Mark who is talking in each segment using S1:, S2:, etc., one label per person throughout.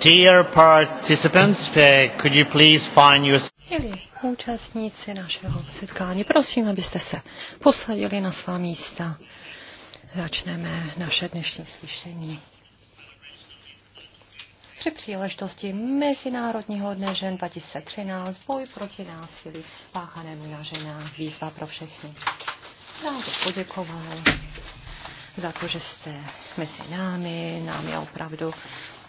S1: Dear participants, eh, could you please find your...
S2: Milí účastníci našeho setkání, prosím, abyste se posadili na svá místa. Začneme naše dnešní slyšení. Při příležitosti Mezinárodního dne žen 2013 boj proti násilí páchanému na ženách výzva pro všechny. Já bych poděkovala za to, že jste mezi námi. Nám je opravdu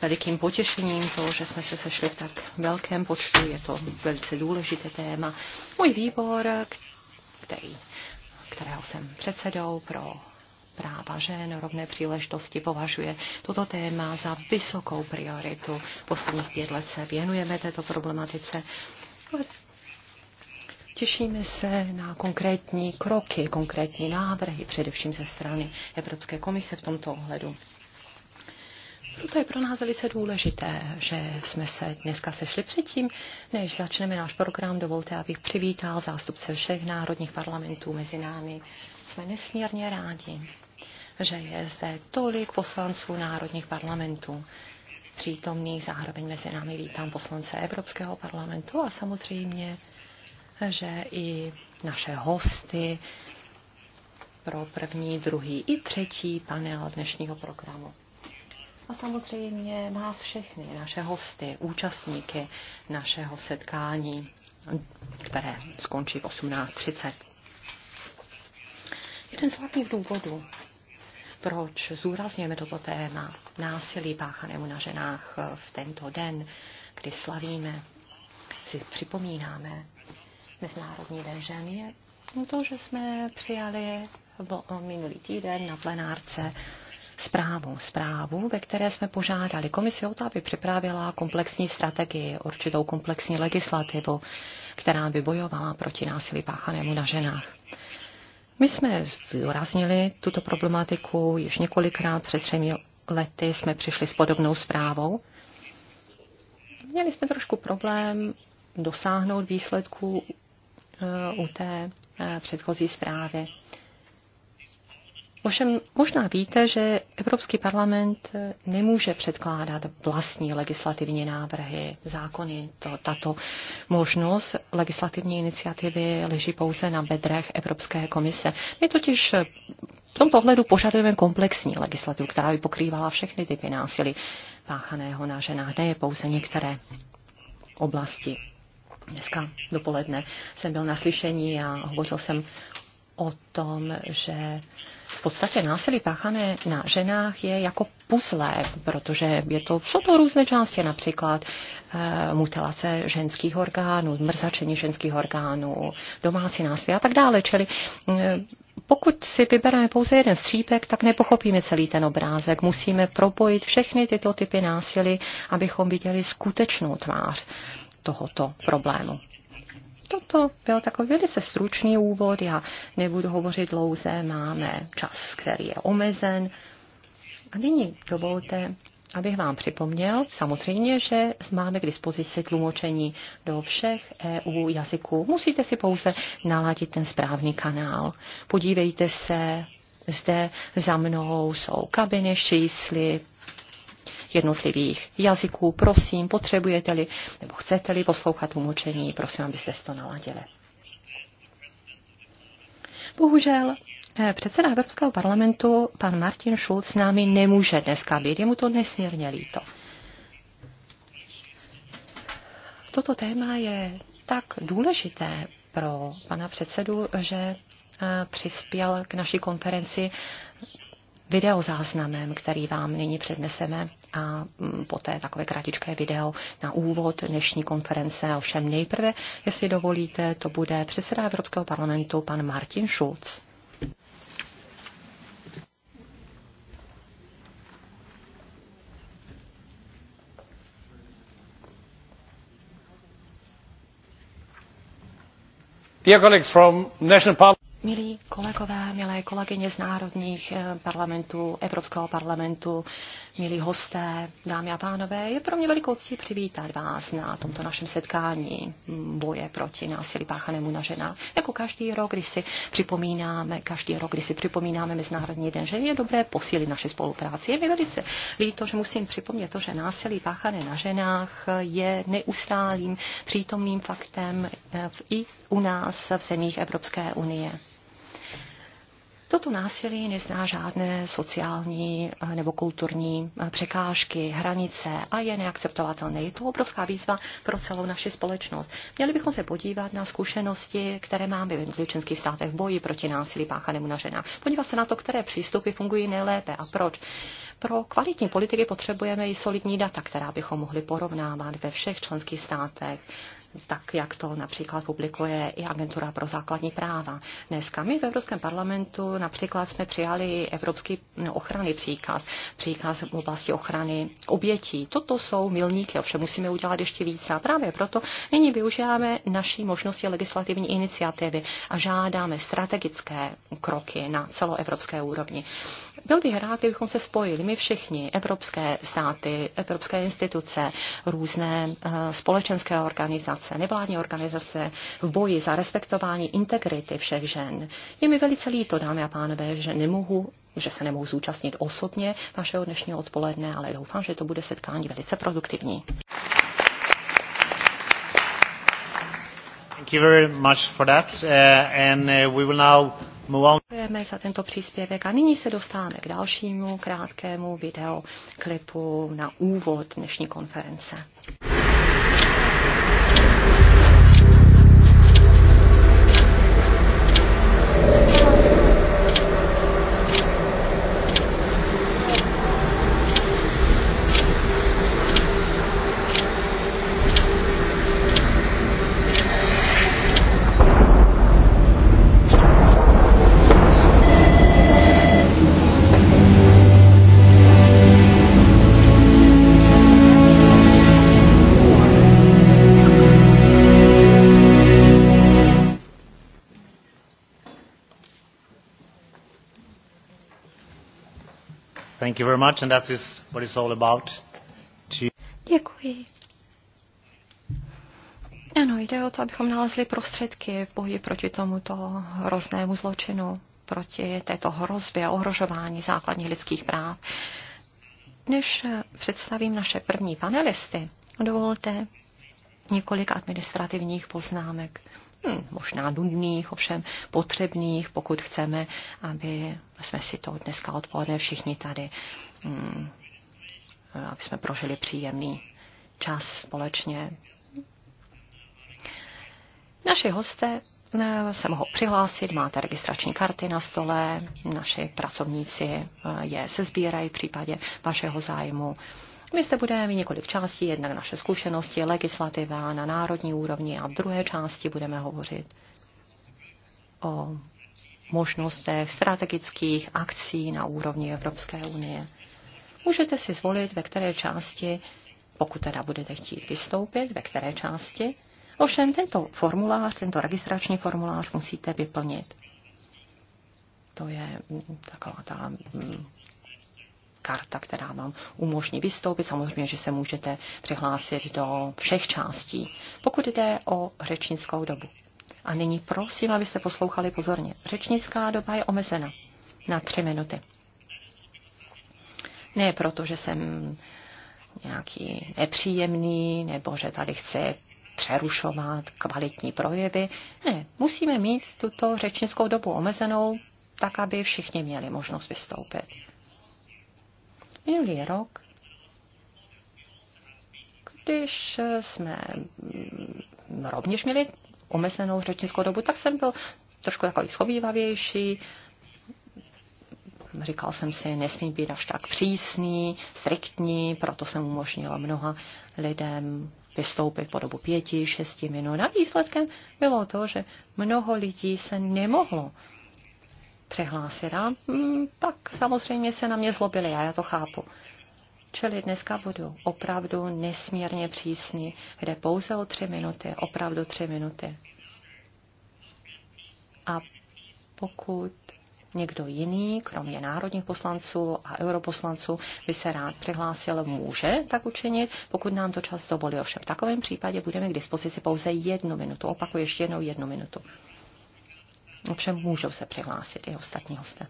S2: velikým potěšením to, že jsme se sešli v tak velkém počtu. Je to velice důležité téma. Můj výbor, který, kterého jsem předsedou pro práva žen, rovné příležitosti považuje toto téma za vysokou prioritu. Posledních pět let se věnujeme této problematice. Těšíme se na konkrétní kroky, konkrétní návrhy, především ze strany Evropské komise v tomto ohledu. Proto je pro nás velice důležité, že jsme se dneska sešli předtím, než začneme náš program. Dovolte, abych přivítal zástupce všech národních parlamentů mezi námi. Jsme nesmírně rádi, že je zde tolik poslanců národních parlamentů přítomných. Zároveň mezi námi vítám poslance Evropského parlamentu a samozřejmě že i naše hosty pro první, druhý i třetí panel dnešního programu. A samozřejmě nás všechny, naše hosty, účastníky našeho setkání, které skončí v 18.30. Jeden z hlavních důvodů, proč zúrazněme toto téma násilí páchanému na ženách v tento den, kdy slavíme, si připomínáme Mezinárodní den ženy je to, že jsme přijali minulý týden na plenárce zprávu, zprávu, ve které jsme požádali komisi o to, aby připravila komplexní strategii, určitou komplexní legislativu, která by bojovala proti násilí páchanému na ženách. My jsme zdůraznili tuto problematiku již několikrát před třemi lety jsme přišli s podobnou zprávou. Měli jsme trošku problém dosáhnout výsledků u té eh, předchozí zprávy. Ovšem možná víte, že Evropský parlament eh, nemůže předkládat vlastní legislativní návrhy, zákony. To, tato možnost legislativní iniciativy leží pouze na bedrech Evropské komise. My totiž eh, v tomto ohledu požadujeme komplexní legislativu, která by pokrývala všechny typy násilí páchaného na ženách, ne pouze některé oblasti. Dneska dopoledne jsem byl na slyšení a hovořil jsem o tom, že v podstatě násilí páchané na ženách je jako puzzle, protože je to, jsou to různé části, například e, mutilace ženských orgánů, mrzačení ženských orgánů, domácí násilí a tak dále. Čili e, pokud si vybereme pouze jeden střípek, tak nepochopíme celý ten obrázek. Musíme propojit všechny tyto typy násilí, abychom viděli skutečnou tvář tohoto problému. Toto byl takový velice stručný úvod, já nebudu hovořit dlouze, máme čas, který je omezen. A nyní dovolte, abych vám připomněl, samozřejmě, že máme k dispozici tlumočení do všech EU jazyků. Musíte si pouze naladit ten správný kanál. Podívejte se, zde za mnou jsou kabiny s čísly jednotlivých jazyků. Prosím, potřebujete-li nebo chcete-li poslouchat tlumočení, prosím, abyste si to naladili. Bohužel eh, Předseda Evropského parlamentu, pan Martin Schulz, s námi nemůže dneska být. Je mu to nesmírně líto. Toto téma je tak důležité pro pana předsedu, že eh, přispěl k naší konferenci videozáznamem, který vám nyní předneseme a mm, poté takové kratičké video na úvod dnešní konference. Ovšem nejprve, jestli dovolíte, to bude předseda Evropského parlamentu pan Martin Schulz.
S3: Dear colleagues from national
S1: parliament.
S2: Milí kolegové, milé kolegyně z národních eh, parlamentů, Evropského parlamentu, milí hosté, dámy a pánové, je pro mě velikou ctí přivítat vás na tomto našem setkání boje proti násilí páchanému na ženách. Jako každý rok, když si připomínáme, každý rok, když si připomínáme Mezinárodní den žen, je dobré posílit naše spolupráci. Je mi velice líto, že musím připomnět to, že násilí páchané na ženách je neustálým přítomným faktem eh, i u nás v zemích Evropské unie. Toto násilí nezná žádné sociální eh, nebo kulturní eh, překážky, hranice a je neakceptovatelné. Je to obrovská výzva pro celou naši společnost. Měli bychom se podívat na zkušenosti, které máme v jednotlivých členských státech v boji proti násilí páchanému na ženách. Podívat se na to, které přístupy fungují nejlépe a proč. Pro kvalitní politiky potřebujeme i solidní data, která bychom mohli porovnávat ve všech členských státech tak jak to například publikuje i Agentura pro základní práva. Dneska my v Evropském parlamentu například jsme přijali Evropský no, ochranný příkaz, příkaz v oblasti ochrany obětí. Toto jsou milníky, ovšem musíme udělat ještě více a právě proto nyní využíváme naší možnosti legislativní iniciativy a žádáme strategické kroky na celoevropské úrovni. Byl bych rád, kdybychom se spojili, my všichni, evropské státy, evropské instituce, různé eh, společenské organizace, nevládní organizace v boji za respektování integrity všech žen. Je mi velice líto, dámy a pánové, že nemohu že se nemohu zúčastnit osobně vašeho dnešního odpoledne, ale doufám, že to bude setkání velice produktivní.
S1: Thank you very much for that. Uh, and uh, we will now Děkujeme
S2: za tento příspěvek a nyní se dostáváme k dalšímu krátkému videoklipu na úvod dnešní konference. Děkuji. Ano, jde o to, abychom nalezli prostředky v boji proti tomuto hroznému zločinu, proti této hrozbě ohrožování základních lidských práv. Než představím naše první panelisty, dovolte několik administrativních poznámek hm, možná nudných, ovšem potřebných, pokud chceme, aby jsme si to dneska odpoledne všichni tady, hm, aby jsme prožili příjemný čas společně. Naši hosté eh, se mohou přihlásit, máte registrační karty na stole, naši pracovníci eh, je sezbírají v případě vašeho zájmu. My se budeme mít několik částí, jednak naše zkušenosti, legislativa na národní úrovni a v druhé části budeme hovořit o možnostech strategických akcí na úrovni Evropské unie. Můžete si zvolit, ve které části, pokud teda budete chtít vystoupit, ve které části. Ovšem tento formulář, tento registrační formulář musíte vyplnit. To je taková ta mm, karta, která vám umožní vystoupit. Samozřejmě, že se můžete přihlásit do všech částí, pokud jde o řečnickou dobu. A nyní prosím, abyste poslouchali pozorně. Řečnická doba je omezena na tři minuty. Ne proto, že jsem nějaký nepříjemný, nebo že tady chci přerušovat kvalitní projevy. Ne, musíme mít tuto řečnickou dobu omezenou, tak aby všichni měli možnost vystoupit. Minulý rok, když jsme mm, rovněž měli omezenou řečnickou dobu, tak jsem byl trošku takový schovývavější. Říkal jsem si, nesmí být až tak přísný, striktní, proto jsem umožnila mnoha lidem vystoupit po dobu pěti, šesti minut. A výsledkem bylo to, že mnoho lidí se nemohlo přehlásila, pak hmm, samozřejmě se na mě zlobili a já to chápu. Čili dneska budu opravdu nesmírně přísný, kde pouze o tři minuty, opravdu tři minuty. A pokud někdo jiný, kromě národních poslanců a europoslanců, by se rád přihlásil, může tak učinit, pokud nám to čas dovolí. Ovšem v takovém případě budeme k dispozici pouze jednu minutu. Opakuji ještě jednou jednu minutu. Ovšem můžou se přihlásit i ostatní hosté.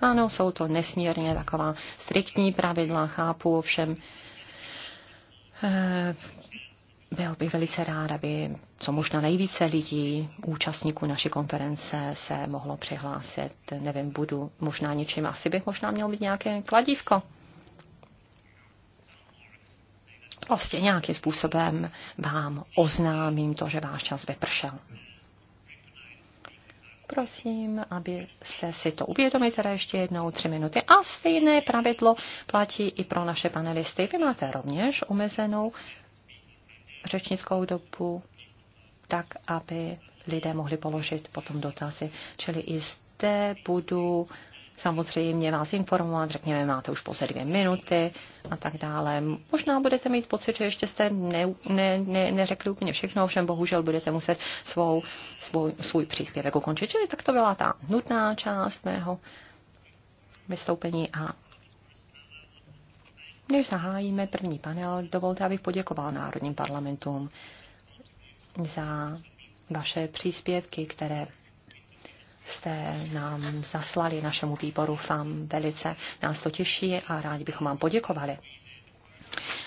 S2: Ano, jsou to nesmírně taková striktní pravidla, chápu, ovšem eh, byl bych velice rád, aby co možná nejvíce lidí, účastníků naší konference se mohlo přihlásit. Nevím, budu možná něčím, asi bych možná měl být nějaké kladívko. Prostě nějakým způsobem vám oznámím to, že váš čas vypršel. Prosím, abyste si to uvědomili teda ještě jednou tři minuty. A stejné pravidlo platí i pro naše panelisty. Vy máte rovněž omezenou řečnickou dobu, tak aby lidé mohli položit potom dotazy. Čili i zde budu samozřejmě vás informovat, řekněme, máte už pouze dvě minuty a tak dále. Možná budete mít pocit, že ještě jste ne, ne, ne, neřekli úplně všechno, ovšem bohužel budete muset svou, svou, svůj příspěvek ukončit. Čili tak to byla ta nutná část mého vystoupení a než zahájíme první panel, dovolte, abych poděkoval Národním parlamentům za vaše příspěvky, které jste nám zaslali našemu výboru FAM. Velice nás to těší a rádi bychom vám poděkovali.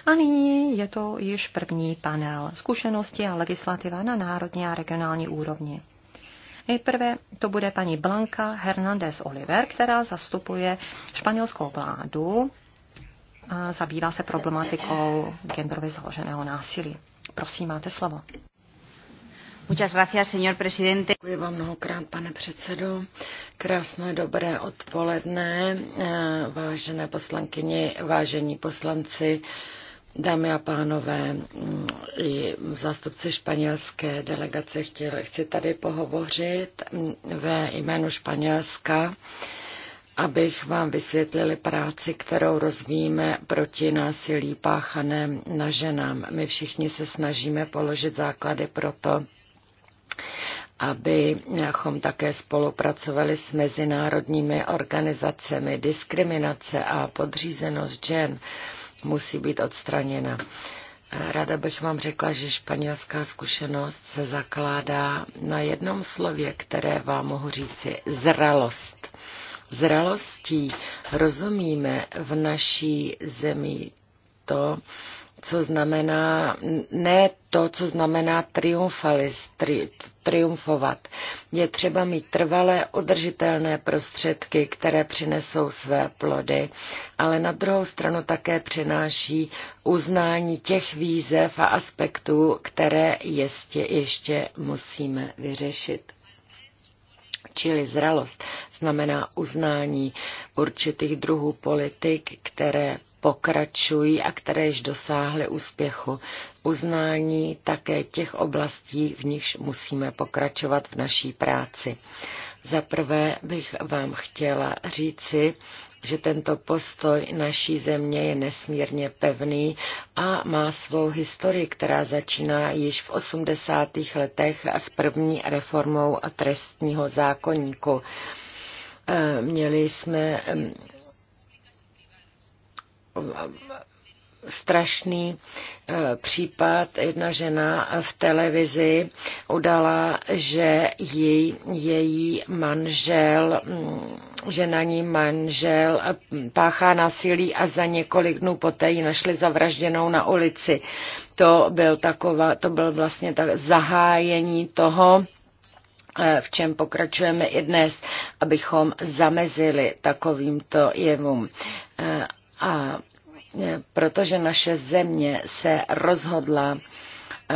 S2: A nyní je to již první panel zkušenosti a legislativa na národní a regionální úrovni. Nejprve to bude paní Blanka Hernández Oliver, která zastupuje španělskou vládu a zabývá se problematikou genderově založeného násilí. Prosím, máte slovo.
S4: Muchas gracias, señor presidente. Děkuji vám mnohokrát, pane předsedo. Krásné dobré odpoledne, eh, vážené poslankyně, vážení poslanci, dámy a pánové, mm, i zástupci španělské delegace chtěl, chci tady pohovořit mm, ve jménu Španělska abych vám vysvětlili práci, kterou rozvíjíme proti násilí páchaném na ženám. My všichni se snažíme položit základy pro to, abychom také spolupracovali s mezinárodními organizacemi. Diskriminace a podřízenost žen musí být odstraněna. Ráda bych vám řekla, že španělská zkušenost se zakládá na jednom slově, které vám mohu říci zralost. Zralostí rozumíme v naší zemi to, co znamená, ne to, co znamená triumfalis, tri, triumfovat. Je třeba mít trvalé, udržitelné prostředky, které přinesou své plody, ale na druhou stranu také přináší uznání těch výzev a aspektů, které jistě ještě musíme vyřešit. Čili zralost znamená uznání určitých druhů politik, které pokračují a které již dosáhly úspěchu. Uznání také těch oblastí, v nichž musíme pokračovat v naší práci. Za prvé bych vám chtěla říci, že tento postoj naší země je nesmírně pevný a má svou historii, která začíná již v 80. letech a s první reformou trestního zákoníku. E, měli jsme strašný eh, případ. Jedna žena v televizi udala, že jej její manžel, mm, že na ní manžel mm, páchá násilí a za několik dnů poté ji našli zavražděnou na ulici. To byl, taková, to byl vlastně tak zahájení toho, eh, v čem pokračujeme i dnes, abychom zamezili takovýmto jevům. Eh, a Vlastně, protože naše země se rozhodla eh,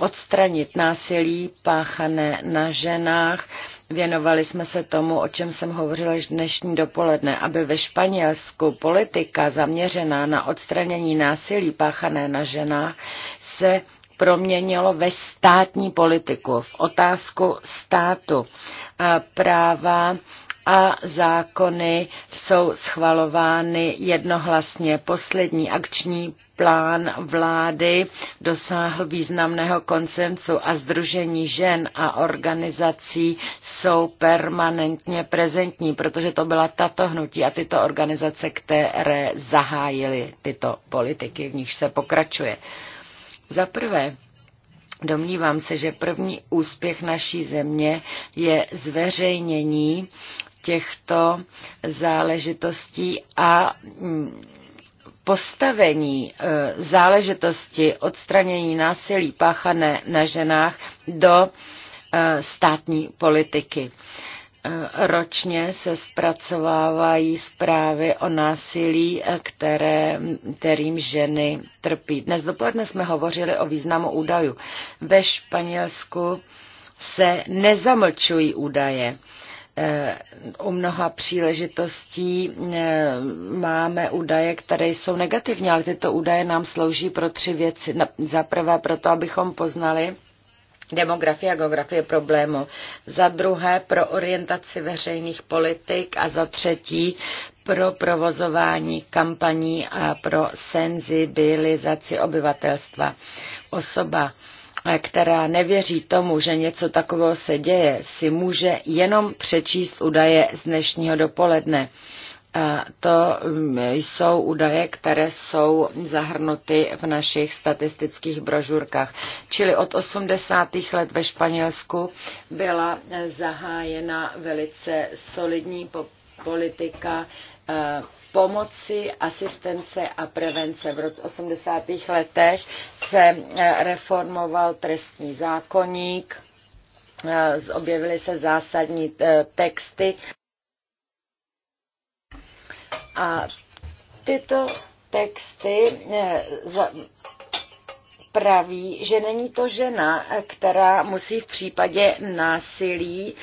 S4: odstranit násilí páchané na ženách. Věnovali jsme se tomu, o čem jsem hovořila již dnešní dopoledne, aby ve Španělsku politika zaměřená na odstranění násilí páchané na ženách se proměnilo ve státní politiku, v otázku státu. A práva a zákony jsou schvalovány jednohlasně. Poslední akční plán vlády dosáhl významného koncensu a Združení žen a organizací jsou permanentně prezentní, protože to byla tato hnutí a tyto organizace, které zahájily tyto politiky, v nich se pokračuje. Za prvé, Domnívám se, že první úspěch naší země je zveřejnění těchto záležitostí a mm, postavení e, záležitosti odstranění násilí páchané na ženách do e, státní politiky. E, ročně se zpracovávají zprávy o násilí, které, kterým ženy trpí. Dnes dopoledne jsme hovořili o významu údajů. Ve Španělsku se nezamlčují údaje u eh, mnoha příležitostí eh, máme údaje, které jsou negativní, ale tyto údaje nám slouží pro tři věci. Za prvé proto, abychom poznali demografie a geografie problému. Za druhé pro orientaci veřejných politik a za třetí pro provozování kampaní a pro senzibilizaci obyvatelstva. Osoba která nevěří tomu, že něco takového se děje, si může jenom přečíst údaje z dnešního dopoledne. A to mm, jsou údaje, které jsou zahrnuty v našich statistických brožurkách. Čili od 80. let ve Španělsku byla zahájena velice solidní politika eh, pomoci, asistence a prevence. V roce 80. letech se eh, reformoval trestní zákoník, eh, objevily se zásadní texty a tyto texty praví, že není to žena, která musí v případě násilí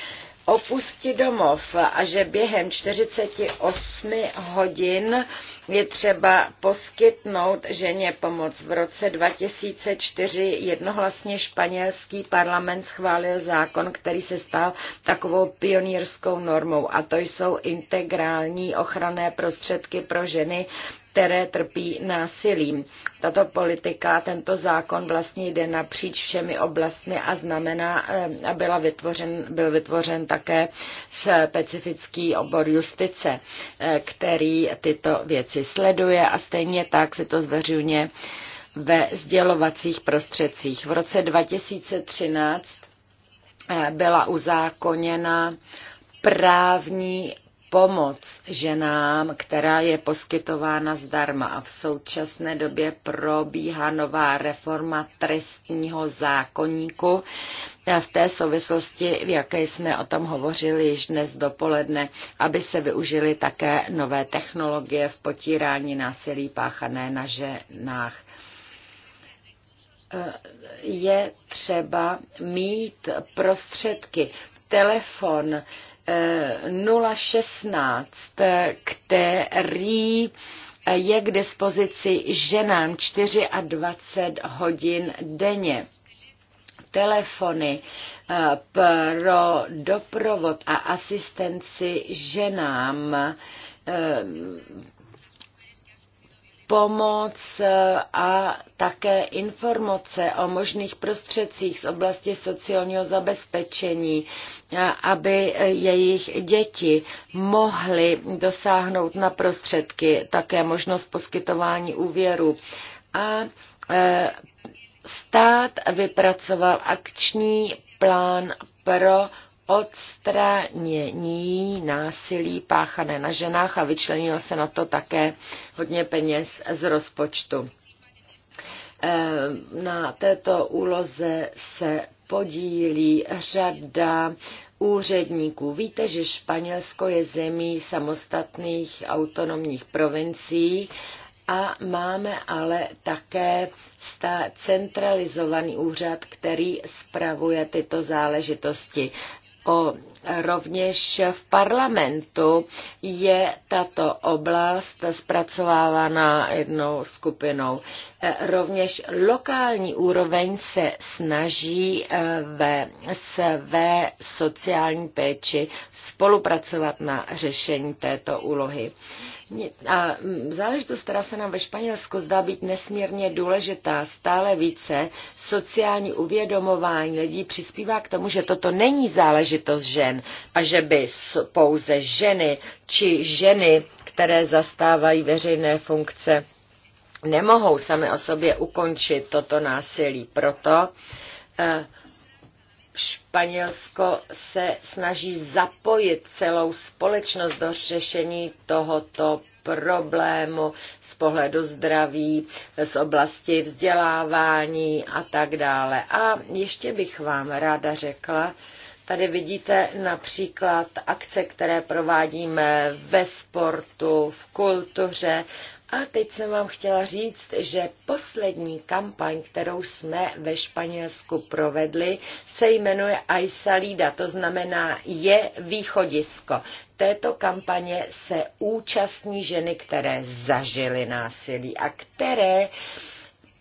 S4: opustit domov a že během 48 hodin je třeba poskytnout ženě pomoc. V roce 2004 jednohlasně španělský parlament schválil zákon, který se stal takovou pionýrskou normou a to jsou integrální ochranné prostředky pro ženy, které trpí násilím. Tato politika, tento zákon vlastně jde napříč všemi oblastmi a znamená, eh, a byla vytvořen, byl vytvořen také specifický obor justice, eh, který tyto věci sleduje a stejně tak se to zveřejně ve sdělovacích prostředcích. V roce 2013 eh, byla uzákoněna právní pomoc ženám, která je poskytována zdarma a v současné době probíhá nová reforma trestního zákoníku. V té souvislosti, v jaké jsme o tom hovořili již dnes dopoledne, aby se využily také nové technologie v potírání násilí páchané na ženách je třeba mít prostředky, telefon, 016, eh, eh, který je k dispozici ženám 24 hodin denně. Telefony eh, pro doprovod a asistenci ženám pomoc a také informace o možných prostředcích z oblasti sociálního zabezpečení, aby jejich děti mohly dosáhnout na prostředky, také možnost poskytování úvěru. A e, stát vypracoval akční plán pro odstranění násilí páchané na ženách a vyčlenilo se na to také hodně peněz z rozpočtu. Eh, na této úloze se podílí řada úředníků. Víte, že Španělsko je zemí samostatných autonomních provincií a máme ale také centralizovaný úřad, který spravuje tyto záležitosti o rovněž v parlamentu je tato oblast zpracovávána jednou skupinou. E, rovněž lokální úroveň se snaží e, ve své sociální péči spolupracovat na řešení této úlohy. A mm, záležitost, která se nám ve Španělsku zdá být nesmírně důležitá, stále více sociální uvědomování lidí přispívá k tomu, že toto není záležitost žen a že by pouze ženy či ženy, které zastávají veřejné funkce, nemohou sami o sobě ukončit toto násilí. Proto eh, Španělsko se snaží zapojit celou společnost do řešení tohoto problému z pohledu zdraví, z oblasti vzdělávání a tak dále. A ještě bych vám ráda řekla, Tady vidíte například akce, které provádíme ve sportu, v kultuře a teď jsem vám chtěla říct, že poslední kampaň, kterou jsme ve Španělsku provedli, se jmenuje Aysalida, to znamená je východisko. Této kampaně se účastní ženy, které zažily násilí a které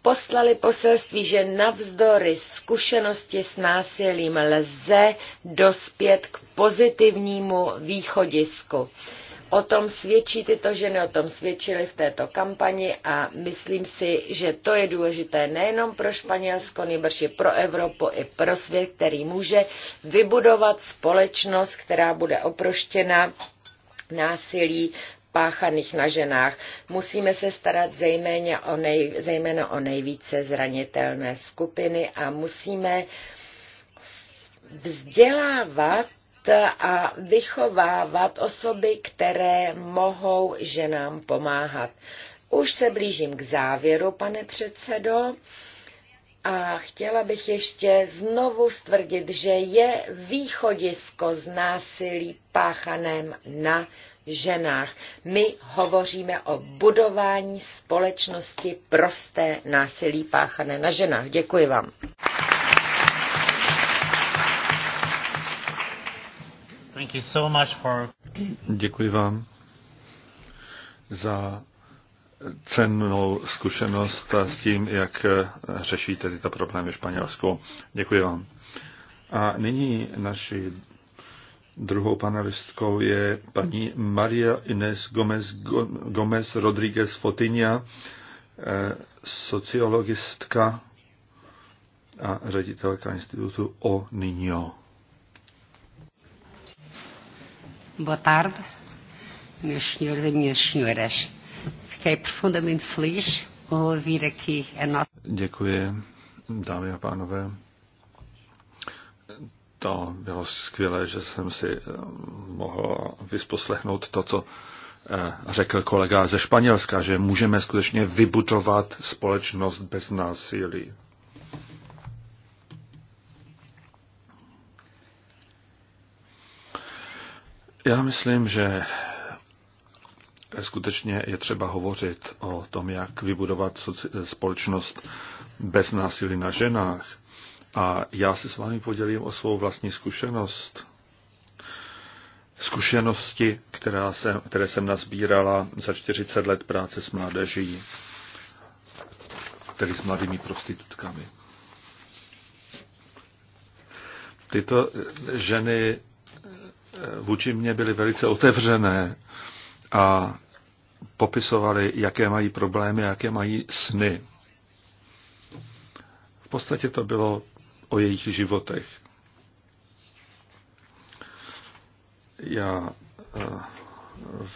S4: poslali poselství, že navzdory zkušenosti s násilím lze dospět k pozitivnímu východisku. O tom svědčí tyto ženy, o tom svědčily v této kampani a myslím si, že to je důležité nejenom pro Španělsko, nebož i pro Evropu, i pro svět, který může vybudovat společnost, která bude oproštěna násilí páchaných na ženách. Musíme se starat zejména o, nej, zejména o nejvíce zranitelné skupiny a musíme vzdělávat a vychovávat osoby, které mohou ženám pomáhat. Už se blížím k závěru, pane předsedo. A chtěla bych ještě znovu stvrdit, že je východisko z násilí páchaném na ženách. My hovoříme o budování společnosti prosté násilí páchané na ženách. Děkuji vám.
S3: Děkuji vám za cennou zkušenost s tím, jak řešíte tyto problémy v Španělsku. Děkuji vám. A nyní naši druhou panelistkou je paní Maria Inés Gomez, Gomez Rodríguez Fotinia, eh, sociologistka a ředitelka institutu O Niño.
S4: Boa tarde, meus senhores e minhas senhoras. Fiquei profundamente
S1: feliz ao ouvir aqui a nossa.
S3: Děkuji, dámy a pánové. To bylo skvělé, že jsem si eh, mohl vysposlechnout to, co eh, řekl kolega ze Španělska, že můžeme skutečně vybudovat společnost bez násilí. Já myslím, že eh, skutečně je třeba hovořit o tom, jak vybudovat eh, společnost bez násilí na ženách. A já se s vámi podělím o svou vlastní zkušenost. Zkušenosti, která jsem, které jsem nazbírala za 40 let práce s mládeží, tedy s mladými prostitutkami. Tyto eh, ženy vůči mě byly velice otevřené a popisovali, jaké mají problémy, jaké mají sny. V podstatě to bylo o jejich životech. Já eh,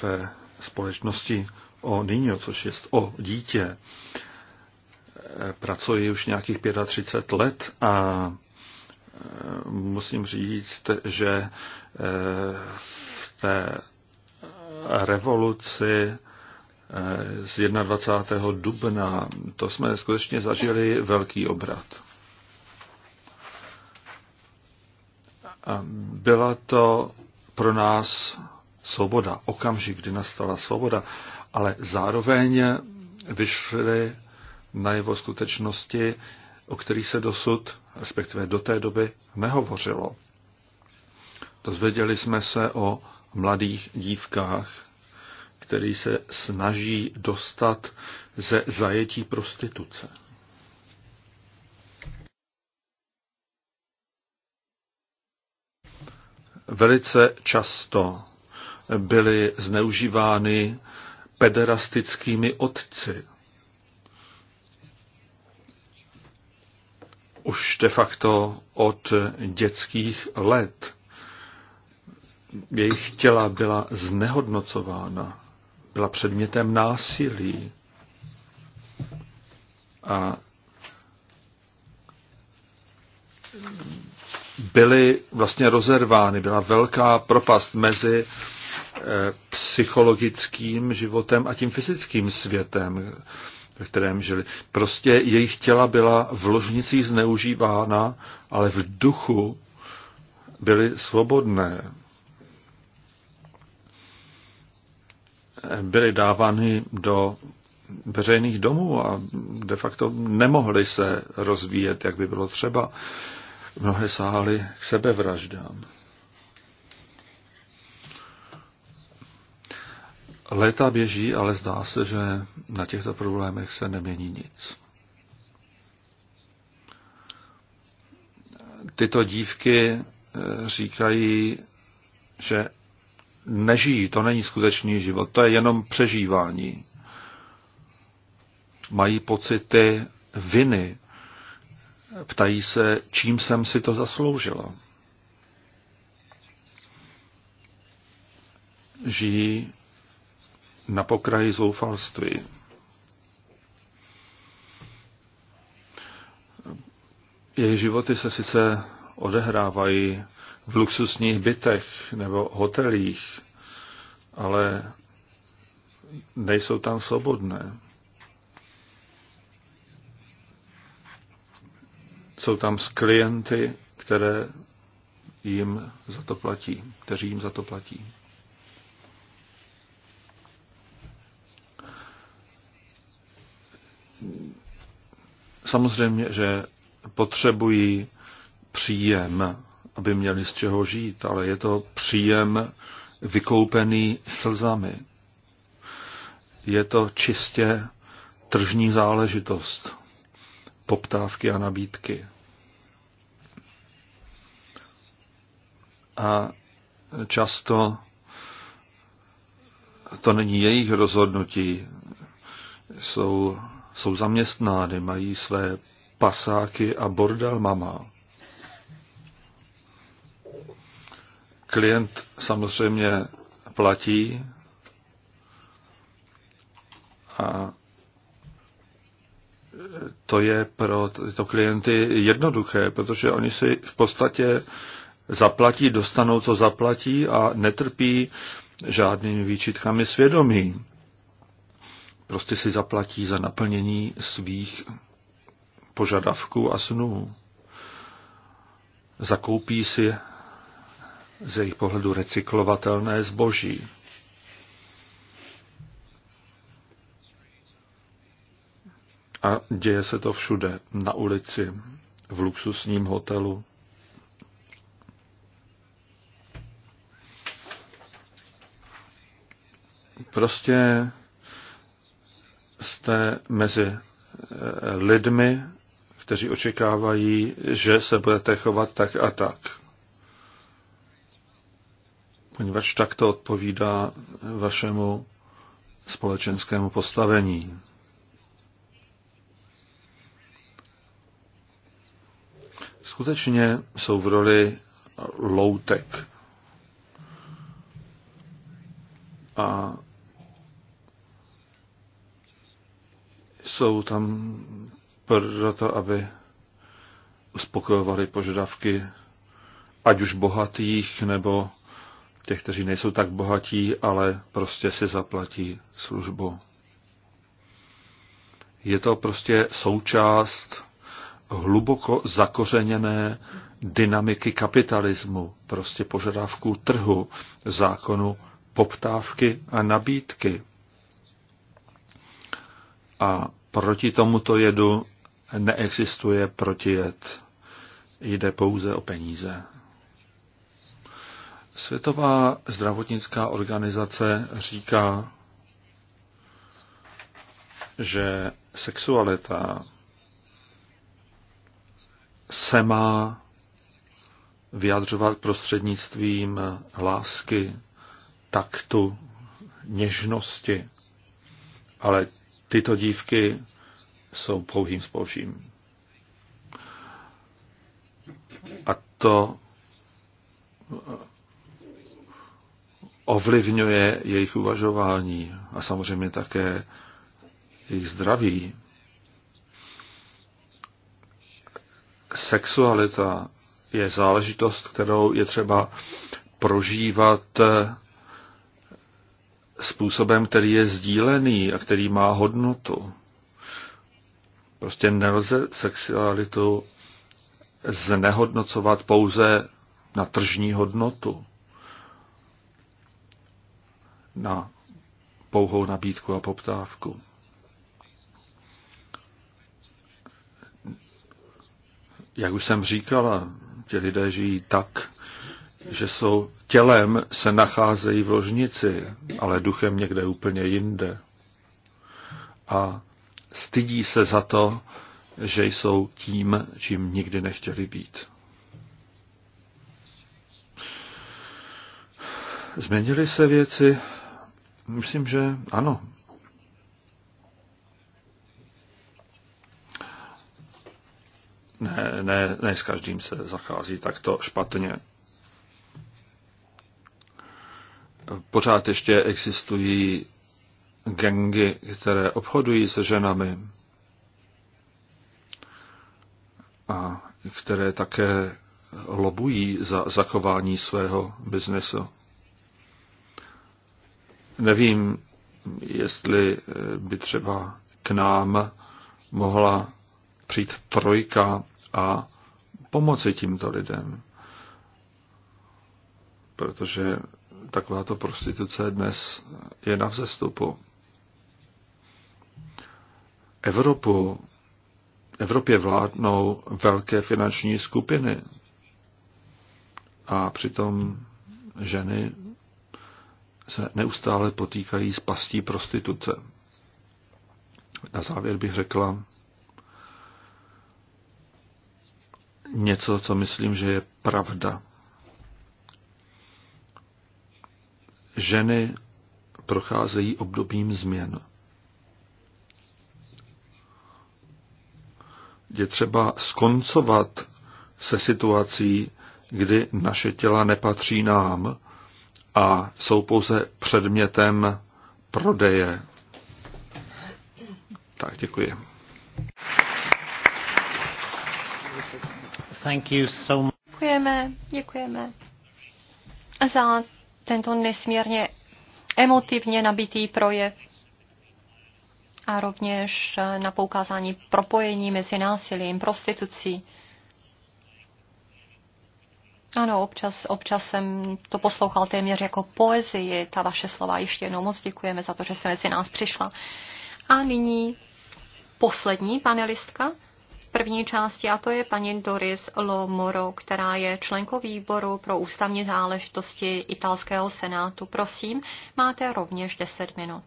S3: ve společnosti o nyní, což je o dítě, eh, pracuji už nějakých 35 let a musím říct, že eh, v té revoluci eh, z 21. dubna, to jsme skutečně zažili velký obrat. A byla to pro nás svoboda, okamžik, kdy nastala svoboda, ale zároveň vyšly najevo skutečnosti, o který se dosud, respektive do té doby, nehovořilo. Dozvěděli jsme se o mladých dívkách, který se snaží dostat ze zajetí prostituce. Velice často byly zneužívány pederastickými otci, už de facto od dětských let. Jejich těla byla znehodnocována, byla předmětem násilí. A byly vlastně rozervány, byla velká propast mezi eh, psychologickým životem a tím fyzickým světem ve kterém žili. Prostě jejich těla byla v ložnicích zneužívána, ale v duchu byly svobodné. Byly dávány do veřejných domů a de facto nemohly se rozvíjet, jak by bylo třeba. Mnohé sáhaly k sebevraždám. Léta běží, ale zdá se, že na těchto problémech se nemění nic. Tyto dívky eh, říkají, že nežijí, to není skutečný život, to je jenom přežívání. Mají pocity viny, ptají se, čím jsem si to zasloužila. Žijí na pokraji zoufalství. Jejich životy se sice odehrávají v luxusních bytech nebo hotelích, ale nejsou tam svobodné. Jsou tam s klienty, které jim za to platí, kteří jim za to platí. Samozřejmě, že potřebují příjem, aby měli z čeho žít, ale je to příjem vykoupený slzami. Je to čistě tržní záležitost poptávky a nabídky. A často to není jejich rozhodnutí, jsou jsou zaměstnány, mají své pasáky a bordel mama. Klient samozřejmě platí a to je pro tyto klienty jednoduché, protože oni si v podstatě zaplatí, dostanou, co zaplatí a netrpí žádnými výčitkami svědomí prostě si zaplatí za naplnění svých požadavků a snů. Zakoupí si z jejich pohledu recyklovatelné zboží. A děje se to všude, na ulici, v luxusním hotelu. Prostě jste mezi eh, lidmi, kteří očekávají, že se budete chovat tak a tak. Poněvadž tak to odpovídá vašemu společenskému postavení. Skutečně jsou v roli loutek. A jsou tam proto, aby uspokojovali požadavky ať už bohatých, nebo těch, kteří nejsou tak bohatí, ale prostě si zaplatí službu. Je to prostě součást hluboko zakořeněné dynamiky kapitalismu, prostě požadavků trhu, zákonu poptávky a nabídky. A proti tomuto jedu neexistuje protijed. Jde pouze o peníze. Světová zdravotnická organizace říká, že sexualita se má vyjadřovat prostřednictvím lásky, taktu, něžnosti. Ale tyto dívky jsou pouhým zbožím. A to eh, ovlivňuje jejich uvažování a samozřejmě také jejich zdraví. Sexualita je záležitost, kterou je třeba prožívat eh, způsobem, který je sdílený a který má hodnotu. Prostě nelze sexualitu znehodnocovat pouze na tržní hodnotu, na pouhou nabídku a poptávku. Jak už jsem říkala, ti lidé žijí tak, že jsou tělem se nacházejí v ložnici, ale duchem někde úplně jinde. A stydí se za to, že jsou tím, čím nikdy nechtěli být. Změnily se věci? Myslím, že ano. Ne, ne, ne s každým se zachází takto špatně. pořád ještě existují gengy, které obchodují se ženami a které také lobují za zachování svého biznesu. Nevím, jestli by třeba k nám mohla přijít trojka a pomoci tímto lidem, protože takováto prostituce dnes je na vzestupu. Evropu, Evropě vládnou velké finanční skupiny a přitom ženy se neustále potýkají s pastí prostituce. Na závěr bych řekla něco, co myslím, že je pravda. ženy procházejí obdobím změn. Je třeba skoncovat se situací, kdy naše těla nepatří nám a jsou pouze předmětem prodeje. Tak, děkuji.
S1: Thank you so much.
S2: Děkujeme, děkujeme za tento nesmírně emotivně nabitý projev a rovněž na poukázání propojení mezi násilím, prostitucí. Ano, občas, občas jsem to poslouchal téměř jako poezii, ta vaše slova. Ještě jednou moc děkujeme za to, že jste mezi nás přišla. A nyní poslední panelistka první části, a to je paní Doris Lomoro, která je členkou výboru pro ústavní záležitosti italského senátu. Prosím, máte rovněž 10 minut.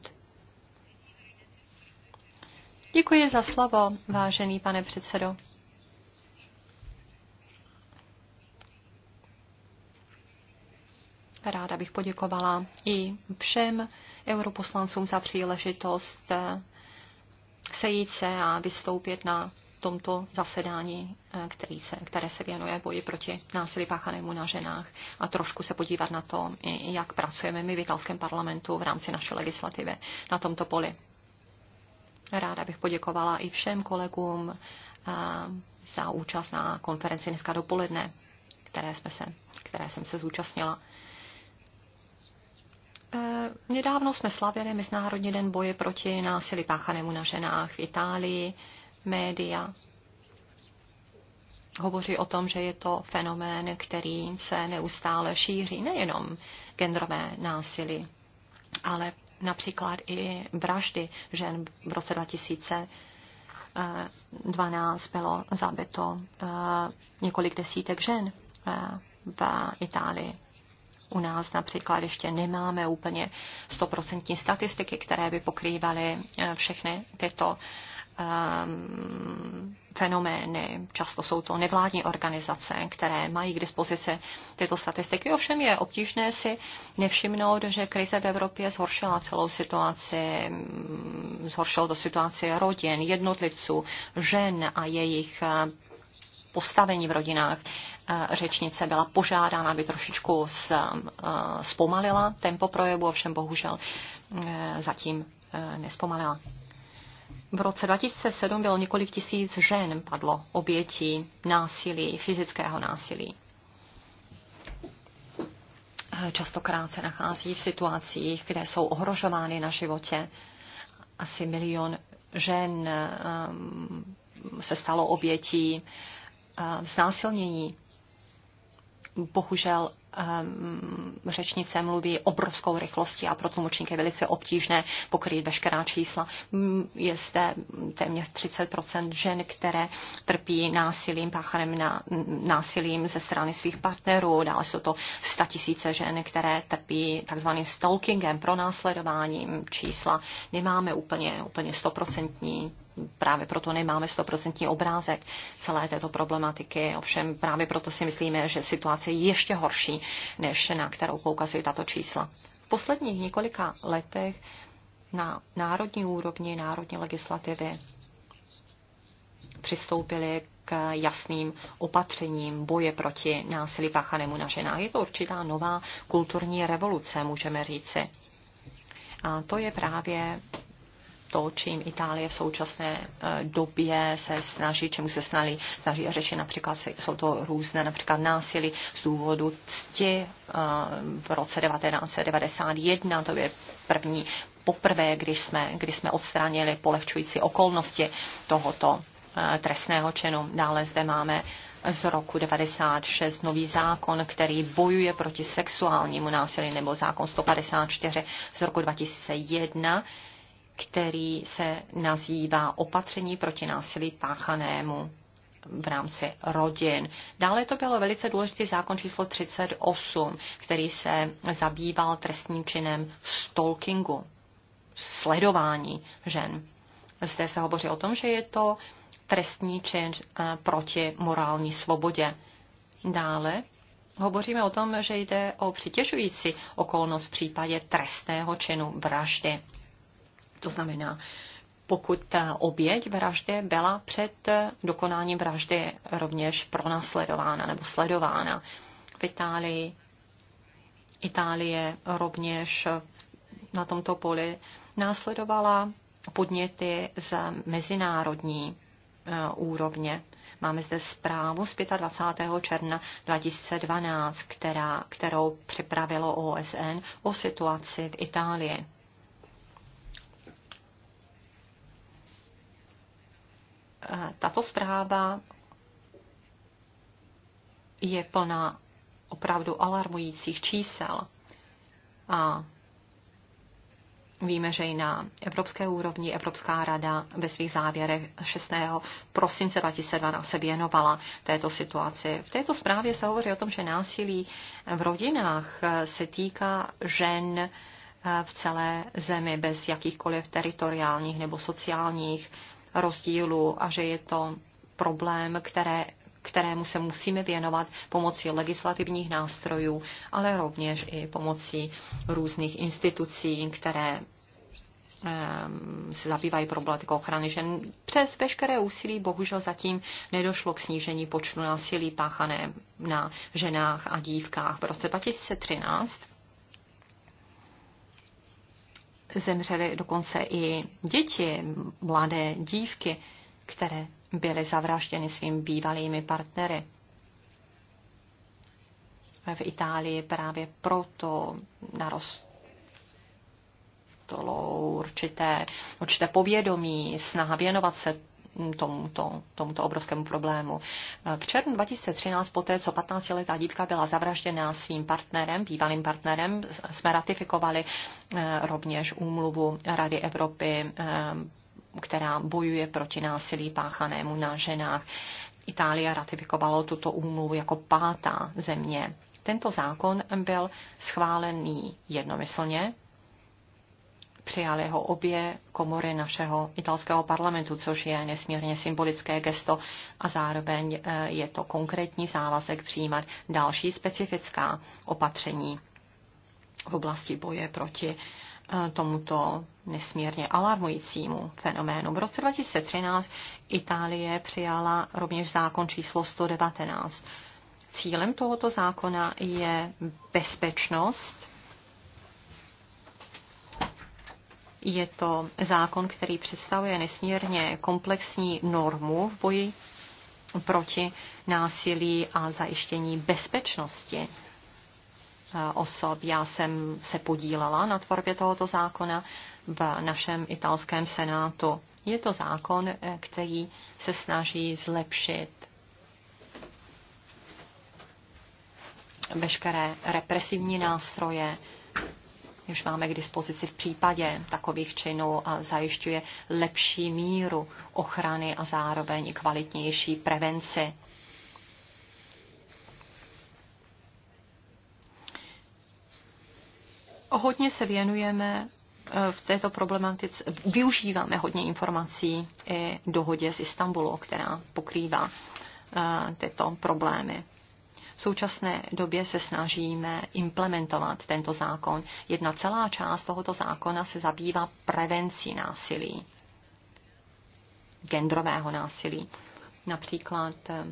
S2: Děkuji za slovo, vážený pane předsedo. Ráda bych poděkovala i všem europoslancům za příležitost eh, sejít se a vystoupit na tomto zasedání, eh, který se, které se věnuje boji proti násilí páchanému na ženách a trošku se podívat na to, jak pracujeme my v italském parlamentu v rámci naší legislativy na tomto poli. Ráda bych poděkovala i všem kolegům eh, za účast na konferenci dneska dopoledne, které, jsme se, které jsem se zúčastnila. Eh, nedávno jsme slavili Mezinárodní den boje proti násilí páchanému na ženách v Itálii média hovoří o tom, že je to fenomén, který se neustále šíří, nejenom genderové násilí, ale například i vraždy žen v roce 2012 bylo zabito eh, několik desítek žen eh, v Itálii. U nás například ještě nemáme úplně stoprocentní statistiky, které by pokrývaly eh, všechny tyto um, fenomény. Často jsou to nevládní organizace, které mají k dispozici tyto statistiky. Ovšem je obtížné si nevšimnout, že krize v Evropě zhoršila celou situaci, mm, zhoršila to situaci rodin, jednotlivců, žen a jejich eh, postavení v rodinách. Eh, řečnice byla požádána, aby trošičku eh, zpomalila tempo projevu, ovšem bohužel zatím nespomalila. V roce 2007 bylo několik tisíc žen padlo obětí násilí, fyzického násilí. Častokrát se nachází v situacích, kde jsou ohrožovány na životě. Asi milion žen um, se stalo obětí um, znásilnění. Bohužel um, řečnice mluví obrovskou rychlostí a pro tlumočníky je velice obtížné pokrýt veškerá čísla. Je zde téměř 30 žen, které trpí násilím, páchanem na, násilím ze strany svých partnerů. Dále jsou to 100 tisíce žen, které trpí takzvaným stalkingem, pronásledováním. Čísla nemáme úplně, úplně stoprocentní právě proto nemáme stoprocentní obrázek celé této problematiky. Ovšem právě proto si myslíme, že situace je ještě horší, než na kterou poukazují tato čísla. V posledních několika letech na národní úrovni, národní legislativy přistoupili k jasným opatřením boje proti násilí páchanému na ženách. Je to určitá nová kulturní revoluce, můžeme říci. A to je právě to, čím Itálie v současné eh, době se snaží, čemu se snaží, snaží řešit. Například jsou to různé například násilí z důvodu cti eh, v roce 1991, to je první poprvé, když jsme, kdy jsme odstranili polehčující okolnosti tohoto eh, trestného činu. Dále zde máme z roku 96 nový zákon, který bojuje proti sexuálnímu násilí, nebo zákon 154 z roku 2001, který se nazývá opatření proti násilí páchanému v rámci rodin. Dále to bylo velice důležitý zákon číslo 38, který se zabýval trestním činem stalkingu, sledování žen. Zde se hovoří o tom, že je to trestní čin eh, proti morální svobodě. Dále hovoříme o tom, že jde o přitěžující okolnost v případě trestného činu vraždy. To znamená, pokud ta oběť vraždy byla před dokonáním vraždy rovněž pronásledována nebo sledována. V Itálii Itálie rovněž na tomto poli následovala podněty z mezinárodní eh, úrovně. Máme zde zprávu z 25. června 2012, která, kterou připravilo OSN o situaci v Itálii. Eh, tato zpráva je plná opravdu alarmujících čísel. A Víme, že i na evropské úrovni Evropská rada ve svých závěrech 6. prosince 2012 se věnovala této situaci. V této zprávě se hovoří o tom, že násilí v rodinách eh, se týká žen eh, v celé zemi bez jakýchkoliv teritoriálních nebo sociálních rozdílů a že je to problém, které, kterému se musíme věnovat pomocí legislativních nástrojů, ale rovněž i pomocí různých institucí, které se zabývají problematikou ochrany žen. Přes veškeré úsilí bohužel zatím nedošlo k snížení počtu násilí páchané na ženách a dívkách. V roce 2013 zemřely dokonce i děti, mladé dívky, které byly zavražděny svými bývalými partnery. V Itálii právě proto narostlo určité, určité povědomí, snaha věnovat se tomuto, tomuto obrovskému problému. V červnu 2013, poté co 15-letá dívka byla zavražděna svým partnerem, bývalým partnerem, jsme ratifikovali eh, rovněž úmluvu Rady Evropy, eh, která bojuje proti násilí páchanému na ženách. Itálie ratifikovalo tuto úmluvu jako pátá země. Tento zákon byl schválený jednomyslně přijali ho obě komory našeho italského parlamentu, což je nesmírně symbolické gesto a zároveň eh, je to konkrétní závazek přijímat další specifická opatření v oblasti boje proti eh, tomuto nesmírně alarmujícímu fenoménu. V roce 2013 Itálie přijala rovněž zákon číslo 119. Cílem tohoto zákona je bezpečnost Je to zákon, který představuje nesmírně komplexní normu v boji proti násilí a zajištění bezpečnosti eh, osob. Já jsem se podílela na tvorbě tohoto zákona v našem italském senátu. Je to zákon, eh, který se snaží zlepšit veškeré represivní nástroje už máme k dispozici v případě takových činů a zajišťuje lepší míru ochrany a zároveň i kvalitnější prevenci. Hodně se věnujeme e, v této problematice, využíváme hodně informací i dohodě z Istanbulu, která pokrývá e, tyto problémy. V současné době se snažíme implementovat tento zákon. Jedna celá část tohoto zákona se zabývá prevencí násilí, genderového násilí. Například eh,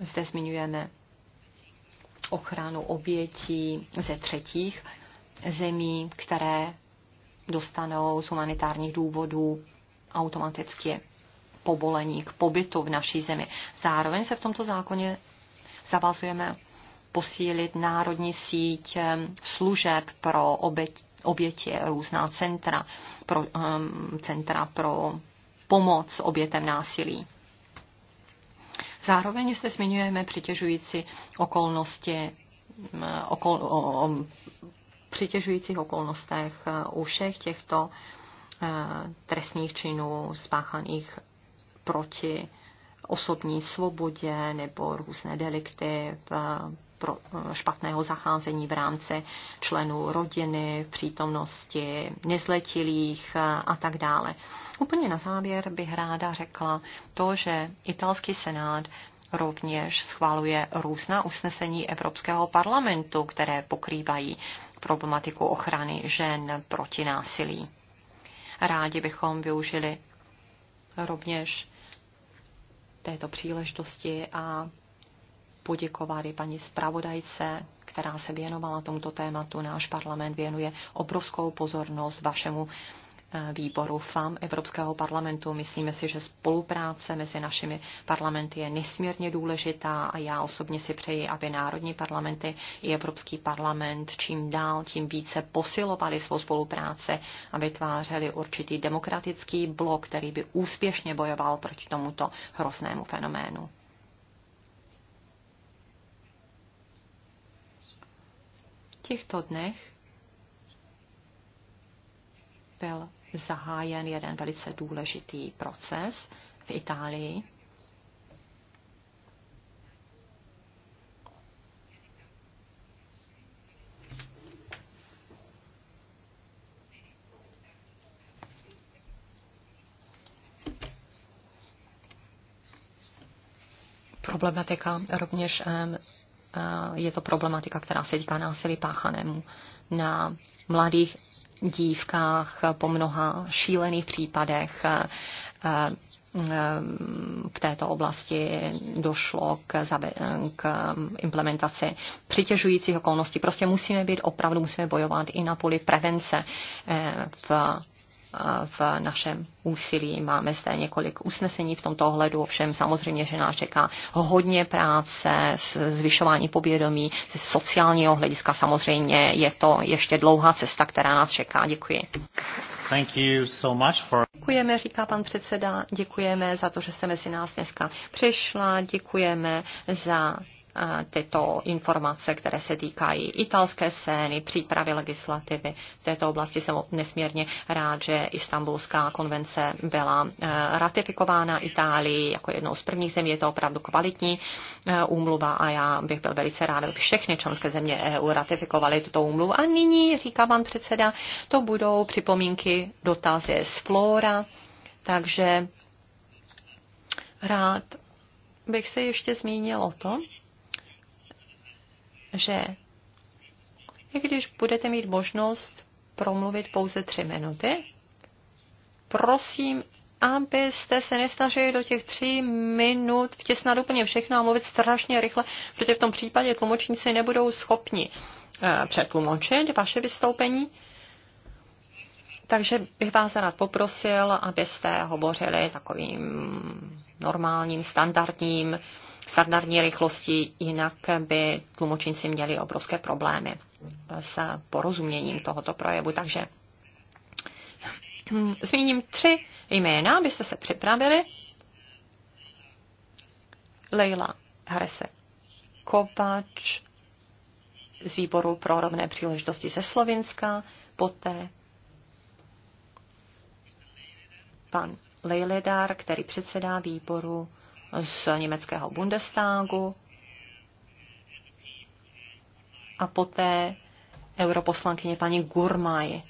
S2: zde zmiňujeme ochranu obětí ze třetích zemí, které dostanou z humanitárních důvodů automaticky povolení k pobytu v naší zemi. Zároveň se v tomto zákoně zavazujeme posílit národní síť ehm, služeb pro oběti, různá centra pro, um, centra pro pomoc obětem násilí. Zároveň se zmiňujeme přitěžující okolnosti, ehm, okol, o, o, přitěžujících okolnostech eh, u všech těchto eh, trestných činů spáchaných proti osobní svobodě nebo různé delikty v pro špatného zacházení v rámci členů rodiny, v přítomnosti nezletilých a tak dále. Úplně na závěr bych ráda řekla to, že italský senát rovněž schvaluje různá usnesení Evropského parlamentu, které pokrývají problematiku ochrany žen proti násilí. Rádi bychom využili rovněž této příležitosti a poděkovat i paní zpravodajce, která se věnovala tomuto tématu. Náš parlament věnuje obrovskou pozornost vašemu výboru FAM Evropského parlamentu. Myslíme si, že spolupráce mezi našimi parlamenty je nesmírně důležitá a já osobně si přeji, aby národní parlamenty i Evropský parlament čím dál, tím více posilovali svou spolupráce a vytvářeli určitý demokratický blok, který by úspěšně bojoval proti tomuto hroznému fenoménu. těchto dnech byl zahájen jeden velice důležitý proces v Itálii. Problematika rovněž je to problematika, která se týká násilí páchanému na mladých dívkách po mnoha šílených případech eh, eh, v této oblasti došlo k, k implementaci přitěžujících okolností. Prostě musíme být opravdu, musíme bojovat i na poli prevence eh, v v našem úsilí. Máme zde několik usnesení v tomto ohledu, ovšem samozřejmě, že nás čeká hodně práce, zvyšování povědomí, ze sociálního hlediska samozřejmě je to ještě dlouhá cesta, která nás čeká. Děkuji.
S1: Thank you so much for...
S2: Děkujeme, říká pan předseda, děkujeme za to, že jste mezi nás dneska přišla, děkujeme za tyto informace, které se týkají italské scény, přípravy legislativy. V této oblasti jsem nesmírně rád, že Istanbulská konvence byla eh, ratifikována Itálií jako jednou z prvních zemí. Je to opravdu kvalitní eh, úmluva a já bych byl velice rád, aby všechny členské země EU ratifikovaly tuto úmluvu. A nyní, říká pan předseda, to budou připomínky, dotazy z Flora, takže rád bych se ještě zmínil o tom, že i když budete mít možnost promluvit pouze tři minuty, prosím, abyste se nesnažili do těch tří minut vtěsnat úplně všechno a mluvit strašně rychle, protože v tom případě tlumočníci nebudou schopni eh, přetlumočit vaše vystoupení. Takže bych vás rád poprosil, abyste hovořili takovým normálním, standardním standardní rychlosti, jinak by tlumočníci měli obrovské problémy s porozuměním tohoto projevu. Takže zmíním tři jména, abyste se připravili. Leila Hrese Kopač z výboru pro rovné příležitosti ze Slovinska, poté pan Lejledar, který předsedá výboru z německého Bundestagu a poté europoslankyně paní Gurmaj.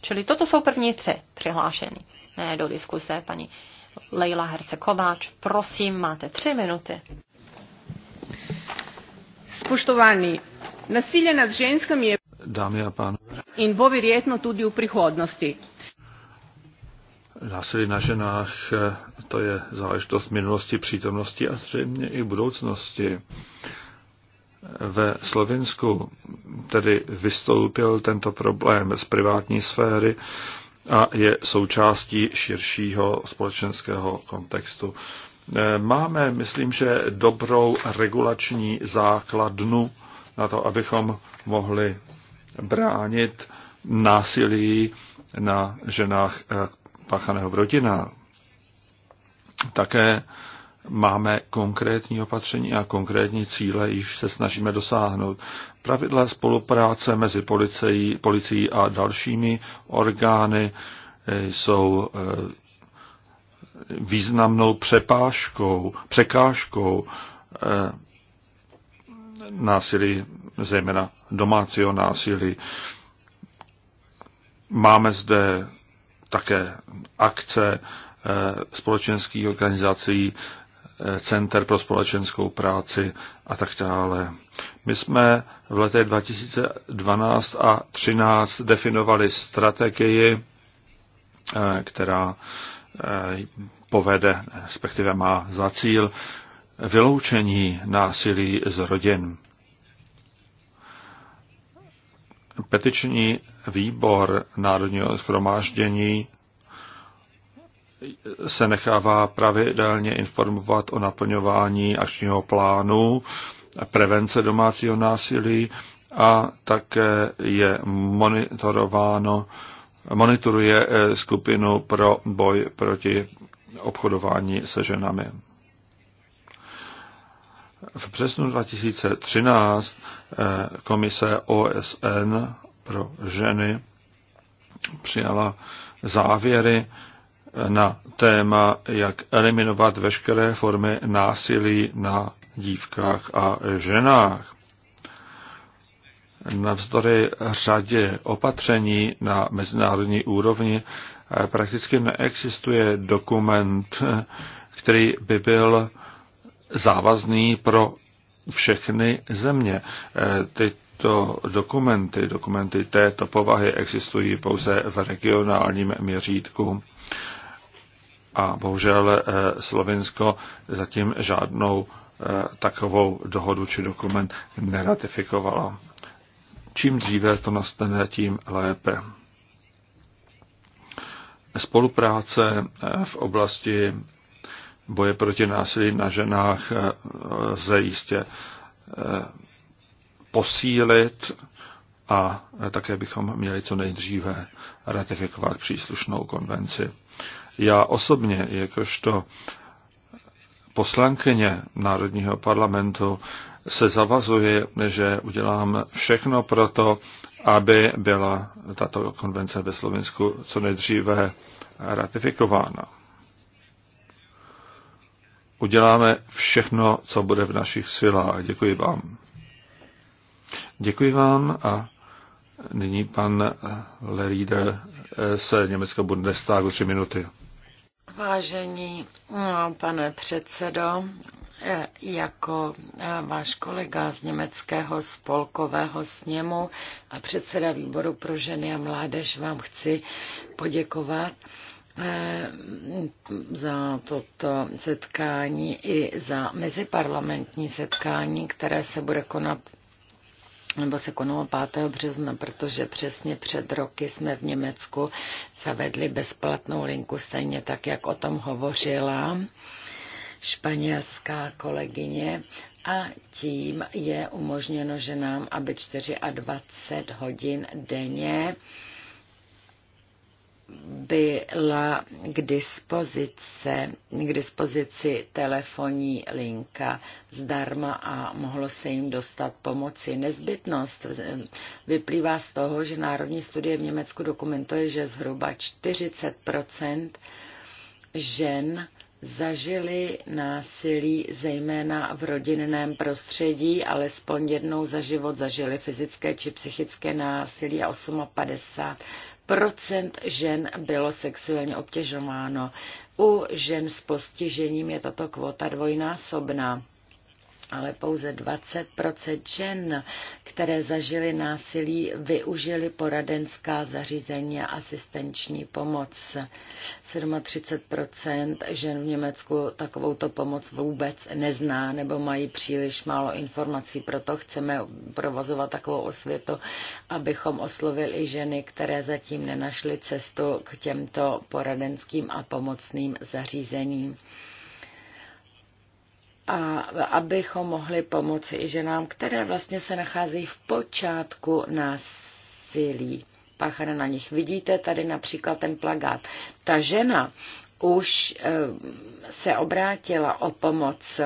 S2: Čili toto jsou první tři přihlášení ne, do diskuse. Paní Leila Hercekováč, prosím, máte tři minuty. Spuštování nasilje nad ženskami je
S3: Dámy a pánové.
S2: in bo tudy tudi v
S3: Násilí na ženách to je záležitost minulosti, přítomnosti a zřejmě i budoucnosti. Ve Slovensku tedy vystoupil tento problém z privátní sféry a je součástí širšího společenského kontextu. Máme, myslím, že dobrou regulační základnu na to, abychom mohli bránit násilí na ženách páchaného v rodinách. Také máme konkrétní opatření a konkrétní cíle, již se snažíme dosáhnout. Pravidla spolupráce mezi policií, policií a dalšími orgány eh, jsou eh, významnou přepážkou, překážkou eh, násilí, zejména domácího násilí. Máme zde také akce eh, společenských organizací, eh, Center pro společenskou práci a tak dále. My jsme v letech 2012 a 2013 definovali strategii, eh, která povede, respektive má za cíl vyloučení násilí z rodin. Petiční výbor Národního schromáždění se nechává pravidelně informovat o naplňování akčního plánu, prevence domácího násilí a také je monitorováno, monitoruje eh, skupinu pro boj proti obchodování se ženami. V březnu 2013 komise OSN pro ženy přijala závěry na téma, jak eliminovat veškeré formy násilí na dívkách a ženách. Navzdory řadě opatření na mezinárodní úrovni prakticky neexistuje dokument, který by byl závazný pro všechny země. Eh, tyto dokumenty, dokumenty této povahy existují pouze v regionálním měřítku a bohužel eh, Slovinsko zatím žádnou eh, takovou dohodu či dokument neratifikovalo. Čím dříve to nastane, tím lépe. Spolupráce v oblasti boje proti násilí na ženách eh, lze jistě eh, posílit a eh, také bychom měli co nejdříve ratifikovat příslušnou konvenci. Já osobně, jakožto poslankyně Národního parlamentu, se zavazuji, že udělám všechno pro to, aby byla tato konvence ve Slovensku co nejdříve ratifikována uděláme všechno, co bude v našich silách. Děkuji vám. Děkuji vám a nyní pan Lerider z Německého Bundestagu tři minuty.
S4: Vážení no, pane předsedo, eh, jako eh, váš kolega z německého spolkového sněmu a předseda výboru pro ženy a mládež vám chci poděkovat Eh, za toto setkání i za meziparlamentní setkání, které se bude konat nebo se konalo 5. března, protože přesně před roky jsme v Německu zavedli bezplatnou linku, stejně tak, jak o tom hovořila španělská kolegyně a tím je umožněno že nám aby 24 hodin denně byla k, dispozice, k dispozici telefonní linka zdarma a mohlo se jim dostat pomoci. Nezbytnost eh, vyplývá z toho, že Národní studie v Německu dokumentuje, že zhruba 40 žen zažili násilí zejména v rodinném prostředí, alespoň jednou za život zažili fyzické či psychické násilí a 58 procent žen bylo sexuálně obtěžováno. U žen s postižením je tato kvota dvojnásobná ale pouze 20 žen, které zažily násilí, využili poradenská zařízení a asistenční pomoc. 37 žen v Německu takovouto pomoc vůbec nezná nebo mají příliš málo informací, proto chceme provozovat takovou osvětu, abychom oslovili i ženy, které zatím nenašly cestu k těmto poradenským a pomocným zařízením a abychom mohli pomoci i ženám, které vlastně se nacházejí v počátku násilí páchané na nich. Vidíte tady například ten plagát. Ta žena už eh, se obrátila o pomoc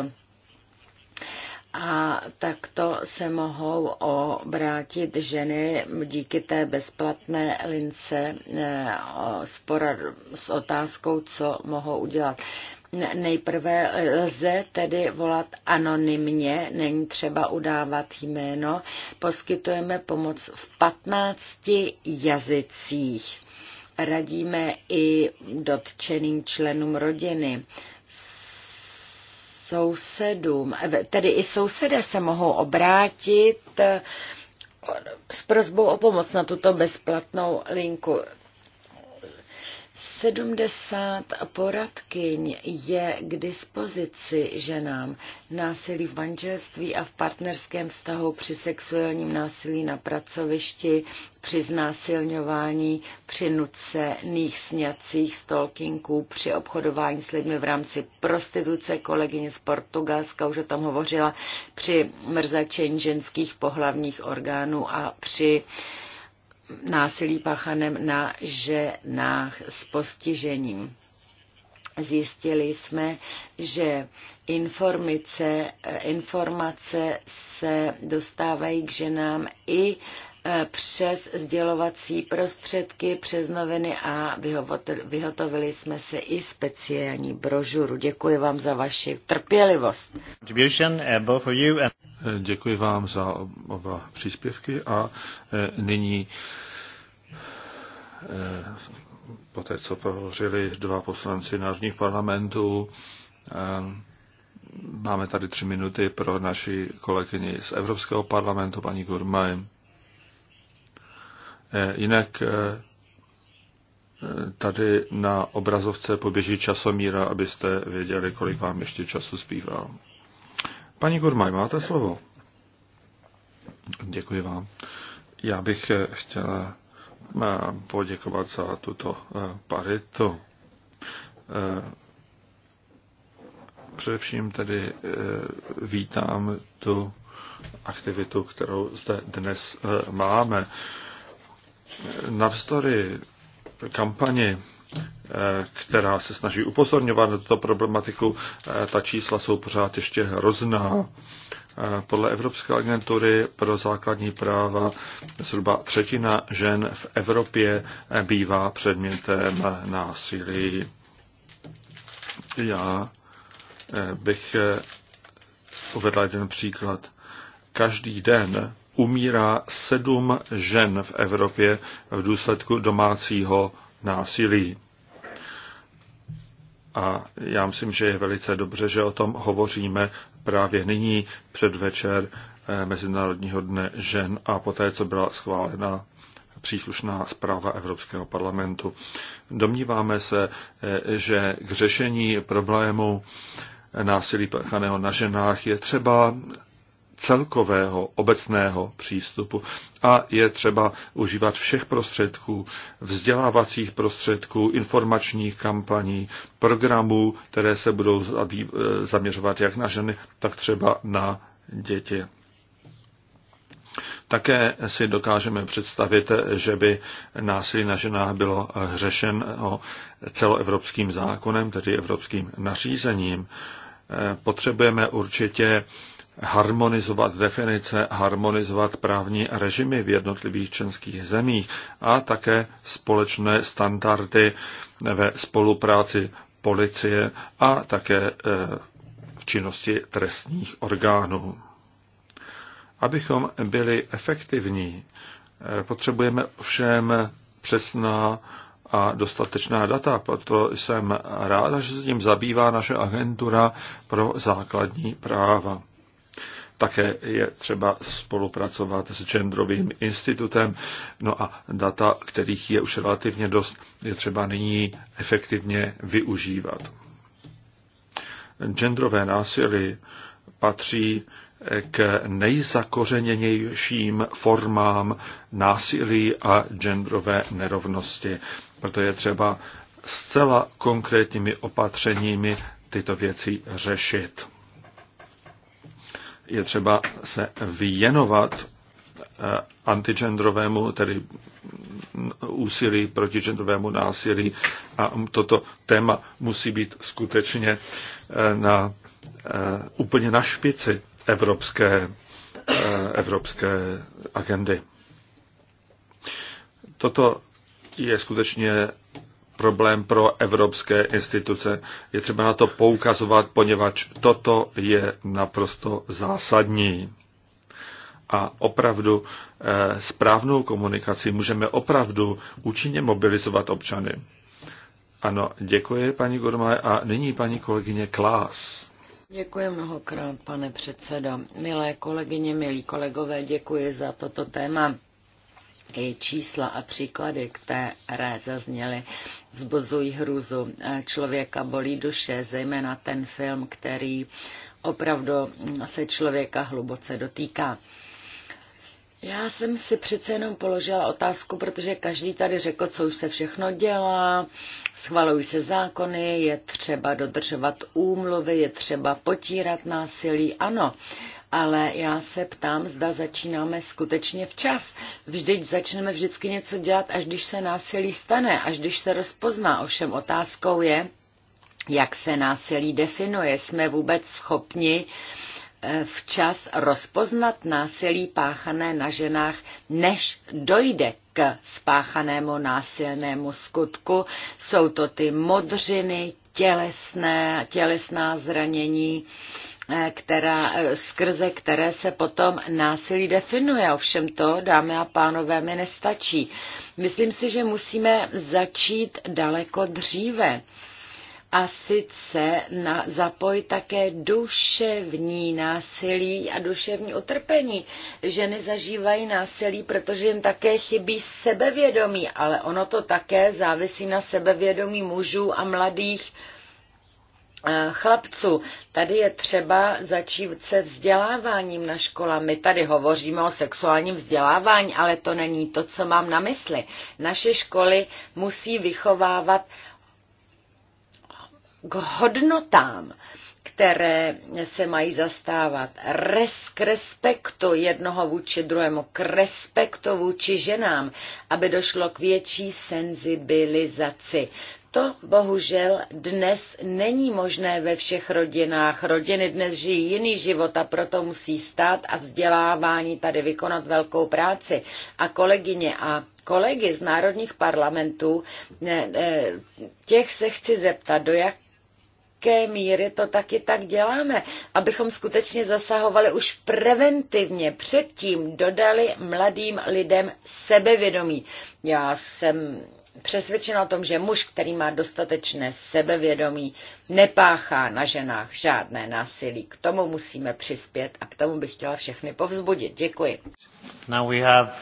S4: a takto se mohou obrátit ženy díky té bezplatné lince eh, s, s otázkou, co mohou udělat. Nejprve eh, lze tedy volat anonymně, není třeba udávat jméno. Poskytujeme pomoc v 15 jazycích. Radíme i dotčeným členům rodiny sousedům, eh, tedy i sousedé se mohou obrátit eh, s prozbou o pomoc na tuto bezplatnou linku. 70 poradkyň je k dispozici ženám. Násilí v manželství a v partnerském vztahu při sexuálním násilí na pracovišti, při znásilňování, při nucených sňacích, stalkingů, při obchodování s lidmi v rámci prostituce, kolegyně z Portugalska už o tom hovořila, při mrzačení ženských pohlavních orgánů a při uh, násilí páchanem na ženách s postižením. Zjistili jsme, že informace, eh, informace se dostávají k ženám i Eh, přes sdělovací prostředky, přes noviny a vyhotovili jsme se i speciální brožuru. Děkuji vám za vaši
S3: trpělivost. Eh, eh, děkuji vám za oba příspěvky a nyní po té, co prohořili dva poslanci národních parlamentů, máme tady tři minuty pro naši kolegyni z Evropského parlamentu, paní Gurmaj. Eh, jinak eh, eh, tady na obrazovce poběží časomíra, abyste věděli, kolik vám ještě času zbývá. Paní Gurmaj, máte slovo. Děkuji vám. Já bych chtěla poděkovat za tuto paritu. Především tedy vítám tu aktivitu, kterou zde dnes máme navzdory kampani, eh, která se snaží upozorňovat na tuto problematiku, eh, ta čísla jsou pořád ještě hrozná. Eh, podle Evropské agentury pro základní práva zhruba třetina žen v Evropě bývá předmětem násilí. Já bych uvedla jeden příklad. Každý den umírá sedm žen v Evropě v důsledku domácího násilí. A já myslím, že je velice dobře, že o tom hovoříme právě nyní předvečer eh, Mezinárodního dne žen a poté, co byla schválena příslušná zpráva Evropského parlamentu. Domníváme se, eh, že k řešení problému násilí páchaného na ženách je třeba celkového obecného přístupu a je třeba užívat všech prostředků, vzdělávacích prostředků, informačních kampaní, programů, které se budou e, zaměřovat jak na ženy, tak třeba na děti. Také si dokážeme představit, že by násilí na ženách bylo řešeno celoevropským zákonem, tedy evropským nařízením. E, potřebujeme určitě harmonizovat definice, harmonizovat právní režimy v jednotlivých členských zemích a také společné standardy ve spolupráci policie a také eh, v činnosti trestních orgánů. Abychom byli efektivní, eh, potřebujeme všem přesná a dostatečná data, proto jsem ráda, že se tím zabývá naše agentura pro základní práva. Také je třeba spolupracovat s Genderovým institutem. No a data, kterých je už relativně dost, je třeba nyní efektivně využívat. Genderové násily patří k nejzakořeněnějším formám násilí a genderové nerovnosti. Proto je třeba zcela konkrétními opatřeními tyto věci řešit je třeba se věnovat eh, antigendrovému, tedy úsilí proti genderovému násilí a toto téma musí být skutečně eh, na, eh, úplně na špici evropské, evropské agendy. Toto je skutečně problém pro evropské instituce. Je třeba na to poukazovat, poněvadž toto je naprosto zásadní. A opravdu eh, správnou komunikací můžeme opravdu účinně mobilizovat občany. Ano, děkuji paní Gormaj a nyní paní kolegyně Klás.
S4: Děkuji mnohokrát, pane předsedo. Milé kolegyně, milí kolegové, děkuji za toto téma i čísla a příklady, které zazněly, vzbuzují hruzu. Člověka bolí duše, zejména ten film, který opravdu se člověka hluboce dotýká. Já jsem si přece jenom položila otázku, protože každý tady řekl, co už se všechno dělá, schvalují se zákony, je třeba dodržovat úmluvy, je třeba potírat násilí. Ano, ale já se ptám, zda začínáme skutečně včas. Vždyť začneme vždycky něco dělat, až když se násilí stane, až když se rozpozná. Ovšem otázkou je, jak se násilí definuje. Jsme vůbec schopni eh, včas rozpoznat násilí páchané na ženách, než dojde k spáchanému násilnému skutku. Jsou to ty modřiny, tělesné, tělesná zranění, Eh, která, eh, skrze které se potom násilí definuje. Ovšem to, dámy a pánové, mi nestačí. Myslím si, že musíme začít daleko dříve a sice na, zapojit také duševní násilí a duševní utrpení. Ženy zažívají násilí, protože jim také chybí sebevědomí, ale ono to také závisí na sebevědomí mužů a mladých Eh, chlapců. Tady je třeba začít se vzděláváním na škole. My tady hovoříme o sexuálním vzdělávání, ale to není to, co mám na mysli. Naše školy musí vychovávat k hodnotám, které se mají zastávat. Res, k respektu jednoho vůči druhému, k respektu vůči ženám, aby došlo k větší senzibilizaci. To bohužel dnes není možné ve všech rodinách. Rodiny dnes žijí jiný život a proto musí stát a vzdělávání tady vykonat velkou práci. A kolegyně a kolegy z národních parlamentů, těch se chci zeptat, do jak jaké míry to taky tak děláme, abychom skutečně zasahovali už preventivně, předtím dodali mladým lidem sebevědomí. Já jsem přesvědčena o tom, že muž, který má dostatečné sebevědomí, nepáchá na ženách žádné násilí. K tomu musíme přispět a k tomu bych chtěla všechny povzbudit. Děkuji.
S3: Now we have...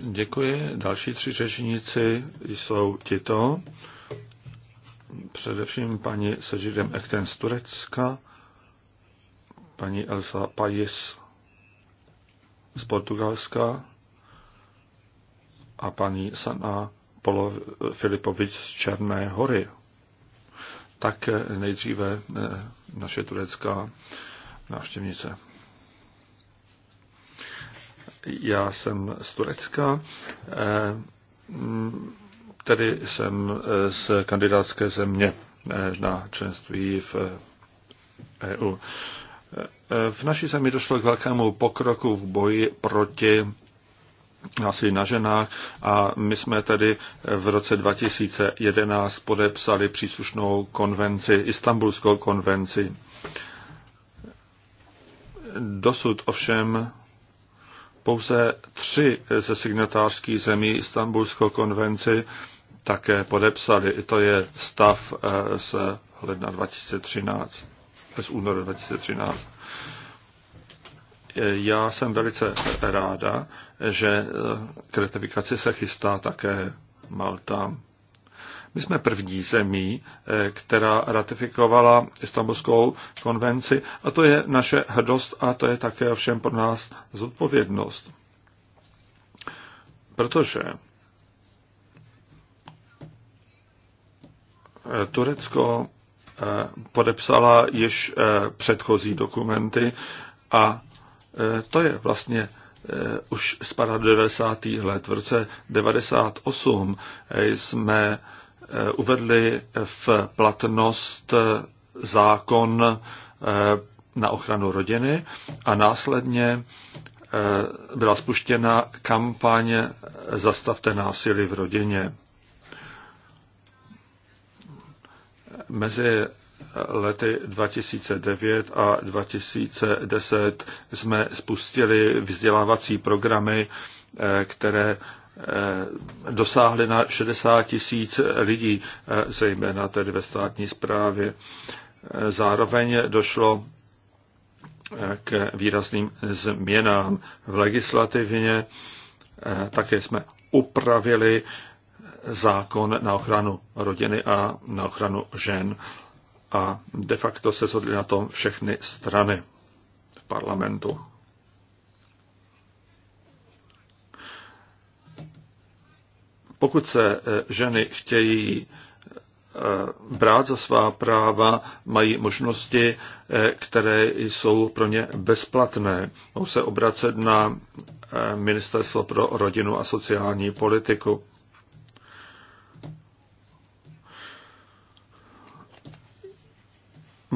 S3: Děkuji. Další tři řečníci jsou tito. Především paní Sežidem Ekten z Turecka, paní Elsa Pajis z Portugalska a paní Sana Polo Filipovič z Černé hory, tak nejdříve eh, naše turecká návštěvnice. Já jsem z Turecka, eh, tedy jsem eh, z kandidátské země na členství v EU. E v naší zemi došlo k velkému pokroku v boji proti asi na ženách a my jsme tedy v roce 2011 podepsali příslušnou konvenci, Istanbulskou konvenci. Dosud ovšem pouze tři ze signatářských zemí Istanbulskou konvenci také podepsali. I to je stav eh, z ledna 2013, z února 2013. Já jsem velice ráda, že eh, k ratifikaci se chystá také Malta. My jsme první zemí, eh, která ratifikovala Istanbulskou konvenci a to je naše hrdost a to je také všem pro nás zodpovědnost. Protože Turecko eh, podepsala již předchozí dokumenty a Eh, to je vlastně eh, už spadá do 90. let. V roce 98 eh, jsme uvedli v platnost zákon na ochranu rodiny a následně byla spuštěna kampaň Zastavte násilí v rodině. Mezi lety 2009 a 2010 jsme spustili vzdělávací programy, eh, které eh, dosáhly na 60 tisíc lidí, eh, zejména tedy ve státní správě. Zároveň došlo k výrazným změnám v legislativně. Také jsme upravili zákon na ochranu rodiny a na ochranu žen a de facto se shodly na tom všechny strany v parlamentu. Pokud se eh, ženy chtějí eh, brát za svá práva, mají možnosti, eh, které jsou pro ně bezplatné. Mohou se obracet na Ministerstvo pro rodinu a sociální politiku.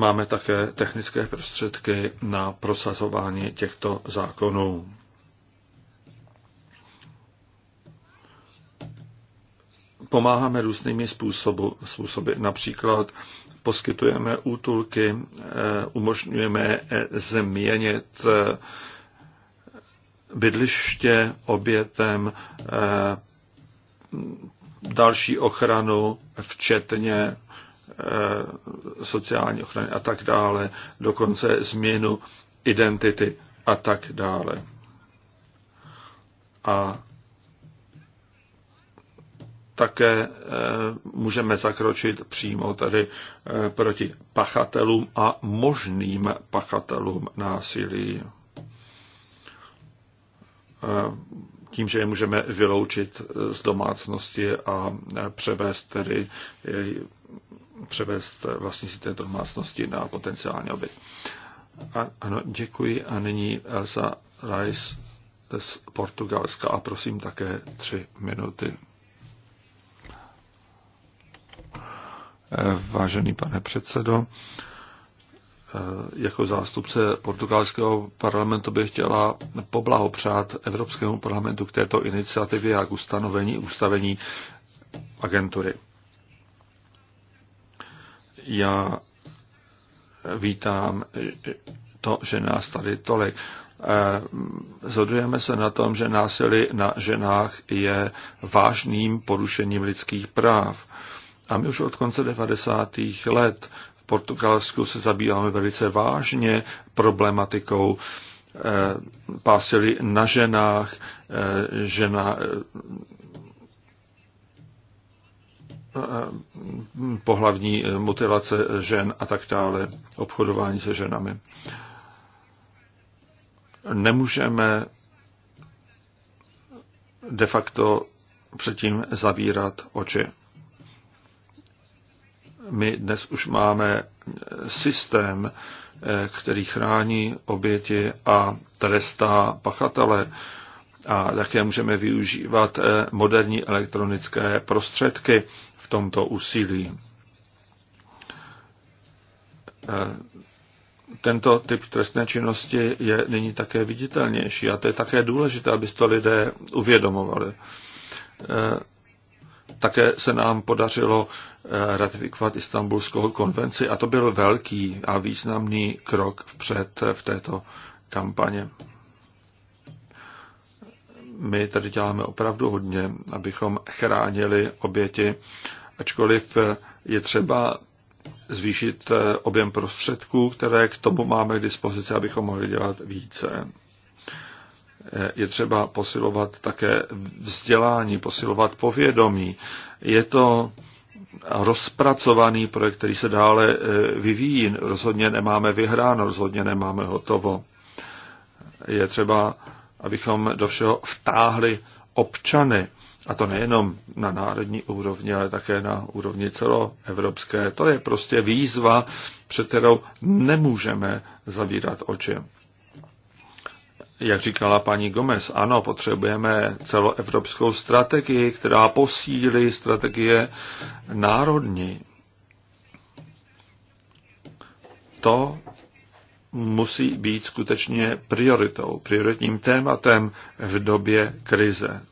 S3: máme také technické prostředky na prosazování těchto zákonů. Pomáháme různými způsoby, způsoby. Například poskytujeme útulky, eh, umožňujeme eh, změnit eh, bydliště obětem, další ochranu, včetně Eh, sociální ochrany a tak dále, dokonce změnu identity a tak dále. A také eh, můžeme zakročit přímo tedy eh, proti pachatelům a možným pachatelům násilí. Tím, že je můžeme vyloučit z domácnosti a převést tedy převést vlastnictví této domácnosti na potenciální obyt. A, ano, děkuji a nyní Elsa Rice z Portugalska a prosím také tři minuty. Vážený pane předsedo, jako zástupce portugalského parlamentu bych chtěla poblahopřát Evropskému parlamentu k této iniciativě a k ustanovení ustavení agentury já vítám to, že nás tady tolik. Eh, zhodujeme se na tom, že násilí na ženách je vážným porušením lidských práv. A my už od konce 90. let v Portugalsku se zabýváme velice vážně problematikou eh, pásily na ženách, eh, žena, No mm, pohlavní eh, motivace žen a tak dále, obchodování se ženami. Nemůžeme de facto předtím zavírat oči. My dnes už máme systém, eh, který chrání oběti a trestá pachatele a také můžeme využívat eh, moderní elektronické prostředky tomto úsilí. E, tento typ trestné činnosti je nyní také viditelnější a to je také důležité, aby to lidé uvědomovali. E, také se nám podařilo e, ratifikovat Istanbulskou konvenci a to byl velký a významný krok vpřed v této kampaně my tady děláme opravdu hodně, abychom chránili oběti ačkoliv eh, je třeba zvýšit eh, objem prostředků, které k tomu máme k dispozici, abychom mohli dělat více. Eh, je třeba posilovat také vzdělání, posilovat povědomí. Je to rozpracovaný projekt, který se dále vyvíjí. Rozhodně nemáme vyhráno, rozhodně nemáme hotovo. Je třeba, abychom do všeho vtáhli občany, a to nejenom na národní úrovni, ale také na úrovni celoevropské. To je prostě výzva, před kterou nemůžeme zavírat oči. Jak říkala paní Gomez, ano, potřebujeme celoevropskou strategii, která posílí strategie národní. To musí být skutečně prioritou, prioritním tématem v době krize.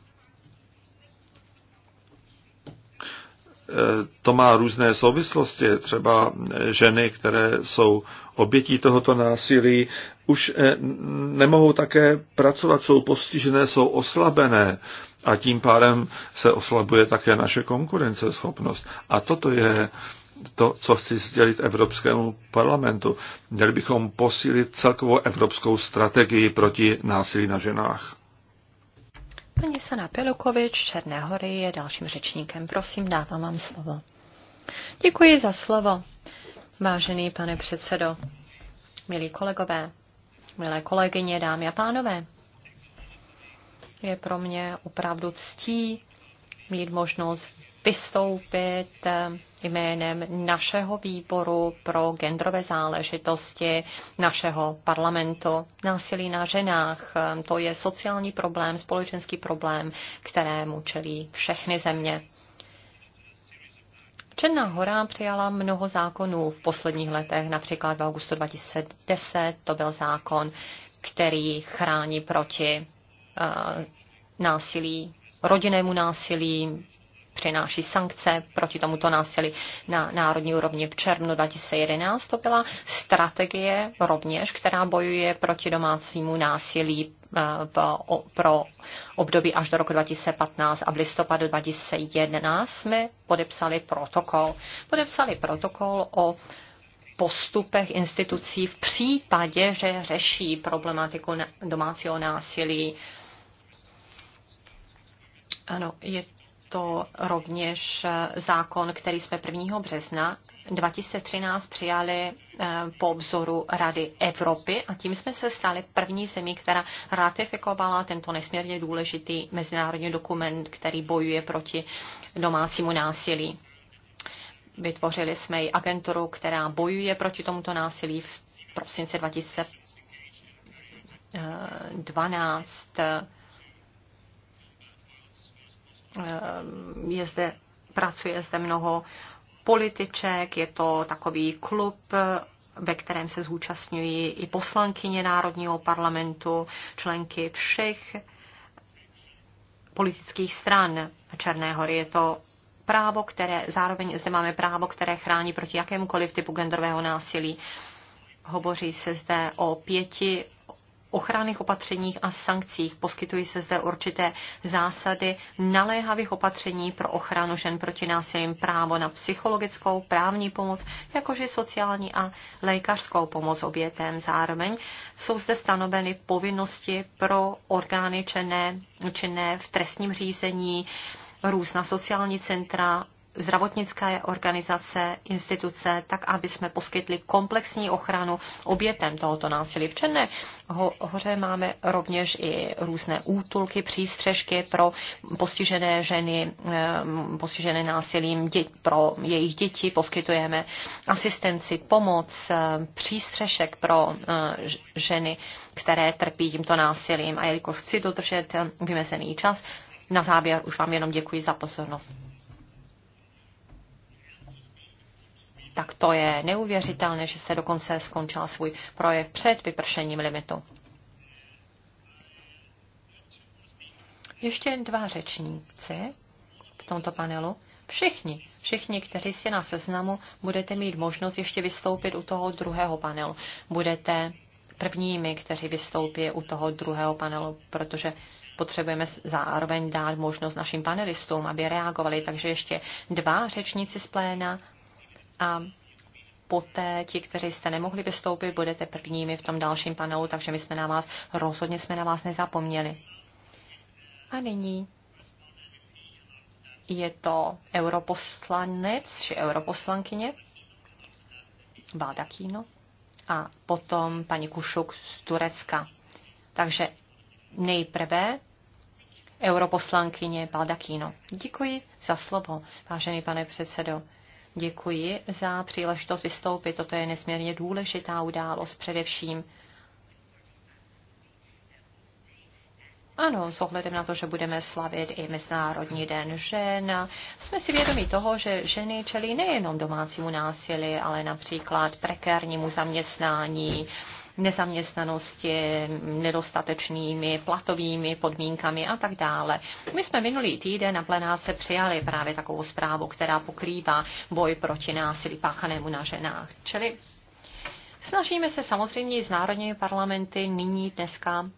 S3: to má různé souvislosti. Třeba eh, ženy, které jsou obětí tohoto násilí, už eh, nemohou také pracovat, jsou postižené, jsou oslabené a tím pádem se oslabuje také naše konkurenceschopnost. A toto je to, co chci sdělit Evropskému parlamentu. Měli bychom posílit celkovou evropskou strategii proti násilí na ženách.
S2: Paní Sana Pilukovič, Černé hory, je dalším řečníkem. Prosím, dávám vám slovo. Děkuji za slovo, vážený pane předsedo, milí kolegové, milé kolegyně, dámy a pánové. Je pro mě opravdu ctí mít možnost vystoupit jménem našeho výboru pro genderové záležitosti našeho parlamentu. Násilí na ženách, to je sociální problém, společenský problém, kterému čelí všechny země. Černá hora přijala mnoho zákonů v posledních letech, například v augustu 2010 to byl zákon, který chrání proti eh, násilí, rodinnému násilí, přináší sankce proti tomuto násilí na národní úrovni. V červnu 2011 to byla strategie rovněž, která bojuje proti domácímu násilí eh, pro období až do roku 2015 a v listopadu 2011 jsme podepsali protokol. Podepsali protokol o postupech institucí v případě, že řeší problematiku domácího násilí. Ano, je to rovněž zákon, který jsme 1. března 2013 přijali eh, po obzoru Rady Evropy a tím jsme se stali první zemí, která ratifikovala tento nesmírně důležitý mezinárodní dokument, který bojuje proti domácímu násilí. Vytvořili jsme i agenturu, která bojuje proti tomuto násilí v prosince 2012. Eh, Ehm, je zde, pracuje zde mnoho političek, je to takový klub, ve kterém se zúčastňují i poslankyně Národního parlamentu, členky všech politických stran Černé hory. Je to právo, které, zároveň zde máme právo, které chrání proti jakémukoliv typu genderového násilí. Hovoří se zde o pěti ochranných opatřeních a sankcích. Poskytují se zde určité zásady naléhavých opatření pro ochranu žen proti násilím, právo na psychologickou, právní pomoc, jakož i sociální a lékařskou pomoc obětem. Zároveň jsou zde stanoveny povinnosti pro orgány činné, činné v trestním řízení, různá sociální centra, zdravotnické organizace, instituce, tak, aby jsme poskytli komplexní ochranu obětem tohoto násilí. V Černé hoře máme rovněž i různé útulky, přístřežky pro postižené ženy, ehm, postižené násilím, dě, pro jejich děti poskytujeme asistenci, pomoc, ehm, přístřešek pro ehm, ženy, které trpí tímto násilím. A jelikož chci dodržet vymezený čas, na závěr už vám jenom děkuji za pozornost. tak to je neuvěřitelné, že se dokonce skončila svůj projev před vypršením limitu. Ještě dva řečníci v tomto panelu. Všichni, všichni, kteří jste na seznamu, budete mít možnost ještě vystoupit u toho druhého panelu. Budete prvními, kteří vystoupí u toho druhého panelu, protože potřebujeme zároveň dát možnost našim panelistům, aby reagovali. Takže ještě dva řečníci z pléna a poté ti, kteří jste nemohli vystoupit, budete prvními v tom dalším panelu, takže my jsme na vás, rozhodně jsme na vás nezapomněli. A nyní je to europoslanec či europoslankyně Baldakino a potom paní Kušuk z Turecka. Takže nejprve europoslankyně Baldakino. Děkuji za slovo, vážený pane předsedo. Děkuji za příležitost vystoupit. Toto je nesmírně důležitá událost především. Ano, s ohledem na to, že budeme slavit i Mezinárodní den žen, jsme si vědomi toho, že ženy čelí nejenom domácímu násilí, ale například prekérnímu zaměstnání, nezaměstnanosti, nedostatečnými platovými podmínkami a tak dále. My jsme minulý týden na plenáce přijali právě takovou zprávu, která pokrývá boj proti násilí páchanému na ženách. Čili snažíme se samozřejmě s národními parlamenty nyní dneska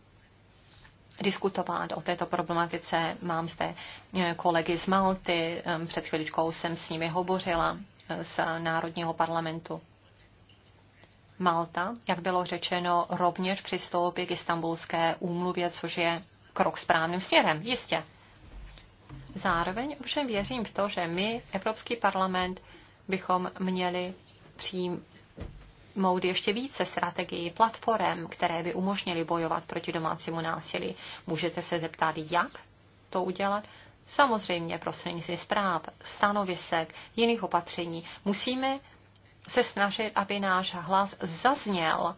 S2: diskutovat o této problematice. Mám zde eh, kolegy z Malty, eh, před chviličkou jsem s nimi hovořila eh, z Národního parlamentu. Malta, jak bylo řečeno, rovněž přistoupí k istambulské úmluvě, což je krok správným směrem, jistě. Zároveň ovšem věřím v to, že my, Evropský parlament, bychom měli přijmout ještě více strategií, platform, které by umožnily bojovat proti domácímu násilí. Můžete se zeptat, jak to udělat? Samozřejmě prostřednictvím zpráv, stanovisek, jiných opatření. Musíme se snažit, aby náš hlas zazněl.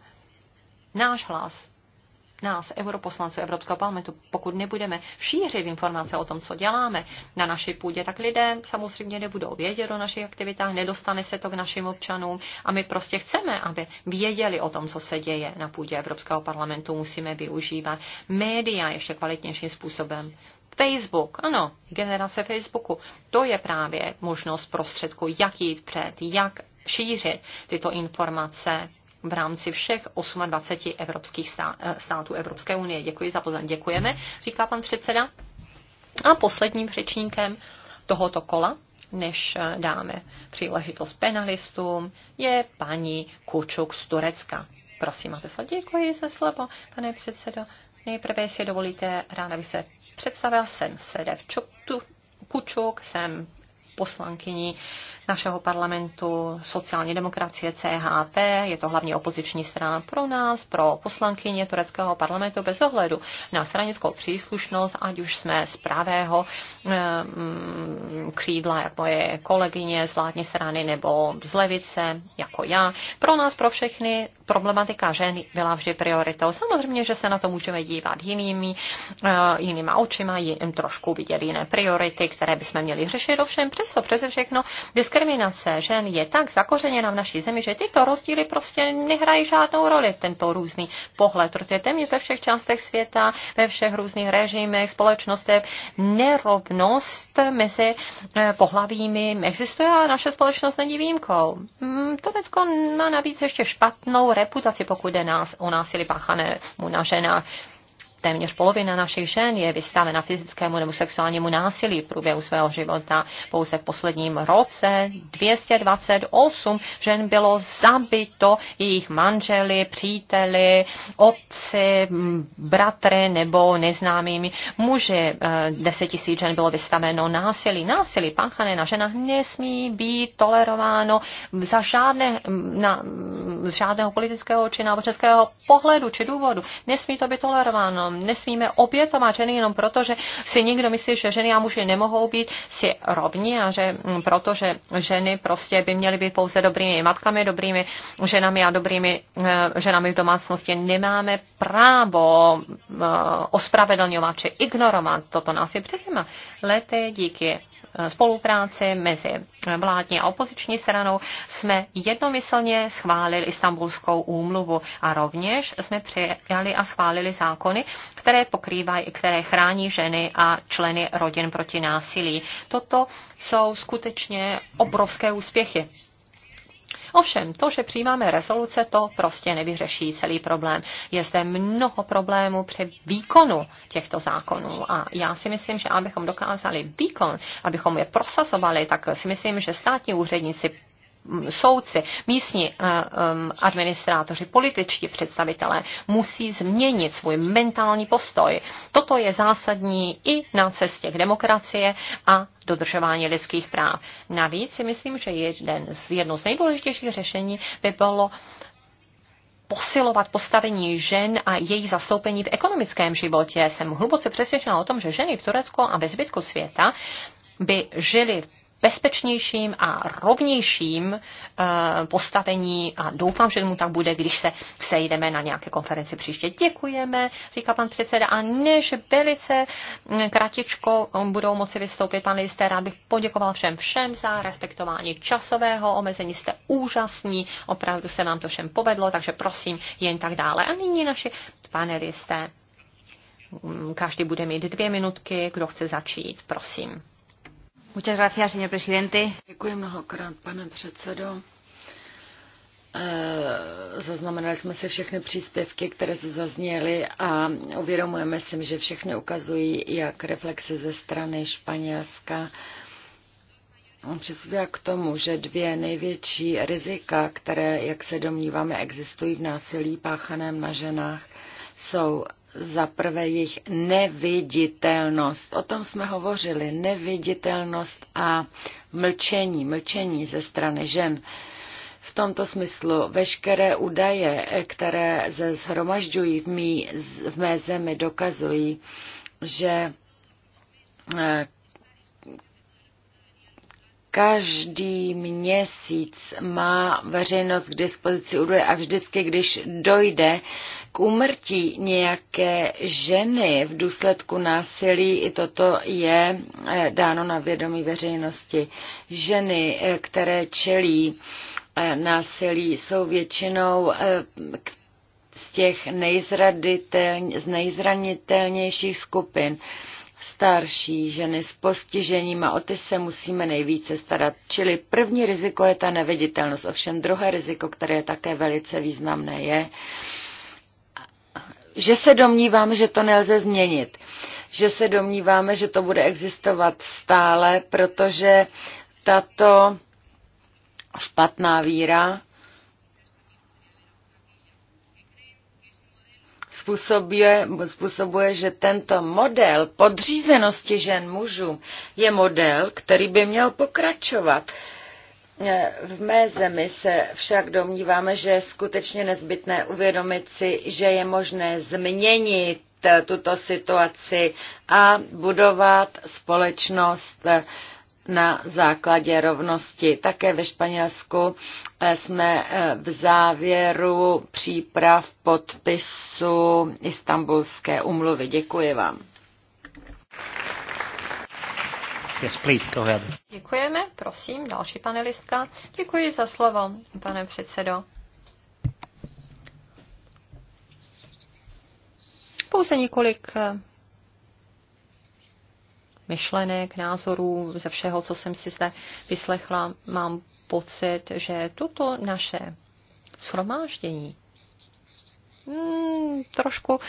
S2: Náš hlas nás, europoslanců Evropského parlamentu, pokud nebudeme šířit informace o tom, co děláme na naší půdě, tak lidé samozřejmě nebudou vědět o našich aktivitách, nedostane se to k našim občanům a my prostě chceme, aby věděli o tom, co se děje na půdě Evropského parlamentu. Musíme využívat média ještě kvalitnějším způsobem. Facebook, ano, generace Facebooku, to je právě možnost prostředku, jak jít před, jak šířit tyto informace v rámci všech 28 evropských eh, států Evropské unie. Děkuji za pozornost. Děkujeme, říká pan předseda. A posledním řečníkem tohoto kola, než eh, dáme příležitost penalistům, je paní Kučuk z Turecka. Prosím, máte slovo. Děkuji za slovo, pane předsedo. Nejprve, si dovolíte, ráda bych se představila. Jsem Sedev Kučuk, jsem poslankyní našeho parlamentu, sociální demokracie, CHP, je to hlavně opoziční strana pro nás, pro poslankyně tureckého parlamentu bez ohledu na stranickou příslušnost, ať už jsme z pravého ehm, křídla, jak moje kolegyně z vládní strany nebo z levice, jako já. Pro nás, pro všechny, problematika žen byla vždy prioritou. Samozřejmě, že se na to můžeme dívat jinými, eh, jinýma očima, jim trošku vidět jiné priority, které bychom měli řešit. Ovšem přesto přeze všechno diskriminace žen je tak zakořeněna v naší zemi, že tyto rozdíly prostě nehrají žádnou roli, tento různý pohled, protože téměř ve všech částech světa, ve všech různých režimech, společnostech nerovnost mezi eh, pohlavími existuje a naše společnost není výjimkou. Mm, Turecko má navíc ještě špatnou reputaci, pokud jde nás, o násilí mu na ženách téměř polovina našich žen je vystavena fyzickému nebo sexuálnímu násilí v průběhu svého života. Pouze v posledním roce 228 žen bylo zabito jejich manželi, příteli, otci, bratry nebo neznámými muži. 10 eh, tisíc žen bylo vystaveno násilí. Násilí páchané na ženách nesmí být tolerováno za žádné, na, z žádného politického či náboženského pohledu či důvodu. Nesmí to být tolerováno nesmíme obětovat ženy jenom proto, že si někdo myslí, že ženy a muži nemohou být si rovní a že mm, proto, že ženy prostě by měly být pouze dobrými matkami, dobrými ženami a dobrými eh, ženami v domácnosti. Nemáme právo eh, ospravedlňovat či ignorovat toto násilí. je dvěma lety díky eh, spolupráci mezi vládní a opoziční stranou jsme jednomyslně schválili Istanbulskou úmluvu a rovněž jsme přijali a schválili zákony, které pokrývají, které chrání ženy a členy rodin proti násilí. Toto jsou skutečně obrovské úspěchy. Ovšem, to, že přijímáme rezoluce, to prostě nevyřeší celý problém. Je zde mnoho problémů při výkonu těchto zákonů a já si myslím, že abychom dokázali výkon, abychom je prosazovali, tak si myslím, že státní úředníci soudci, místní eh, eh, administrátoři, političtí představitelé musí změnit svůj mentální postoj. Toto je zásadní i na cestě k demokracie a dodržování lidských práv. Navíc si myslím, že jeden z, jedno z nejdůležitějších řešení by bylo posilovat postavení žen a jejich zastoupení v ekonomickém životě. Jsem hluboce přesvědčena o tom, že ženy v Turecku a ve zbytku světa by žili v bezpečnějším a rovnějším eh, postavení a doufám, že mu tak bude, když se sejdeme na nějaké konferenci příště. Děkujeme, říká pan předseda. A než velice mm, kratičko mm, budou moci vystoupit pan Lister, rád bych poděkoval všem všem za respektování časového omezení. Jste úžasní, opravdu se vám to všem povedlo, takže prosím jen tak dále. A nyní naši panelisté. Mm, každý bude mít dvě minutky, kdo chce začít, prosím.
S4: Muchas gracias, señor presidente. Děkuji mnohokrát, pane předsedo. Eh, zaznamenali jsme si všechny příspěvky, které se zazněly a uvědomujeme si, že všechny ukazují, jak reflexe ze strany Španělska přispívá k tomu, že dvě největší rizika, které, jak se domníváme, existují v násilí páchaném na ženách, jsou za prvé jejich neviditelnost. O tom jsme hovořili, neviditelnost a mlčení, mlčení ze strany žen. V tomto smyslu veškeré údaje, které se zhromažďují v, mý, v mé zemi, dokazují, že eh, Každý měsíc má veřejnost k dispozici údaje a vždycky, když dojde k úmrtí nějaké ženy v důsledku násilí, i toto je eh, dáno na vědomí veřejnosti. Ženy, eh, které čelí eh, násilí, jsou většinou z těch nejzranitelnějších skupin starší, ženy s postižením a o ty se musíme nejvíce starat. Čili první riziko je ta neviditelnost. Ovšem druhé riziko, které je také velice významné, je, že se domníváme, že to nelze změnit. Že se domníváme, že to bude existovat stále, protože tato špatná víra způsobuje, způsobuje, že tento model podřízenosti žen mužům je model, který by měl pokračovat. Eh, v mé zemi se však domníváme, že je skutečně nezbytné uvědomit si, že je možné změnit eh, tuto situaci a budovat společnost, eh, na základě rovnosti. Také ve Španělsku eh, jsme eh, v závěru příprav podpisu Istanbulské umluvy.
S2: Děkuji vám.
S1: Yes, please, go ahead.
S2: Děkujeme, prosím, další panelistka. Děkuji za slovo, pane předsedo. Pouze několik eh, myšlenek, názorů, ze všeho, co jsem si zde vyslechla, mám pocit, že toto naše shromáždění hmm, trošku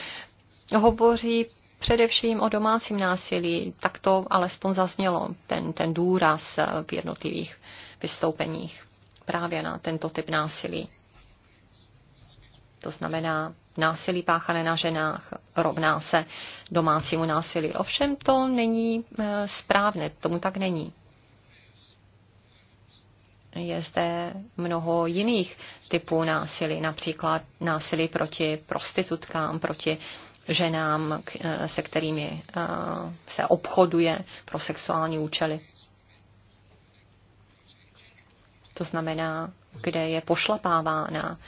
S2: hovoří především o domácím násilí. Tak to alespoň zaznělo, ten, ten důraz v jednotlivých vystoupeních právě na tento typ násilí to znamená násilí páchané na ženách rovná se domácímu násilí. Ovšem to není eh, správné, tomu tak není. Je zde mnoho jiných typů násilí, například násilí proti prostitutkám, proti ženám, eh, se kterými eh, se obchoduje pro sexuální účely. To znamená, kde je pošlapávána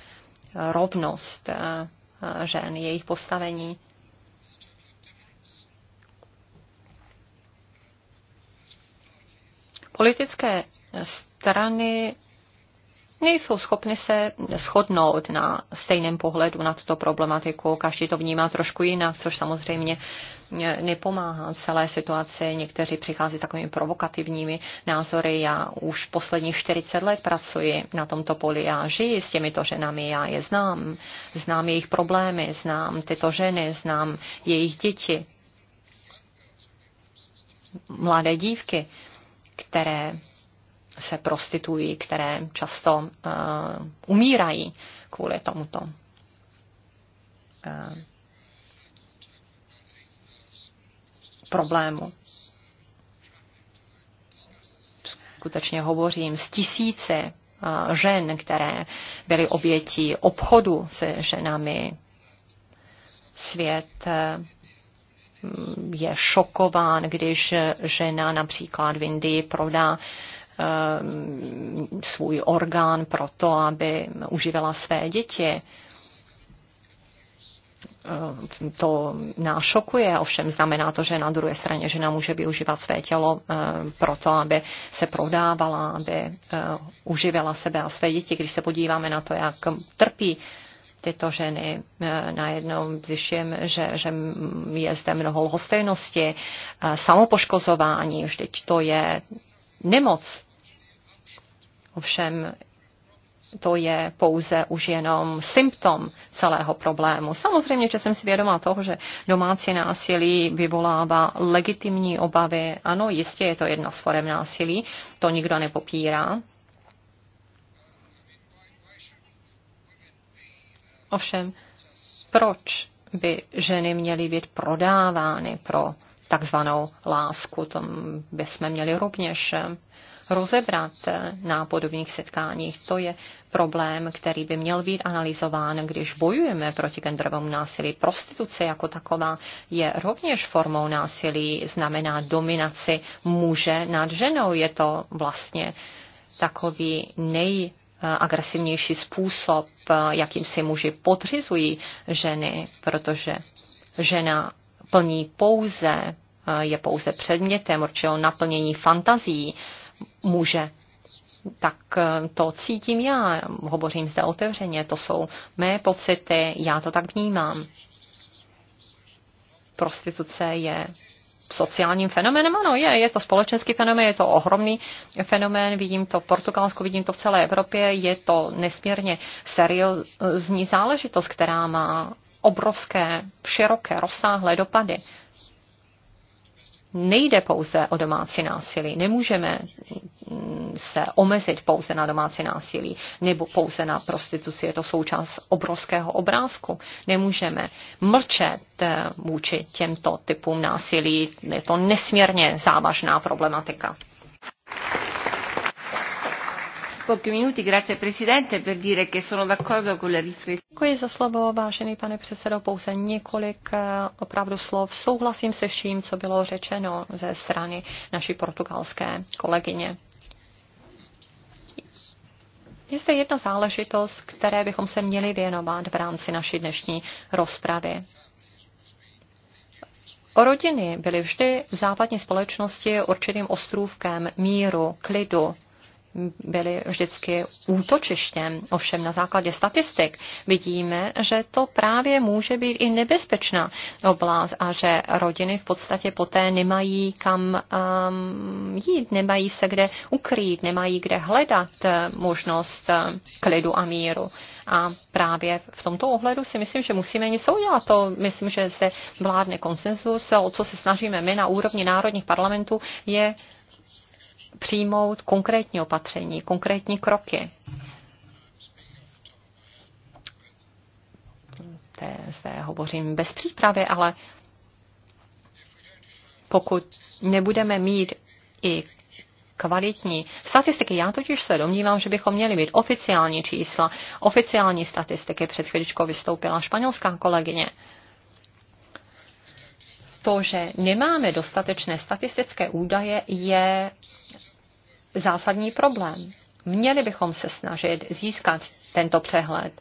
S2: rovnost eh, eh, žen, jejich postavení. Politické strany nejsou schopny se shodnout na stejném pohledu na tuto problematiku. Každý to vnímá trošku jinak, což samozřejmě nepomáhá celé situaci. Někteří přichází takovými provokativními názory. Já už posledních 40 let pracuji na tomto poli. Já žiji s těmito ženami, já je znám. Znám jejich problémy, znám tyto ženy, znám jejich děti, mladé dívky, které se prostitují, které často uh, umírají kvůli tomuto. Uh, problému. Skutečně hovořím s tisíce eh, žen, které byly obětí obchodu se ženami. Svět je šokován, když žena například v Indii prodá Ehm, svůj orgán pro to, aby uživila své děti ehm, to nás šokuje, ovšem znamená to, že na druhé straně žena může využívat své tělo ehm, proto, aby se prodávala, aby eh, uživila sebe a své děti. Když se podíváme na to, jak trpí tyto ženy, eh, najednou zjišťujeme, že, že je zde mnoho lhostejnosti, eh, samopoškozování, vždyť to je nemoc, Ovšem to je pouze už jenom symptom celého problému. Samozřejmě, že jsem si vědoma toho, že domácí násilí vyvolává legitimní obavy. Ano, jistě je to jedna z forem násilí, to nikdo nepopírá. Ovšem, proč by ženy měly být prodávány pro takzvanou lásku? Tom bychom měli rovněž rozebrat na podobných setkáních. To je problém, který by měl být analyzován, když bojujeme proti genderovému násilí. Prostituce jako taková je rovněž formou násilí, znamená dominaci muže nad ženou. Je to vlastně takový nej agresivnější způsob, jakým si muži podřizují ženy, protože žena plní pouze, je pouze předmětem určitého naplnění fantazí muže. Tak eh, to cítím já, hovořím zde otevřeně, to jsou mé pocity, já to tak vnímám. Prostituce je sociálním fenoménem. Ano, je, je to společenský fenomén, je to ohromný fenomén, vidím to v Portugalsku, vidím to v celé Evropě, je to nesmírně seriózní záležitost, která má obrovské, široké, rozsáhlé dopady nejde pouze o domácí násilí. Nemůžeme se omezit pouze na domácí násilí nebo pouze na prostituci. Je to součást obrovského obrázku. Nemůžeme mlčet eh, vůči těmto typům násilí. Je to nesmírně závažná problematika. Děkuji za slovo, vážený pane předsedo, pouze několik eh, opravdu slov. Souhlasím se vším, co bylo řečeno ze strany naší portugalské kolegyně. Je zde jedna záležitost, které bychom se měli věnovat v rámci naší dnešní rozpravy. O Rodiny byly vždy v západní společnosti určitým ostrůvkem míru, klidu, byly vždycky útočištěm. Ovšem na základě statistik vidíme, že to právě může být i nebezpečná oblast a že rodiny v podstatě poté nemají kam um, jít, nemají se kde ukrýt, nemají kde hledat eh, možnost eh, klidu a míru. A právě v tomto ohledu si myslím, že musíme něco udělat. To myslím, že zde vládne konsenzus. O co se snažíme my na úrovni národních parlamentů, je přijmout konkrétní opatření, konkrétní kroky. Té, zde hovořím bez přípravy, ale pokud nebudeme mít i kvalitní statistiky. Já totiž se domnívám, že bychom měli mít oficiální čísla, oficiální statistiky. Před chvíličkou vystoupila španělská kolegyně. To, že nemáme dostatečné statistické údaje, je zásadní problém. Měli bychom se snažit získat tento přehled,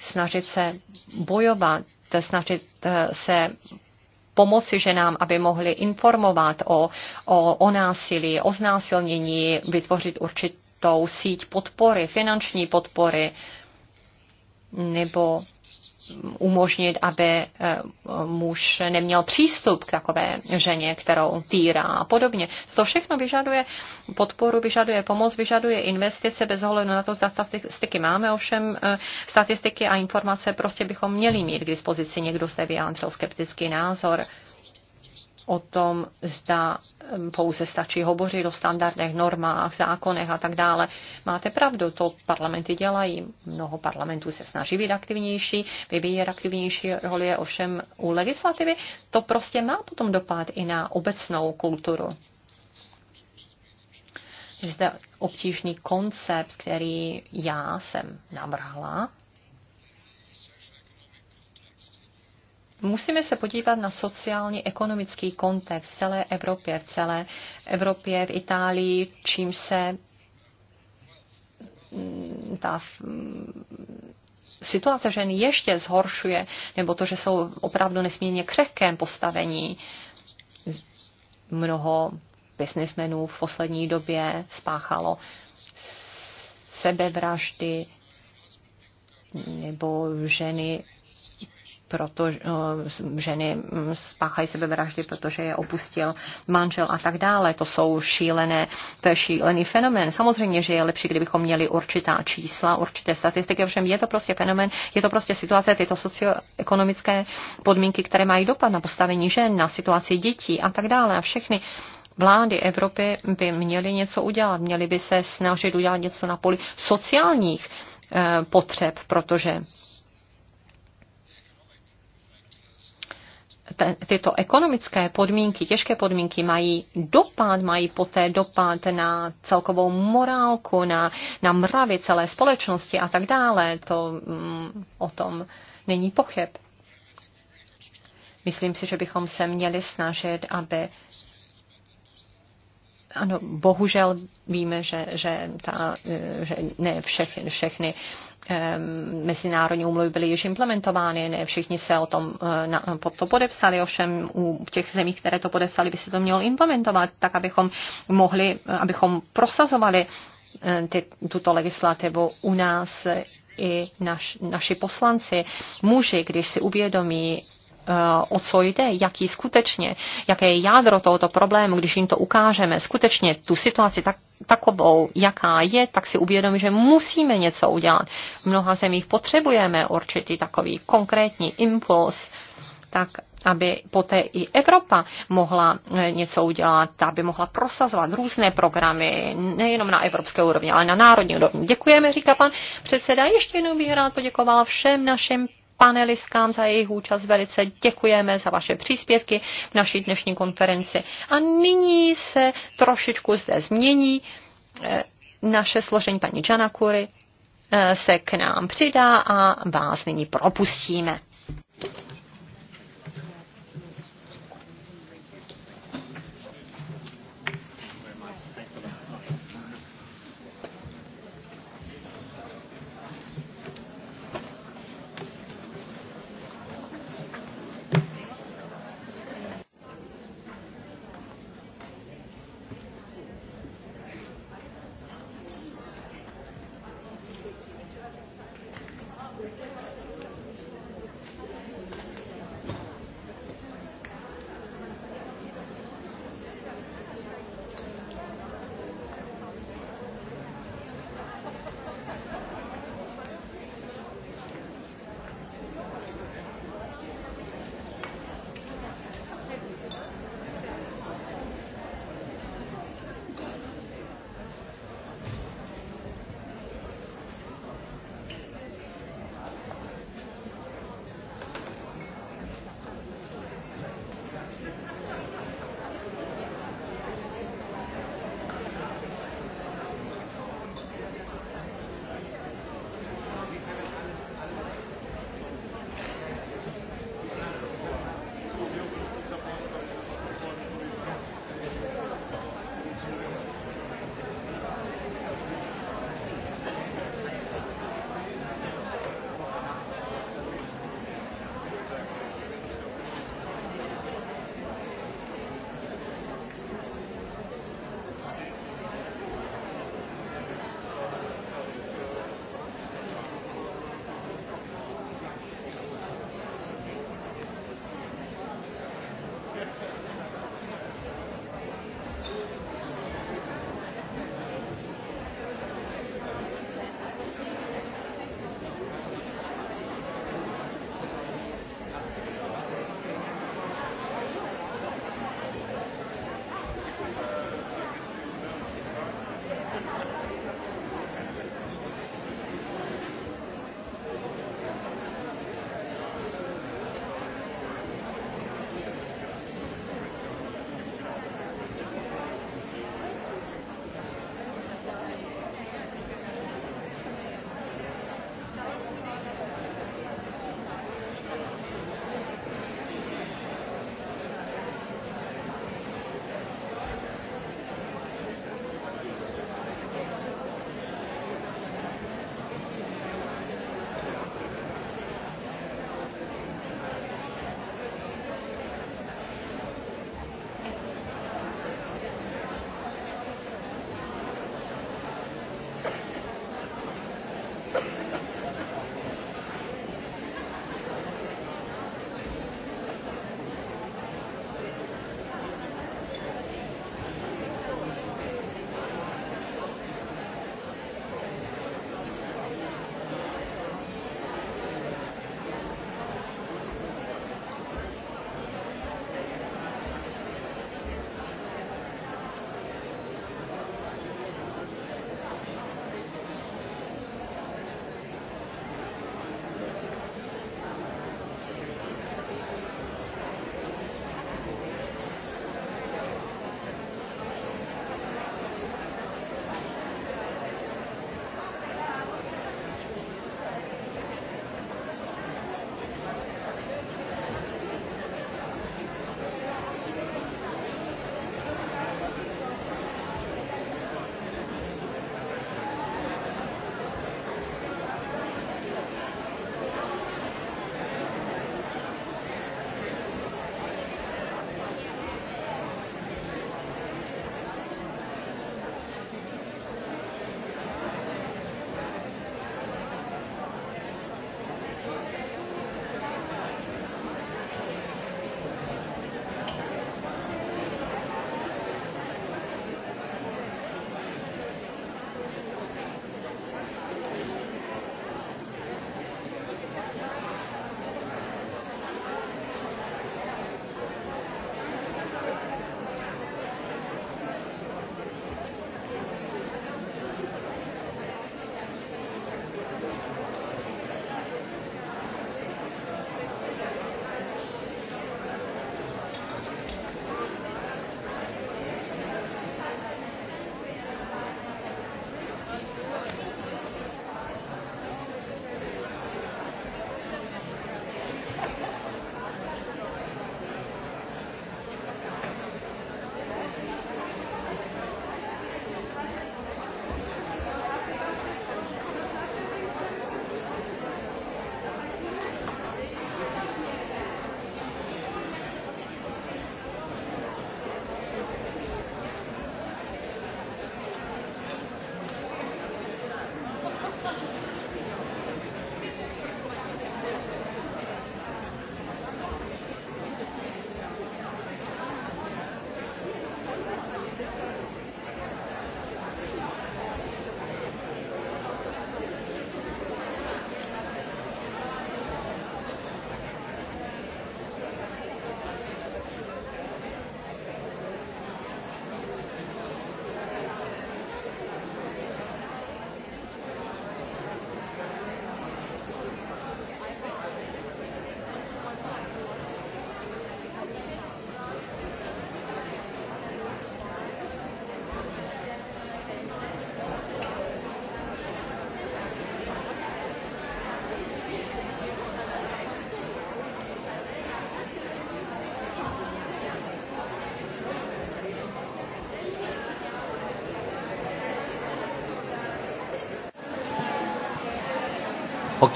S2: snažit se bojovat, snažit eh, se pomoci ženám, aby mohli informovat o, o, o násilí, o znásilnění, vytvořit určitou síť podpory, finanční podpory, nebo umožnit, aby eh, muž neměl přístup k takové ženě, kterou týrá a podobně. To všechno vyžaduje podporu, vyžaduje pomoc, vyžaduje investice bez ohledu na to, zda statistiky máme, ovšem eh, statistiky a informace prostě bychom měli mít k dispozici. Někdo se vyjádřil skeptický názor o tom, zda pouze stačí hovořit o standardech, normách, zákonech a tak dále. Máte pravdu, to parlamenty dělají. Mnoho parlamentů se snaží být aktivnější, vyvíjí aktivnější roli je ovšem u legislativy. To prostě má potom dopad i na obecnou kulturu. Zde obtížný koncept, který já jsem navrhla Musíme se podívat na sociální, ekonomický kontext v celé Evropě, v celé Evropě, v Itálii, čím se mm, ta situace žen ještě zhoršuje, nebo to, že jsou opravdu nesmírně křehkém postavení. Mnoho biznismenů v poslední době spáchalo sebevraždy nebo ženy proto eh, ženy spáchají sebevraždy, protože je opustil manžel a tak dále. To jsou šílené, to je šílený fenomén. Samozřejmě, že je lepší, kdybychom měli určitá čísla, určité statistiky, ovšem je to prostě fenomén, je to prostě situace, tyto socioekonomické podmínky, které mají dopad na postavení žen, na situaci dětí a tak dále a všechny vlády Evropy by měly něco udělat, měly by se snažit udělat něco na poli sociálních eh, potřeb, protože tyto ekonomické podmínky, těžké podmínky mají dopad, mají poté dopad na celkovou morálku, na, na mravy celé společnosti a tak dále. To mm, o tom není pochyb. Myslím si, že bychom se měli snažit, aby ano, bohužel víme, že, že, ta, e, že ne všechny, všechny mezinárodní úmluvy byly již implementovány, ne všichni se o tom e, na, pod to podepsali, ovšem u těch zemí, které to podepsali, by se to mělo implementovat, tak abychom mohli, abychom prosazovali e, ty, tuto legislativu u nás i naš, naši poslanci, muži, když si uvědomí o co jde, jaký skutečně, jaké je jádro tohoto problému, když jim to ukážeme, skutečně tu situaci tak, takovou, jaká je, tak si uvědomí, že musíme něco udělat. V mnoha zemích potřebujeme určitý takový konkrétní impuls, tak aby poté i Evropa mohla eh, něco udělat, aby mohla prosazovat různé programy, nejenom na evropské úrovni, ale na národní úrovni. Děkujeme, říká pan předseda. Ještě jednou bych rád poděkoval všem našim panelistkám za jejich účast velice děkujeme za vaše příspěvky v naší dnešní konferenci. A nyní se trošičku zde změní eh, naše složení paní Janakury eh, se k nám přidá a vás nyní propustíme.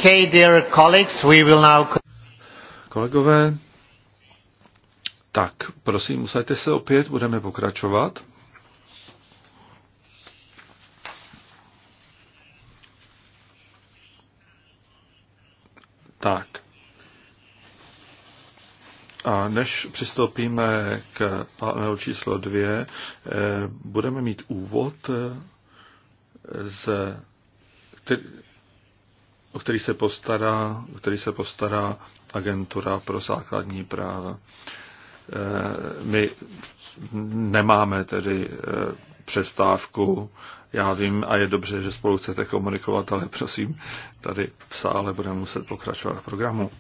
S3: Okay, dear colleagues, we will now... Kolegové, tak, prosím, usaďte se opět, budeme pokračovat. Tak. A než přistoupíme k panelu číslo dvě, eh, budeme mít úvod eh, z o který se postará, o který se postará agentura pro základní práva. Eh, my nemáme tedy eh, přestávku. Já vím a je dobře, že spolu chcete komunikovat, ale prosím, tady v sále budeme muset pokračovat v programu.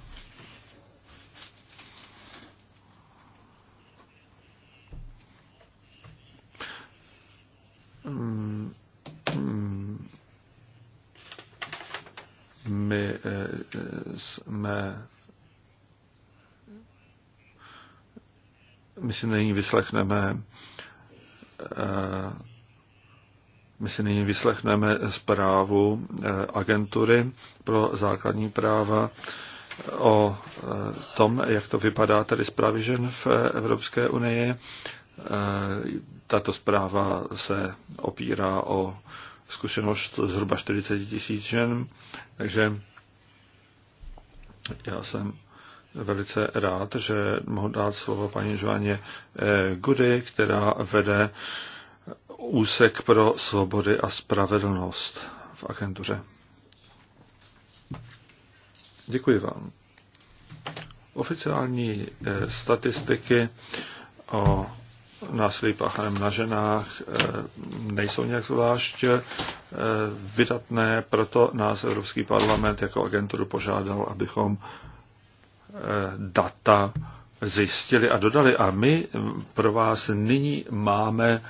S3: mé. My si nyní vyslechneme eh, my si nyní vyslechneme zprávu eh, agentury pro základní práva eh, o tom, jak to vypadá tady zprávy žen v Evropské unii. Tato zpráva se opírá o zkušenost zhruba 40 tisíc žen, takže já jsem velice rád, že mohu dát slovo paní Joanně eh, Gudy, která vede úsek pro svobody a spravedlnost v agentuře. Děkuji vám. Oficiální eh, statistiky o násilí páchaném na ženách eh, nejsou nějak zvlášť eh, vydatné, proto nás Evropský parlament jako agenturu požádal, abychom eh, data zjistili a dodali. A my pro vás nyní máme,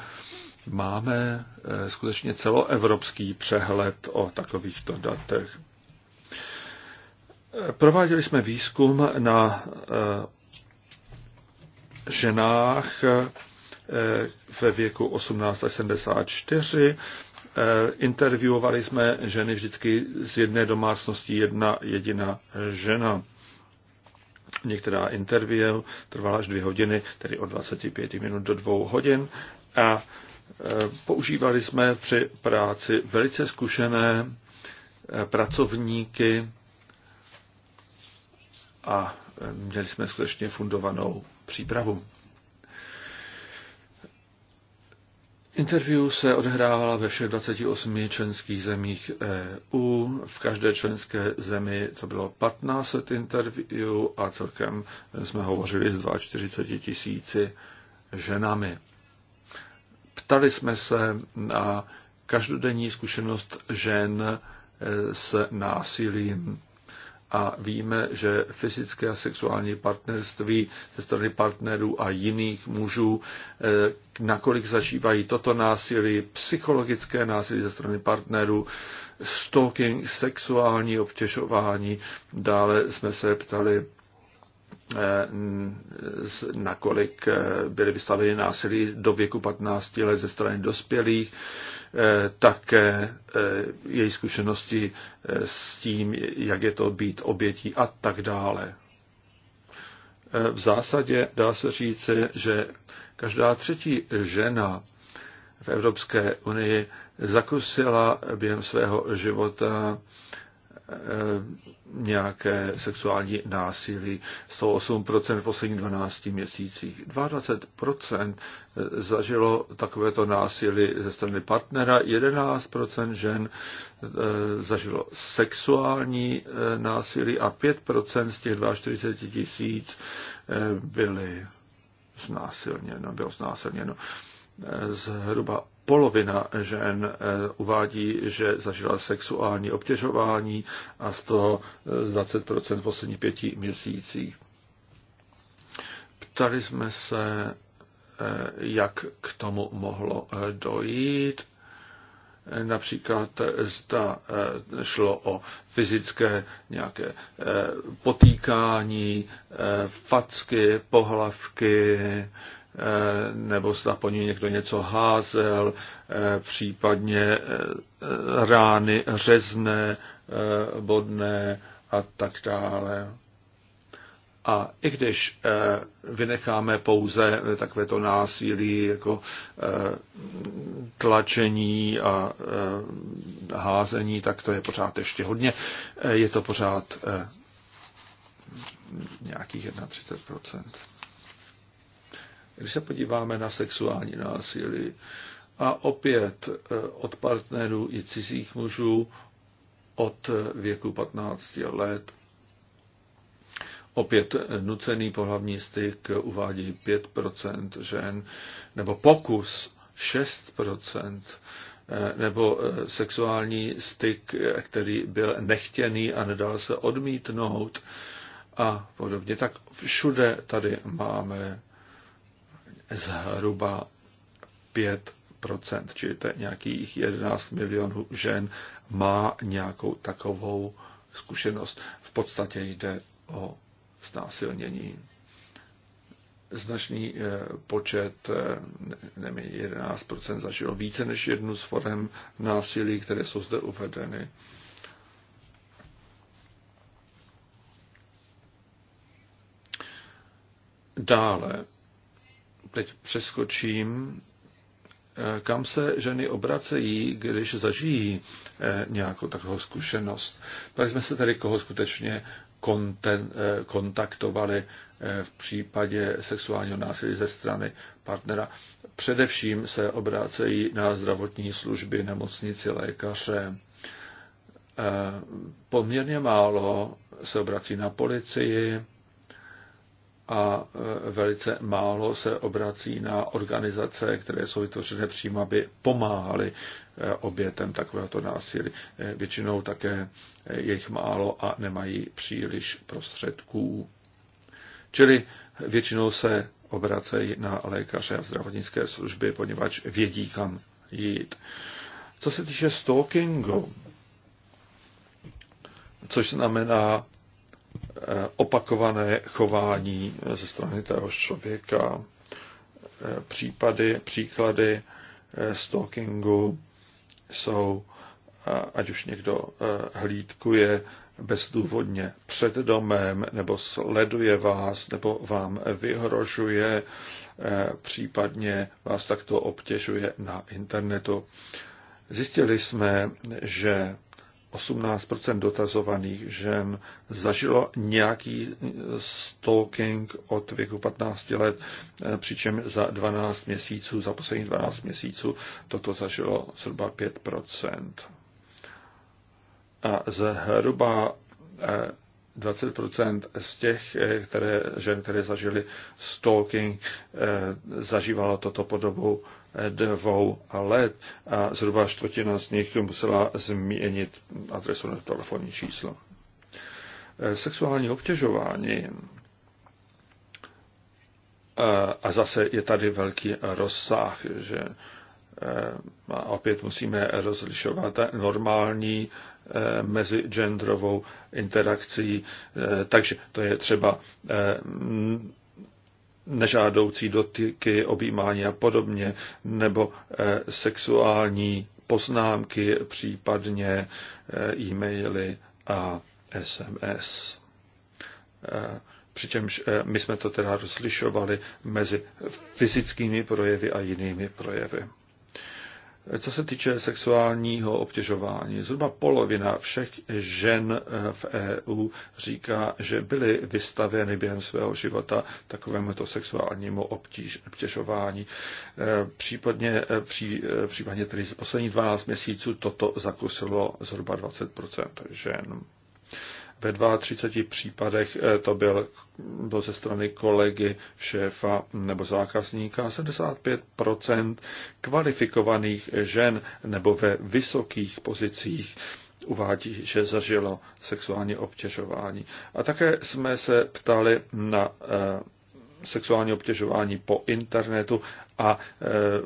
S3: máme skutečně celoevropský přehled o takovýchto datech. Prováděli jsme výzkum na ženách Eh, ve věku 18 až 74. Eh, Interviewovali jsme ženy vždycky z jedné domácnosti jedna jediná žena. Některá interview trvala až dvě hodiny, tedy od 25 minut do dvou hodin. A eh, používali jsme při práci velice zkušené pracovníky a měli jsme skutečně fundovanou přípravu. Interview se odehrávala ve všech 28 členských zemích EU. V každé členské zemi to bylo 15 interview a celkem jsme hovořili s 42 tisíci ženami. Ptali jsme se na každodenní zkušenost žen s násilím a víme, že fyzické a sexuální partnerství ze strany partnerů a jiných mužů, eh, nakolik zažívají toto násilí, psychologické násilí ze strany partnerů, stalking, sexuální obtěžování. Dále jsme se ptali, eh, nakolik eh, byly vystaveny násilí do věku 15 let ze strany dospělých. Eh, také eh, její zkušenosti eh, s tím, jak je to být obětí a tak dále. V zásadě dá se říci, že každá třetí žena v Evropské unii zakusila během svého života Eh, nějaké sexuální násilí. 108% v posledních 12 měsících. 22% eh, zažilo takovéto násilí ze strany partnera, 11% žen eh, zažilo sexuální násilí a 5% z těch 42 tisíc byly znásilněno, bylo znásilněno. Zhruba polovina žen eh, uvádí, že zažila sexuální obtěžování a z toho 20% eh, v posledních pěti měsících. Ptali jsme se, eh, jak k tomu mohlo dojít. Například zda šlo o fyzické nějaké potýkání, facky, pohlavky, Eh, nebo zda po ní někdo něco házel, eh, případně eh, rány řezné, bodné a tak dále. A i když vynecháme pouze takovéto násilí, jako tlačení a házení, tak to je pořád ještě hodně. Je to pořád nějakých 31%. Když se podíváme na sexuální násilí a opět eh, od partnerů i cizích mužů od věku 15 let, opět nucený pohlavní styk uvádí 5% žen, nebo pokus 6%, eh, nebo eh, sexuální styk, který byl nechtěný a nedal se odmítnout a podobně. Tak všude tady máme zhruba 5 čili to je nějakých 11 milionů žen, má nějakou takovou zkušenost. V podstatě jde o znásilnění. Značný eh, počet, eh, nevím, 11% zažilo více než jednu z forem násilí, které jsou zde uvedeny. Dále teď přeskočím, eh, kam se ženy obracejí, když zažijí eh, nějakou takovou zkušenost. Pak jsme se tady koho skutečně eh, kontaktovali v případě sexuálního násilí ze strany partnera. Především se obrácejí na zdravotní služby, nemocnici, lékaře. Poměrně málo se obrací na policii, a e, velice málo se obrací na organizace, které jsou vytvořené přímo, aby pomáhali e, obětem takovéhoto násilí. E, většinou také je jich málo a nemají příliš prostředků. Čili většinou se obracejí na lékaře a zdravotnické služby, poněvadž vědí, kam jít. Co se týče stalkingu, což znamená Eh, opakované chování ze strany téhož člověka, eh, případy, příklady eh, stalkingu jsou, ať už někdo hlídkuje bezdůvodně před domem, nebo sleduje vás, nebo vám vyhrožuje, případně vás takto obtěžuje na internetu. Zjistili jsme, že 18 dotazovaných žen zažilo nějaký stalking od věku 15 let, eh, přičem za 12 měsíců, za posledních 12 měsíců toto zažilo zhruba 5 A zhruba 20 eh, z těch eh, které, žen, které zažily stalking, zažívalo toto podobu. dobu dvou let a zhruba čtvrtina z nich musela změnit adresu na telefonní číslo. Eh, sexuální obtěžování eh, a zase je tady velký rozsah, že eh, a opět musíme rozlišovat normální mezigendrovou interakcí, takže to je třeba nežádoucí dotyky, objímání a podobně, nebo eh, sexuální poznámky, případně eh, e-maily a SMS. Eh, přičemž my jsme to teda rozlišovali mezi fyzickými projevy a jinými projevy. Co se týče sexuálního obtěžování, zhruba polovina všech žen v EU říká, že byly vystaveny během svého života takovému to sexuálnímu obtíž, obtěžování. E, případně, e, pří, e, případně tedy z posledních 12 měsíců toto zakusilo zhruba 20 žen. Ve 32 případech eh, to byl, byl ze strany kolegy, šéfa nebo zákazníka. 75% kvalifikovaných žen nebo ve vysokých pozicích uvádí, že zažilo sexuální obtěžování. A také jsme se ptali na eh, sexuální obtěžování po internetu a e,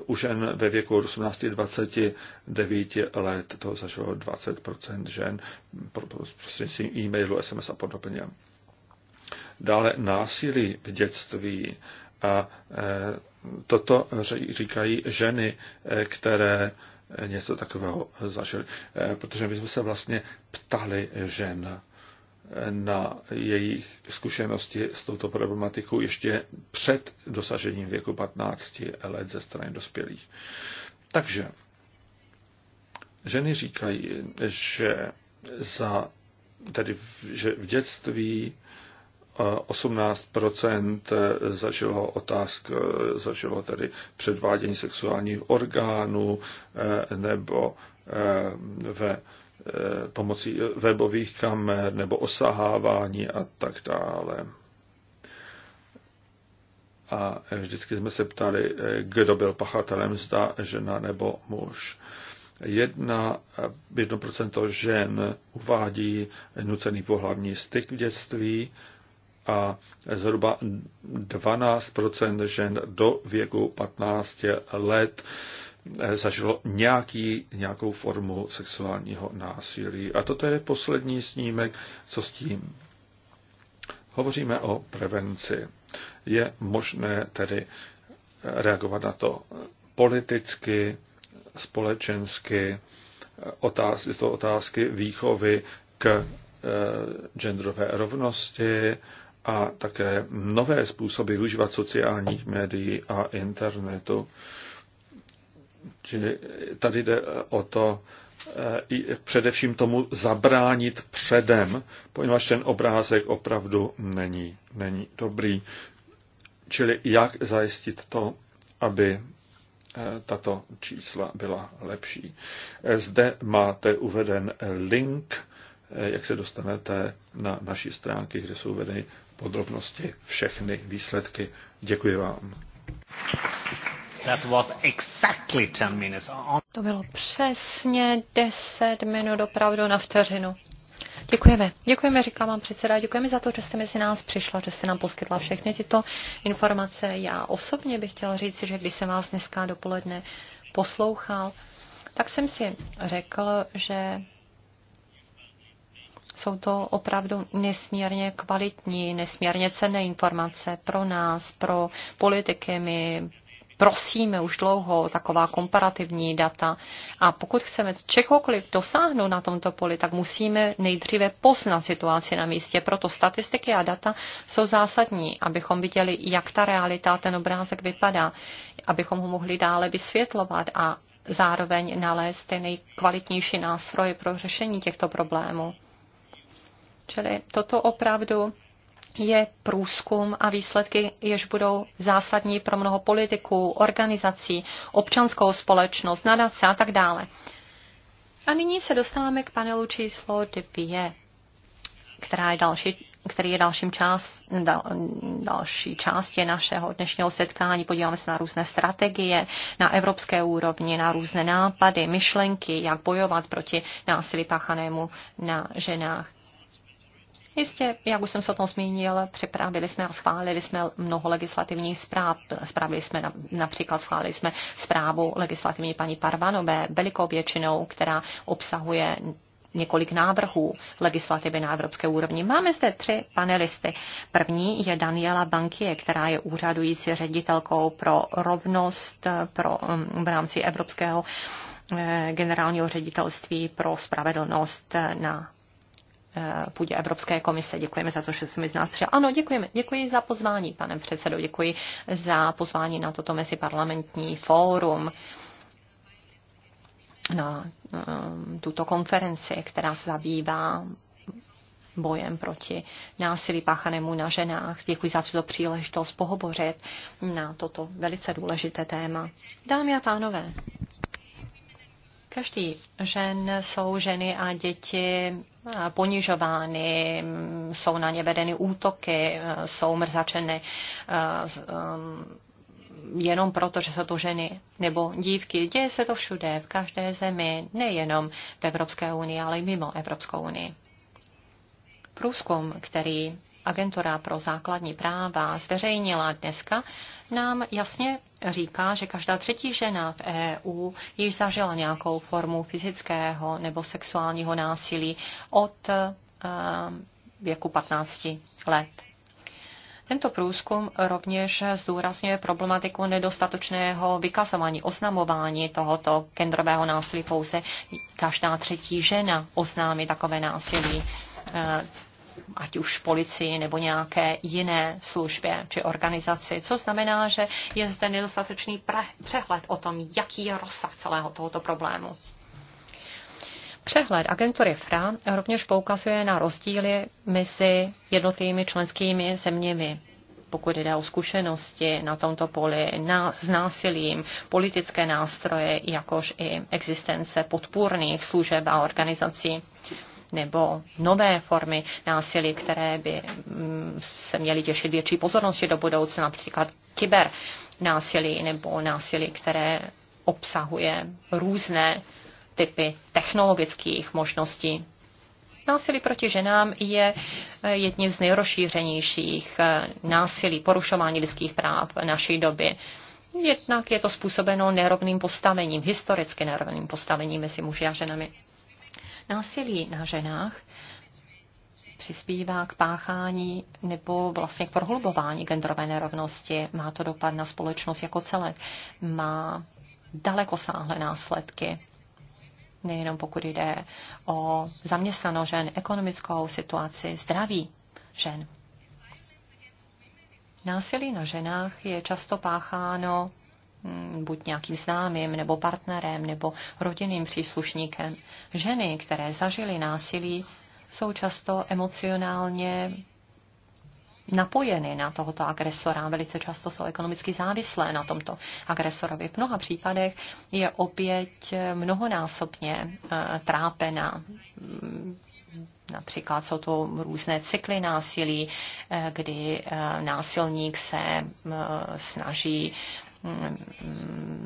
S3: u žen ve věku 18-29 let to zažilo 20% žen prostřednictvím e-mailu, SMS a podobně. Dále násilí v dětství a e, toto říkají ženy, e, které něco takového zažili. Protože my jsme se vlastně ptali žen na jejich zkušenosti s touto problematikou ještě před dosažením věku 15 let ze strany dospělých. Takže ženy říkají, že, za, tedy, že v dětství 18% eh, zažilo otázk, eh, zažilo tedy předvádění sexuálních orgánů eh, nebo ve Eh, pomocí webových kamer nebo osahávání a tak dále. A vždycky jsme se ptali, eh, kdo byl pachatelem, zda žena nebo muž. Jedna, jedno procento žen uvádí nucený pohlavní styk v dětství a zhruba 12 žen do věku 15 let zažilo nějaký, nějakou formu sexuálního násilí. A toto je poslední snímek, co s tím. Hovoříme o prevenci. Je možné tedy eh, reagovat na to politicky, společensky, eh, otázky, to otázky výchovy k eh, genderové rovnosti a také nové způsoby využívat sociálních médií a internetu. Čili tady jde o to eh, především tomu zabránit předem, poněvadž ten obrázek opravdu není, není dobrý. Čili jak zajistit to, aby eh, tato čísla byla lepší. Eh, zde máte uveden link, jak se dostanete na naší stránky, kde jsou uvedeny podrobnosti všechny výsledky. Děkuji vám.
S1: That was exactly 10 minutes.
S2: To bylo přesně 10 minut opravdu na vteřinu. Děkujeme. Děkujeme, říká vám předseda. Děkujeme za to, že jste mezi nás přišla, že jste nám poskytla všechny tyto informace. Já osobně bych chtěla říct, že když jsem vás dneska dopoledne poslouchal, tak jsem si řekl, že jsou to opravdu nesmírně kvalitní, nesmírně cenné informace pro nás, pro politiky. My prosíme už dlouho taková komparativní data. A pokud chceme čehokoliv dosáhnout na tomto poli, tak musíme nejdříve poznat situaci na místě. Proto statistiky a data jsou zásadní, abychom viděli, jak ta realita, ten obrázek vypadá, abychom ho mohli dále vysvětlovat a zároveň nalézt ty nejkvalitnější nástroje pro řešení těchto problémů. Čili toto opravdu je průzkum a výsledky, jež budou zásadní pro mnoho politiků, organizací, občanskou společnost, nadace a tak dále. A nyní se dostáváme k panelu číslo 2, která je další který je dalším část, dal, další části našeho dnešního setkání. Podíváme se na různé strategie, na evropské úrovni, na různé nápady, myšlenky, jak bojovat proti násilí páchanému na ženách. Jistě, jak už jsem se o tom zmínil, připravili jsme a schválili jsme mnoho legislativních zpráv. Spravili jsme například schválili jsme zprávu legislativní paní Parvanové velikou většinou, která obsahuje několik návrhů legislativy na evropské úrovni. Máme zde tři panelisty. První je Daniela Bankie, která je úřadující ředitelkou pro rovnost pro, mm, v rámci Evropského eh, generálního ředitelství pro spravedlnost eh, na Eh, půdě Evropské komise. Děkujeme za to, že jsme z nás přijali. Ano, děkujeme. Děkuji za pozvání, pane předsedo. Děkuji za pozvání na toto meziparlamentní fórum na um, tuto konferenci, která se zabývá bojem proti násilí páchanému na ženách. Děkuji za tuto příležitost pohovořit na toto velice důležité téma. Dámy a pánové, každý žen jsou ženy a děti ponižovány, jsou na ně vedeny útoky, e, jsou mrzačeny e, e, jenom proto, že jsou to ženy nebo dívky. Děje se to všude, v každé zemi, nejenom v Evropské unii, ale i mimo Evropskou unii. Průzkum, který Agentura pro základní práva zveřejnila dneska, nám jasně říká, že každá třetí žena v EU již zažila nějakou formu fyzického nebo sexuálního násilí od eh, věku 15 let. Tento průzkum rovněž zdůrazňuje problematiku nedostatočného vykazování, oznamování tohoto kendrového násilí. Pouze každá třetí žena oznámí takové násilí eh, ať už policii nebo nějaké jiné službě či organizaci, co znamená, že je zde nedostatečný přehled o tom, jaký je rozsah celého tohoto problému. Přehled agentury FRA rovněž poukazuje na rozdíly mezi jednotlivými členskými zeměmi pokud jde o zkušenosti na tomto poli na, s násilím, politické nástroje, jakož i existence podpůrných služeb a organizací nebo nové formy násilí, které by mm, se měly těšit větší pozornosti do budoucna, například kyber násilí nebo násilí, které obsahuje různé typy technologických možností. Násilí proti ženám je eh, jedním z nejrozšířenějších eh, násilí, porušování lidských práv naší doby. Jednak je to způsobeno nerovným postavením, historicky nerovným postavením mezi muži a ženami. Násilí na ženách přispívá k páchání nebo vlastně k prohlubování genderové nerovnosti. Má to dopad na společnost jako celé. Má dalekosáhlé následky nejenom pokud jde o zaměstnanost žen, ekonomickou situaci, zdraví žen. Násilí na ženách je často pácháno Mm, buď nějakým známým, nebo partnerem, nebo rodinným příslušníkem. Ženy, které zažily násilí, jsou často emocionálně napojeny na tohoto agresora, velice často jsou ekonomicky závislé na tomto agresorovi. V mnoha případech je opět mnohonásobně eh, trápena. Mm, například jsou to různé cykly násilí, eh, kdy eh, násilník se snaží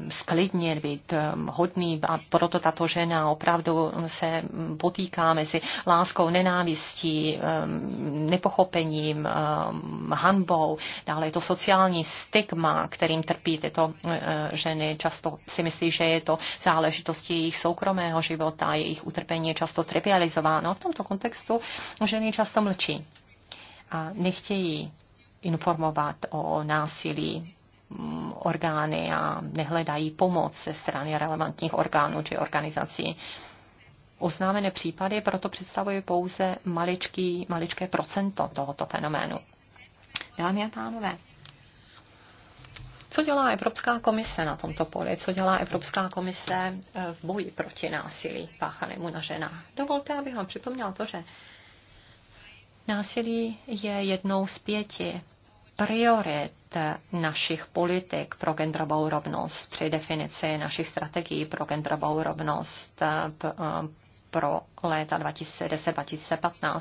S2: sklidnit, být um, hodný a proto tato žena opravdu se potýká mezi láskou, nenávistí, um, nepochopením, um, hanbou. Dále je to sociální stigma, kterým trpí tyto uh, ženy. Často si myslí, že je to záležitost jejich soukromého života, jejich utrpení je často trivializováno. V tomto kontextu ženy často mlčí a nechtějí informovat o násilí orgány a nehledají pomoc ze strany relevantních orgánů či organizací. Oznámené případy proto představují pouze maličký, maličké procento tohoto fenoménu. Dámy a pánové, co dělá Evropská komise na tomto poli? Co dělá Evropská komise eh, v boji proti násilí páchanému na ženách? Dovolte, abych vám připomněla to, že násilí je jednou z pěti priorit našich politik pro genderovou rovnost, při definici našich strategií pro genderovou rovnost eh, eh, pro léta 2010-2015.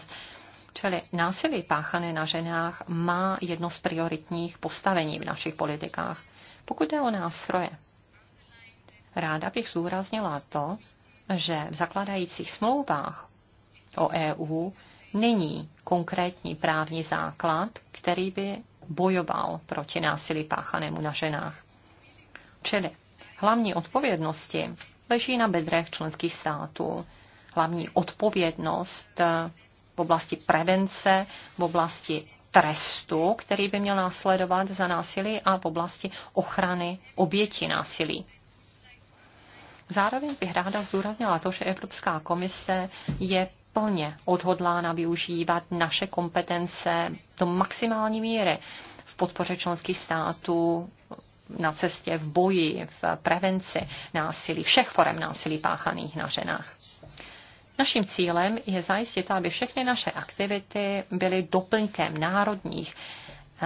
S2: Čili násilí páchané na ženách má jedno z prioritních postavení v našich politikách. Pokud jde o nástroje, ráda bych zúraznila to, že v zakladajících smlouvách o EU není konkrétní právní základ, který by bojoval proti násilí páchanému na ženách. Čili hlavní odpovědnosti leží na bedrech členských států. Hlavní odpovědnost eh, v oblasti prevence, v oblasti trestu, který by měl následovat za násilí a v oblasti ochrany oběti násilí. Zároveň bych ráda zdůraznila to, že Evropská komise je plně odhodlána využívat naše kompetence do maximální míry v podpoře členských států na cestě v boji, v prevenci násilí, všech forem násilí páchaných na ženách. Naším cílem je zajistit, aby všechny naše aktivity byly doplňkem národních eh,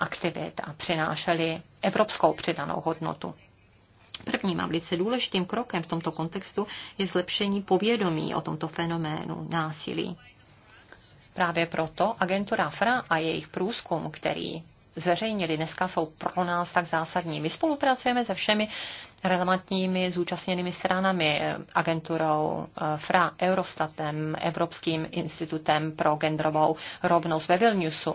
S2: aktivit a přinášely evropskou přidanou hodnotu. Prvním a velice důležitým krokem v tomto kontextu je zlepšení povědomí o tomto fenoménu násilí. Právě proto agentura FRA a jejich průzkum, který zveřejnili dneska, jsou pro nás tak zásadní. My spolupracujeme se všemi relevantními zúčastněnými stranami, agenturou eh, FRA, Eurostatem, Evropským institutem pro genderovou rovnost ve Vilniusu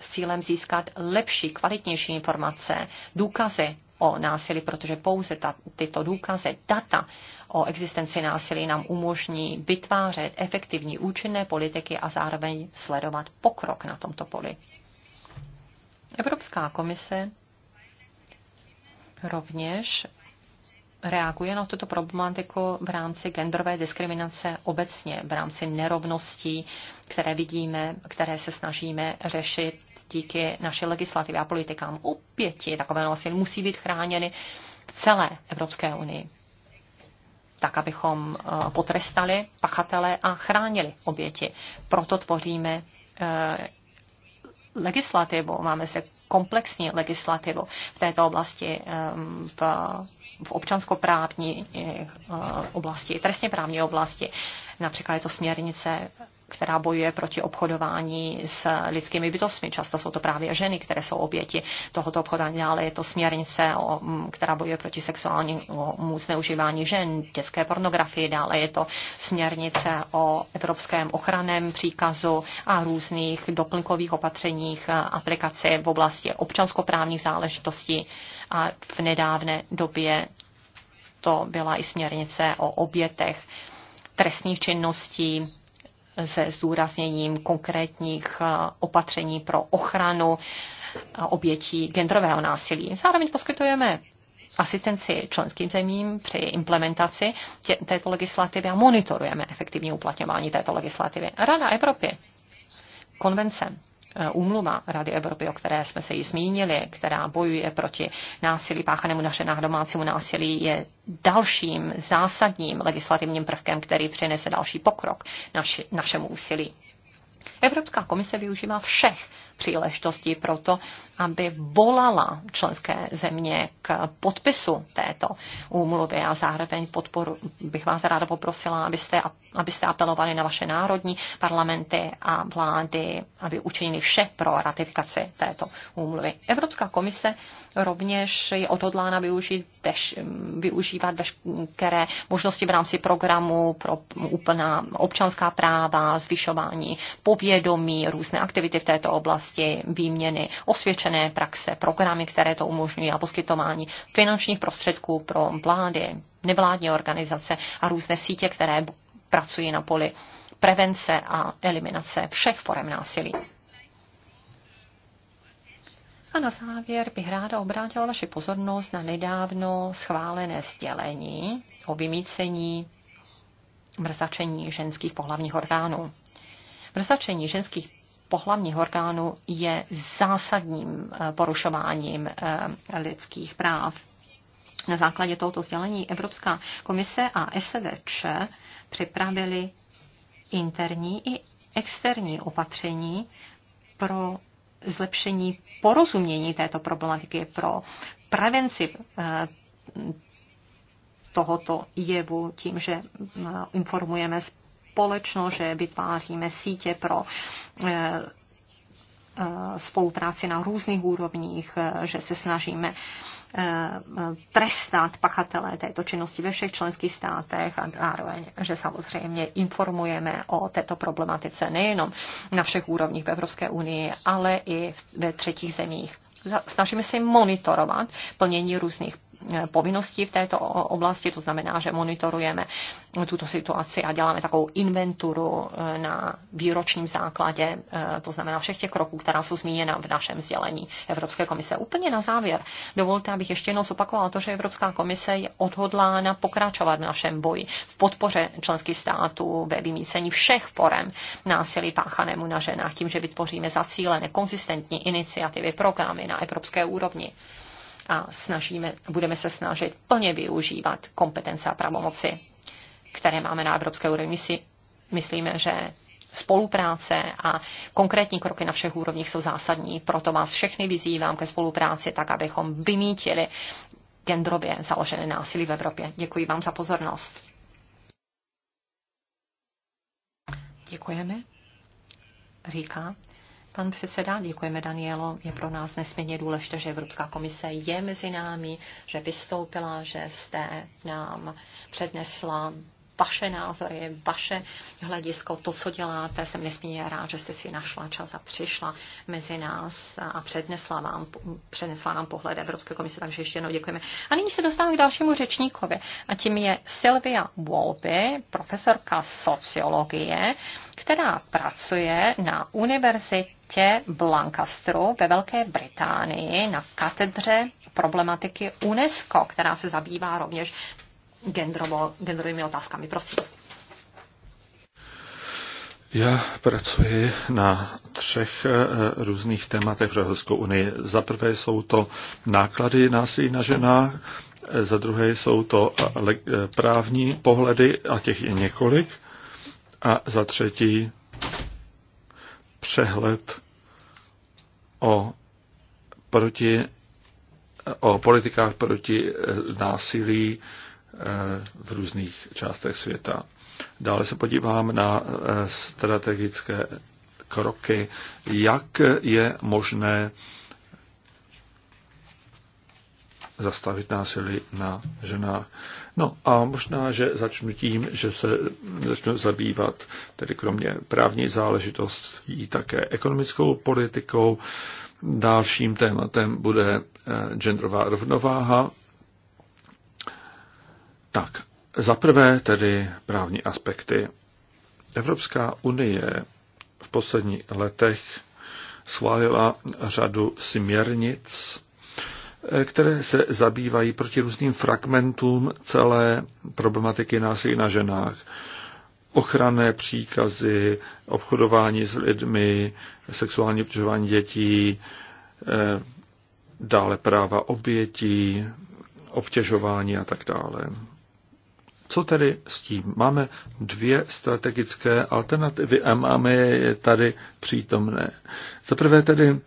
S2: s cílem získat lepší, kvalitnější informace, důkazy o násilí, protože pouze ta, tyto důkazy, data o existenci násilí nám umožní vytvářet efektivní účinné politiky a zároveň sledovat pokrok na tomto poli. Evropská komise rovněž reaguje na tuto problematiku v rámci genderové diskriminace obecně, v rámci nerovností, které vidíme, které se snažíme řešit díky naší legislativě a politikám. Oběti takové násilí musí být chráněny v celé Evropské unii tak abychom eh, potrestali pachatele a chránili oběti. Proto tvoříme eh, legislativu, máme zde komplexní legislativu v této oblasti, ehm, v, v občanskoprávní eh, oblasti, trestně právní oblasti. Například je to směrnice která bojuje proti obchodování s lidskými bytostmi. Často jsou to právě ženy, které jsou oběti tohoto obchodování. ale je to směrnice, mm, která bojuje proti sexuálnímu zneužívání žen, dětské pornografii. Dále je to směrnice o evropském ochraném příkazu a různých doplňkových opatřeních eh, aplikace v oblasti občanskoprávních záležitostí a v nedávné době to byla i směrnice o obětech trestních činností, se zdůrazněním konkrétních eh, opatření pro ochranu eh, obětí genderového násilí. Zároveň poskytujeme asistenci členským zemím při implementaci tě, této legislativy a monitorujeme efektivní uplatňování této legislativy. Rada Evropy, konvence Eh, úmluva Rady Evropy, o které jsme se ji zmínili, která bojuje proti násilí páchanému na ženách domácímu násilí, je dalším zásadním legislativním prvkem, který přinese další pokrok naši, našemu úsilí. Evropská komise využívá všech příležitostí pro to, aby volala členské země k podpisu této úmluvy a zároveň podporu, bych vás ráda poprosila, abyste, abyste apelovali na vaše národní parlamenty a vlády, aby učinili vše pro ratifikaci této úmluvy. Evropská komise rovněž je odhodlána využít, tež, využívat veškeré možnosti v rámci programu pro úplná občanská práva, zvyšování povědomí vědomí, různé aktivity v této oblasti, výměny osvědčené praxe, programy, které to umožňují a poskytování finančních prostředků pro vlády, nevládní organizace a různé sítě, které pracují na poli prevence a eliminace všech forem násilí. A na závěr bych ráda obrátila vaši pozornost na nedávno schválené sdělení o vymícení mrzačení ženských pohlavních orgánů. Mrzačení ženských pohlavních orgánů je zásadním eh, porušováním eh, lidských práv. Na základě tohoto sdělení Evropská komise a SVČ připravili interní i externí opatření pro zlepšení porozumění této problematiky, pro prevenci eh, tohoto jevu tím, že informujeme společno, že vytváříme sítě pro eh, eh, spolupráci na různých úrovních, eh, že se snažíme trestat pachatele této činnosti ve všech členských státech a zároveň, že samozřejmě informujeme o této problematice nejenom na všech úrovních v Evropské unii, ale i ve třetích zemích. Snažíme se monitorovat plnění různých povinností v této oblasti, to znamená, že monitorujeme tuto situaci a děláme takovou inventuru e, na výročním základě, e, to znamená všech těch kroků, která jsou zmíněna v našem sdělení Evropské komise. Úplně na závěr, dovolte, abych ještě jednou zopakovala to, že Evropská komise je odhodlána pokračovat v našem boji v podpoře členských států ve vymícení všech forem násilí páchanému na ženách, tím, že vytvoříme zacílené, konzistentní iniciativy, programy na evropské úrovni a snažíme, budeme se snažit plně využívat kompetence a pravomoci, které máme na evropské úrovni. My si myslíme, že spolupráce a konkrétní kroky na všech úrovních jsou zásadní. Proto vás všechny vyzývám ke spolupráci, tak abychom vymítili gendrově založené násilí v Evropě. Děkuji vám za pozornost. Děkujeme, říká Pan předseda, děkujeme Danielo. Je pro nás nesmírně důležité, že Evropská komise je mezi námi, že vystoupila, že jste nám přednesla vaše názory, vaše hledisko, to, co děláte. Jsem nesmírně rád, že jste si našla čas a přišla mezi nás a přednesla, vám, přednesla nám pohled Evropské komise, takže ještě jednou děkujeme. A nyní se dostávám k dalšímu řečníkovi a tím je Silvia Wolby, profesorka sociologie, která pracuje na univerzitě v Lancasteru ve Velké Británii na katedře problematiky UNESCO, která se zabývá rovněž genderovo, genderovými otázkami. Prosím.
S3: Já pracuji na třech eh, různých tématech v Evropskou unii. Za prvé jsou to náklady násilí na ženách, eh, za druhé jsou to eh, právní pohledy, a těch je několik, a za třetí přehled o proti o politikách proti násilí Eh, v různých částech světa. Dále se podívám na eh, strategické kroky, jak je možné zastavit násilí na ženách. No a možná, že začnu tím, že se začnu zabývat, tedy kromě právní záležitostí, také ekonomickou politikou. Dalším tématem bude eh, genderová rovnováha tak, za prvé tedy právní aspekty. Evropská unie v posledních letech schválila řadu směrnic, které se zabývají proti různým fragmentům celé problematiky násilí na ženách. Ochranné příkazy, obchodování s lidmi, sexuální obtěžování dětí, eh, dále práva obětí, obtěžování a tak dále. Co tedy s tím? Máme dvě strategické alternativy a máme je tady přítomné. Za prvé tedy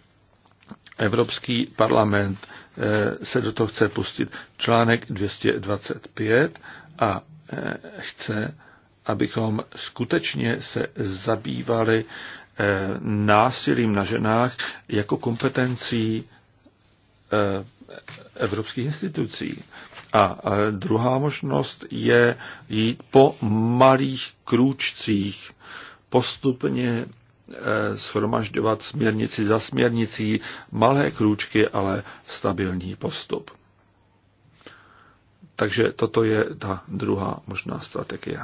S3: Evropský parlament eh, se do toho chce pustit článek 225 a eh, chce, abychom skutečně se zabývali eh, násilím na ženách jako kompetencí evropských institucí. A druhá možnost je jít po malých krůčcích, postupně e, shromažďovat směrnici za směrnicí, malé krůčky, ale stabilní postup. Takže toto je ta druhá možná strategie.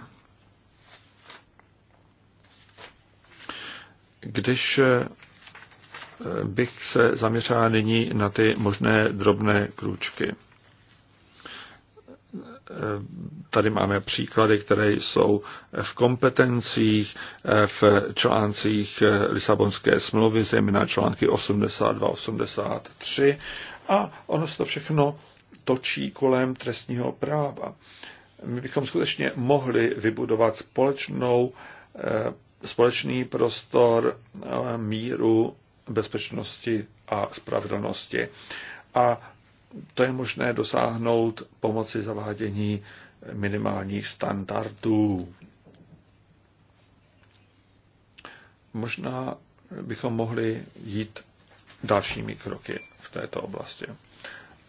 S3: Když e, bych se zaměřila nyní na ty možné drobné krůčky. Eh, tady máme příklady, které jsou v kompetencích, eh, v článcích eh, Lisabonské smlouvy, zejména články 82, 83 a ono se to všechno točí kolem trestního práva. My bychom skutečně mohli vybudovat společnou, společný prostor míru, bezpečnosti a spravedlnosti. A to je možné dosáhnout pomocí zavádění minimálních standardů. Možná bychom mohli jít dalšími kroky v této oblasti.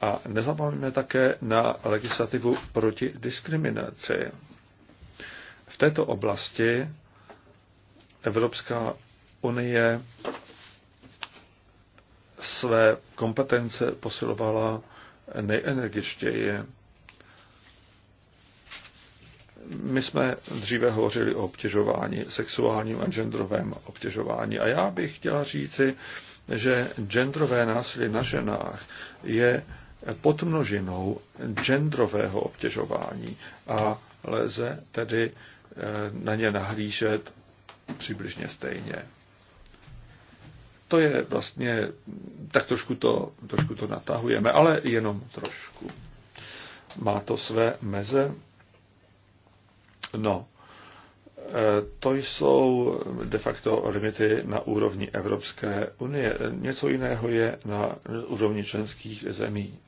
S3: A nezapomeňme také na legislativu proti diskriminaci. V této oblasti Evropská unie své kompetence posilovala nejenergičtěji. My jsme dříve hovořili o obtěžování, sexuálním a genderovém obtěžování. A já bych chtěla říci, že genderové násilí na ženách je podmnožinou genderového obtěžování a lze tedy eh, na ně nahlížet přibližně stejně to je vlastně, tak trošku to, trošku to natahujeme, ale jenom trošku. Má to své meze? No, e, to jsou de facto limity na úrovni Evropské unie. Něco jiného je na úrovni členských zemí.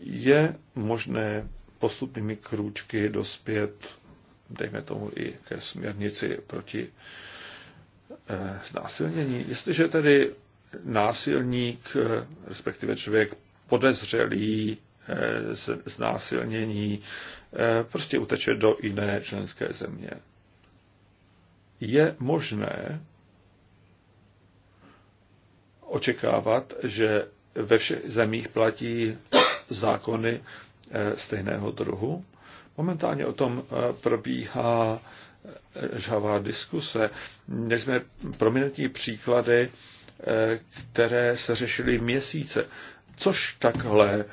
S3: Je možné postupnými krůčky dospět, dejme tomu, i ke směrnici proti Eh, znásilnění. Jestliže tedy násilník, eh, respektive člověk podezřelý eh, z znásilnění, prostě uteče do jiné členské země. Je možné očekávat, že ve všech zemích platí zákony stejného druhu. Momentálně o tom probíhá žhavá diskuse. Měli jsme prominentní příklady, eh, které se řešily měsíce. Což takhle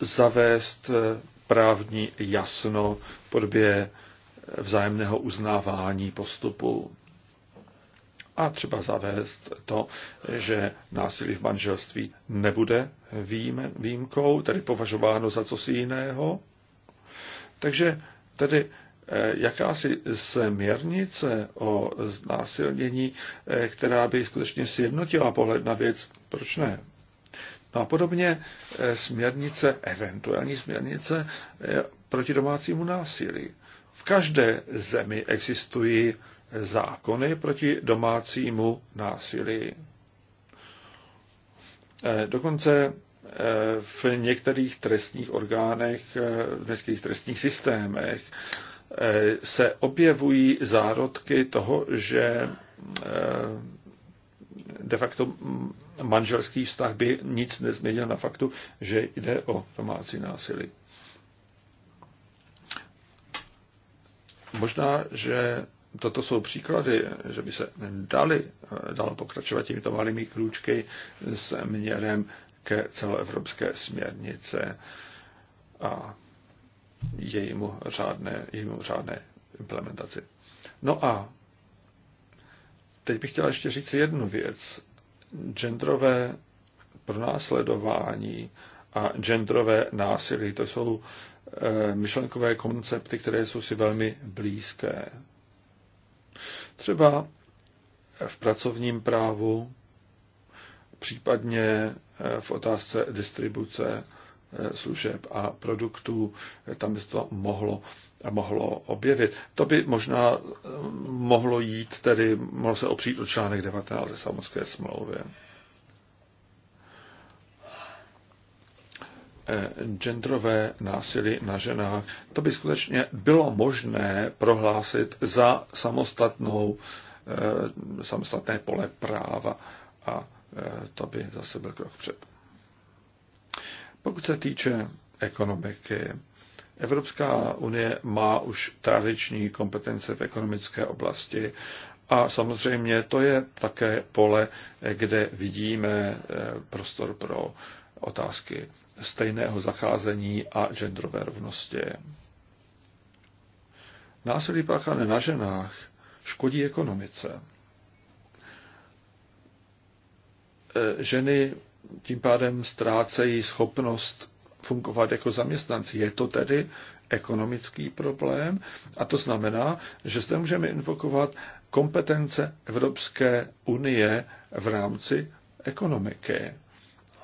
S3: zavést eh, právní jasno v podobě vzájemného uznávání postupu. A třeba zavést to, že násilí v manželství nebude výjimkou, tedy považováno za cosi jiného. Takže tedy Eh, jakási směrnice o znásilnění, eh, která by skutečně sjednotila pohled na věc, proč ne? No a podobně eh, směrnice, eventuální směrnice proti domácímu násilí. V každé zemi existují zákony proti domácímu násilí. Dokonce v některých trestních orgánech, v některých trestních systémech Eh, se objevují zárodky toho, že eh, de facto manželský vztah by nic nezměnil na faktu, že jde o domácí násilí. Možná, že toto jsou příklady, že by se dali, eh, dalo pokračovat těmito malými krůčky měrem ke celoevropské směrnice. A jejímu řádné, jejímu řádné implementaci. No a teď bych chtěla ještě říct jednu věc. Genderové pronásledování a genderové násilí, to jsou eh, myšlenkové koncepty, které jsou si velmi blízké. Třeba v pracovním právu, případně eh, v otázce distribuce Eh, služeb a produktů, eh, tam by se to mohlo, mohlo objevit. To by možná eh, mohlo jít, tedy mohlo se opřít o článek 19 ze samoské smlouvy. genderové násilí na ženách, to by skutečně bylo možné prohlásit za samostatnou, samostatné pole práva a to by zase byl krok před. Pokud se týče ekonomiky, Evropská unie má už tradiční kompetence v ekonomické oblasti a samozřejmě to je také pole, kde vidíme eh, prostor pro otázky stejného zacházení a genderové rovnosti. Násilí páchané na ženách škodí ekonomice. Eh, ženy tím pádem ztrácejí schopnost fungovat jako zaměstnanci. Je to tedy ekonomický problém a to znamená, že zde můžeme invokovat kompetence Evropské unie v rámci ekonomiky.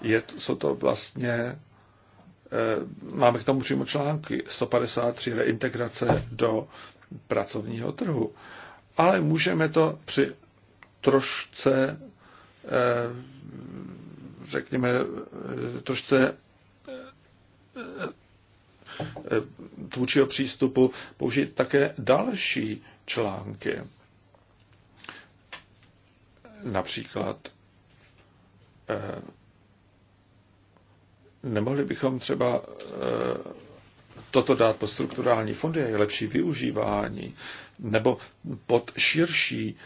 S3: Je, to, jsou to vlastně eh, máme k tomu přímo články 153 reintegrace do pracovního trhu. Ale můžeme to při trošce eh, řekněme, e, trošce tvůrčího e, e, přístupu použít také další články. Například nemohli bychom třeba toto dát pod strukturální fondy, je lepší využívání, nebo pod širší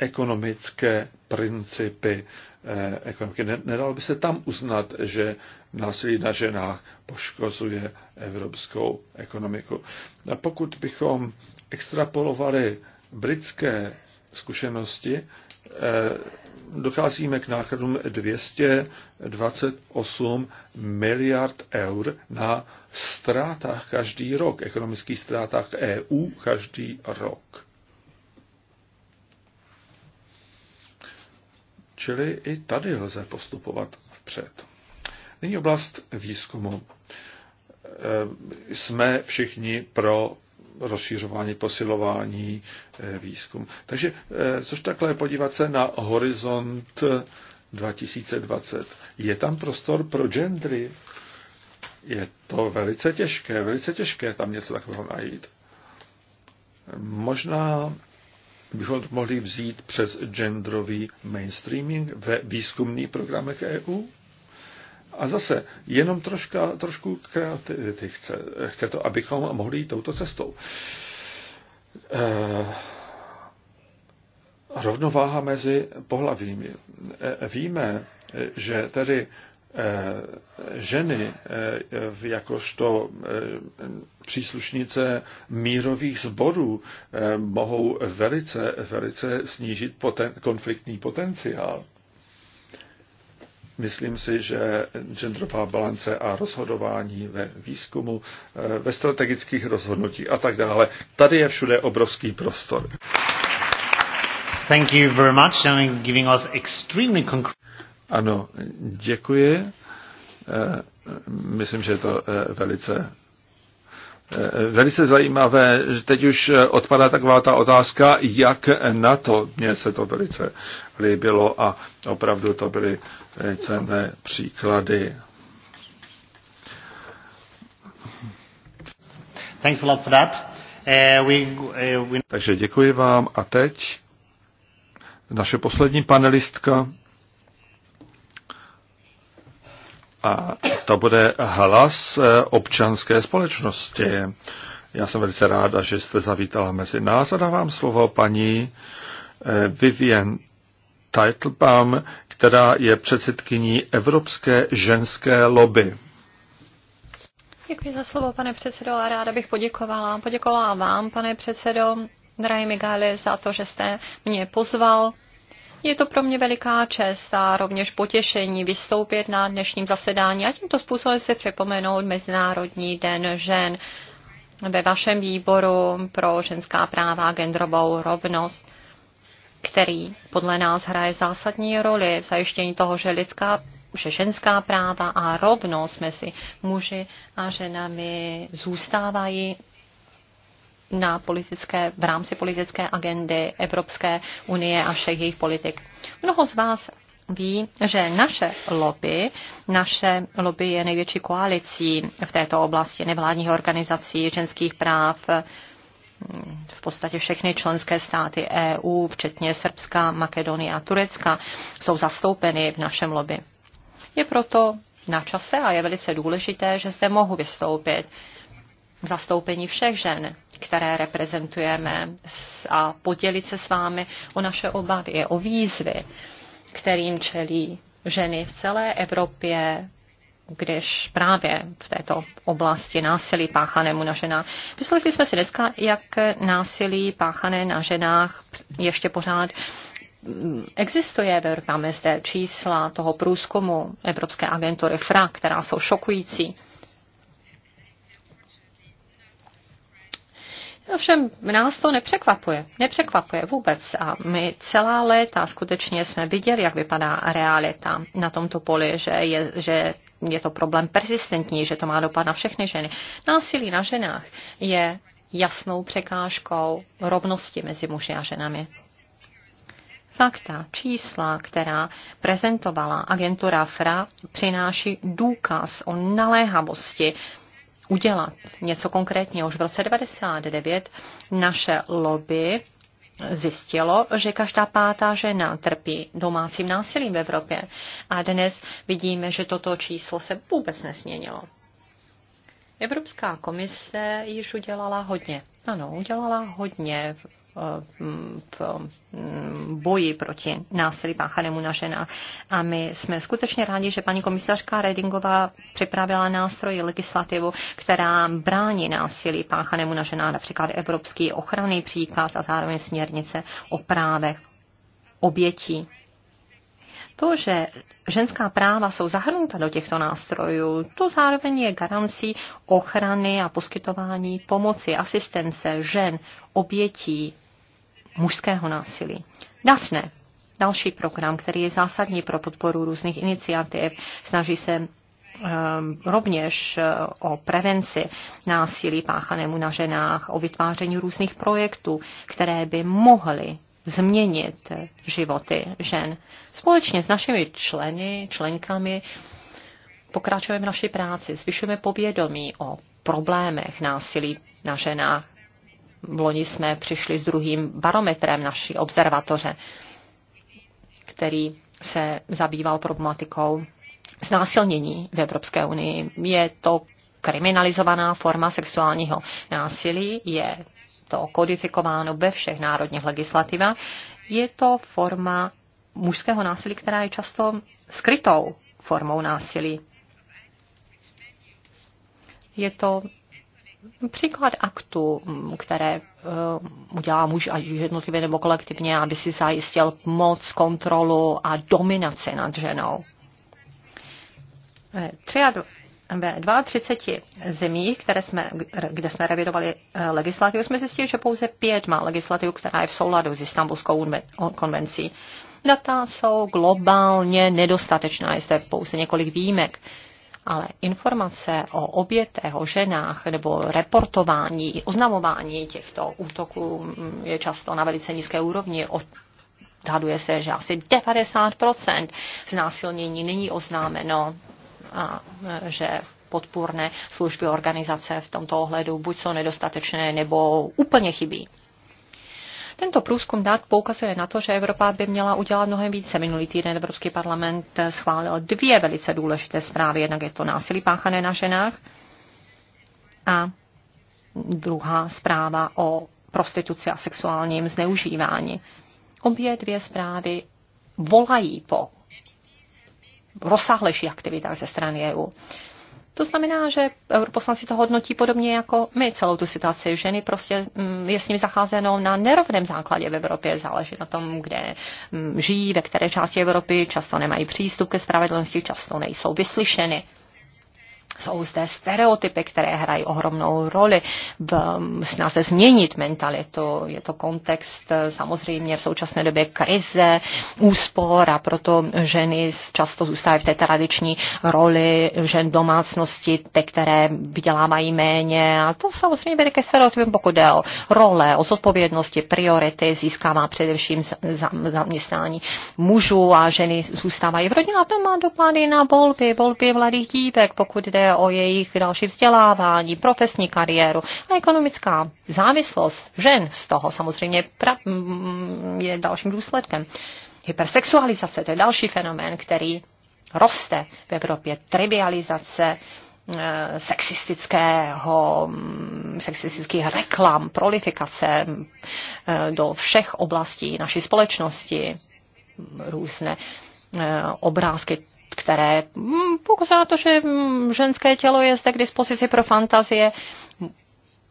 S3: ekonomické principy eh, ekonomiky. Nedalo by se tam uznat, že násilí na ženách poškozuje evropskou ekonomiku. A pokud bychom extrapolovali britské zkušenosti, eh, docházíme k nákladům 228 miliard eur na ztrátách každý rok, ekonomických ztrátách EU každý rok. Čili i tady lze postupovat vpřed. Nyní oblast výzkumu. Eh, jsme všichni pro rozšířování, posilování eh, výzkum. Takže eh, což takhle podívat se na horizont 2020. Je tam prostor pro gendry? Je to velice těžké, velice těžké tam něco takového najít. Možná bychom to mohli vzít přes genderový mainstreaming ve výzkumných programech EU? A zase, jenom troška, trošku kreativity chce, chce to, abychom mohli jít touto cestou. E, rovnováha mezi pohlavími. E, víme, že tedy Eh, ženy eh, jakožto eh, příslušnice mírových sborů mohou velice, velice snížit poten, konfliktní potenciál. Myslím si, že genderová balance a rozhodování ve výzkumu, ve strategických rozhodnutích a tak dále, tady je všude obrovský prostor. Thank you very much ano, děkuji. Eh, myslím, že je to eh, velice eh, Velice zajímavé, že teď už odpadá taková ta otázka, jak na to. Mně se to velice líbilo a opravdu to byly cenné příklady.
S1: Thanks a lot for that.
S3: Uh, we, uh, we... Takže děkuji vám a teď naše poslední panelistka A to bude hlas eh, občanské společnosti. Já jsem velice ráda, že jste zavítala mezi nás a dávám slovo paní eh, Vivian Teitelbaum, která je předsedkyní Evropské ženské lobby.
S2: Děkuji za slovo, pane předsedo, a ráda bych poděkovala. Poděkovala vám, pane předsedo, drahý Migali, za to, že jste mě pozval je to pro mě veliká čest a rovněž potěšení vystoupit na dnešním zasedání a tímto způsobem se připomenout Mezinárodní den žen ve vašem výboru pro ženská práva a genderovou rovnost který podle nás hraje zásadní roli v zajištění toho, že lidská že ženská práva a rovnost mezi muži a ženami zůstávají na politické, v rámci politické agendy Evropské unie a všech jejich politik. Mnoho z vás ví, že naše lobby, naše lobby je největší koalicí v této oblasti nevládních organizací, ženských práv, v podstatě všechny členské státy EU, včetně Srbska, Makedonie a Turecka, jsou zastoupeny v našem lobby. Je proto na čase a je velice důležité, že zde mohu vystoupit v zastoupení všech žen, které reprezentujeme a podělit se s vámi o naše obavy, o výzvy, kterým čelí ženy v celé Evropě, když právě v této oblasti násilí páchanému na ženách. Vyslechli jsme si dneska, jak násilí páchané na ženách ještě pořád mm, existuje. Máme zde čísla toho průzkumu Evropské agentury FRA, která jsou šokující. Ovšem nás to nepřekvapuje, nepřekvapuje vůbec a my celá léta skutečně jsme viděli, jak vypadá realita na tomto poli, že je, že je to problém persistentní, že to má dopad na všechny ženy. Násilí na ženách je jasnou překážkou rovnosti mezi muži a ženami. Fakta, čísla, která prezentovala agentura FRA, přináší důkaz o naléhavosti udělat něco konkrétního. Už v roce 99 naše lobby zjistilo, že každá pátá žena trpí domácím násilím v Evropě. A dnes vidíme, že toto číslo se vůbec nesměnilo. Evropská komise již udělala hodně. Ano, udělala hodně v mm, boji proti násilí páchanému na ženách. A my jsme skutečně rádi, že paní komisařka Redingová připravila nástroj legislativu, která brání násilí páchanému na ženách, například Evropský ochranný příkaz a zároveň směrnice o právech obětí to, že ženská práva jsou zahrnuta do těchto nástrojů, to zároveň je garancí ochrany a poskytování pomoci, asistence žen, obětí mužského násilí. DAFNE, další program, který je zásadní pro podporu různých iniciativ, snaží se eh, rovněž eh, o prevenci násilí páchanému na ženách, o vytváření různých projektů, které by mohly změnit životy žen. Společně s našimi členy, členkami pokračujeme naší práci, zvyšujeme povědomí o problémech násilí na ženách. V loni jsme přišli s druhým barometrem naší observatoře, který se zabýval problematikou znásilnění v Evropské unii. Je to kriminalizovaná forma sexuálního násilí, je to kodifikováno ve všech národních legislativách, je to forma mužského násilí, která je často skrytou formou násilí. Je to příklad aktu, které uh, udělá muž ať jednotlivě nebo kolektivně, aby si zajistil moc, kontrolu a dominaci nad ženou. Eh, ve 32 zemích, které jsme, kde jsme revidovali eh, legislativu, jsme zjistili, že pouze pět má legislativu, která je v souladu s Istanbulskou konvencí. Data jsou globálně nedostatečná, je zde pouze několik výjimek, ale informace o obětech, o ženách nebo reportování, oznamování těchto útoků mm, je často na velice nízké úrovni. Odhaduje se, že asi 90% znásilnění není oznámeno a že podpůrné služby organizace v tomto ohledu buď jsou nedostatečné nebo úplně chybí. Tento průzkum dat poukazuje na to, že Evropa by měla udělat mnohem více. Minulý týden Evropský parlament schválil dvě velice důležité zprávy. Jednak je to násilí páchané na ženách a druhá zpráva o prostituci a sexuálním zneužívání. Obě dvě zprávy volají po rozsáhlejších aktivitách ze strany EU. To znamená, že europoslanci to hodnotí podobně jako my celou tu situaci. Ženy prostě mm, je s ním zacházeno na nerovném základě v Evropě. Záleží na tom, kde mm, žijí, ve které části Evropy. Často nemají přístup ke spravedlnosti, často nejsou vyslyšeny. Jsou zde stereotypy, které hrají ohromnou roli v snaze změnit mentalitu. Je to kontext e, samozřejmě v současné době krize, úspor a proto ženy často zůstávají v té tradiční roli žen domácnosti, te, které vydělávají méně. A to samozřejmě vede ke stereotypům, pokud jde o role, o zodpovědnosti, priority, získává především zaměstnání mužů a ženy zůstávají v A To má dopady na volby, volby mladých dívek, pokud jde o jejich další vzdělávání, profesní kariéru a ekonomická závislost žen z toho samozřejmě je dalším důsledkem. Hypersexualizace, to je další fenomén, který roste v Evropě. Trivializace e, sexistického, sexistických reklam, prolifikace e, do všech oblastí naší společnosti, různé e, obrázky které hm, pokud na to, že hm, ženské tělo je zde k dispozici pro fantazie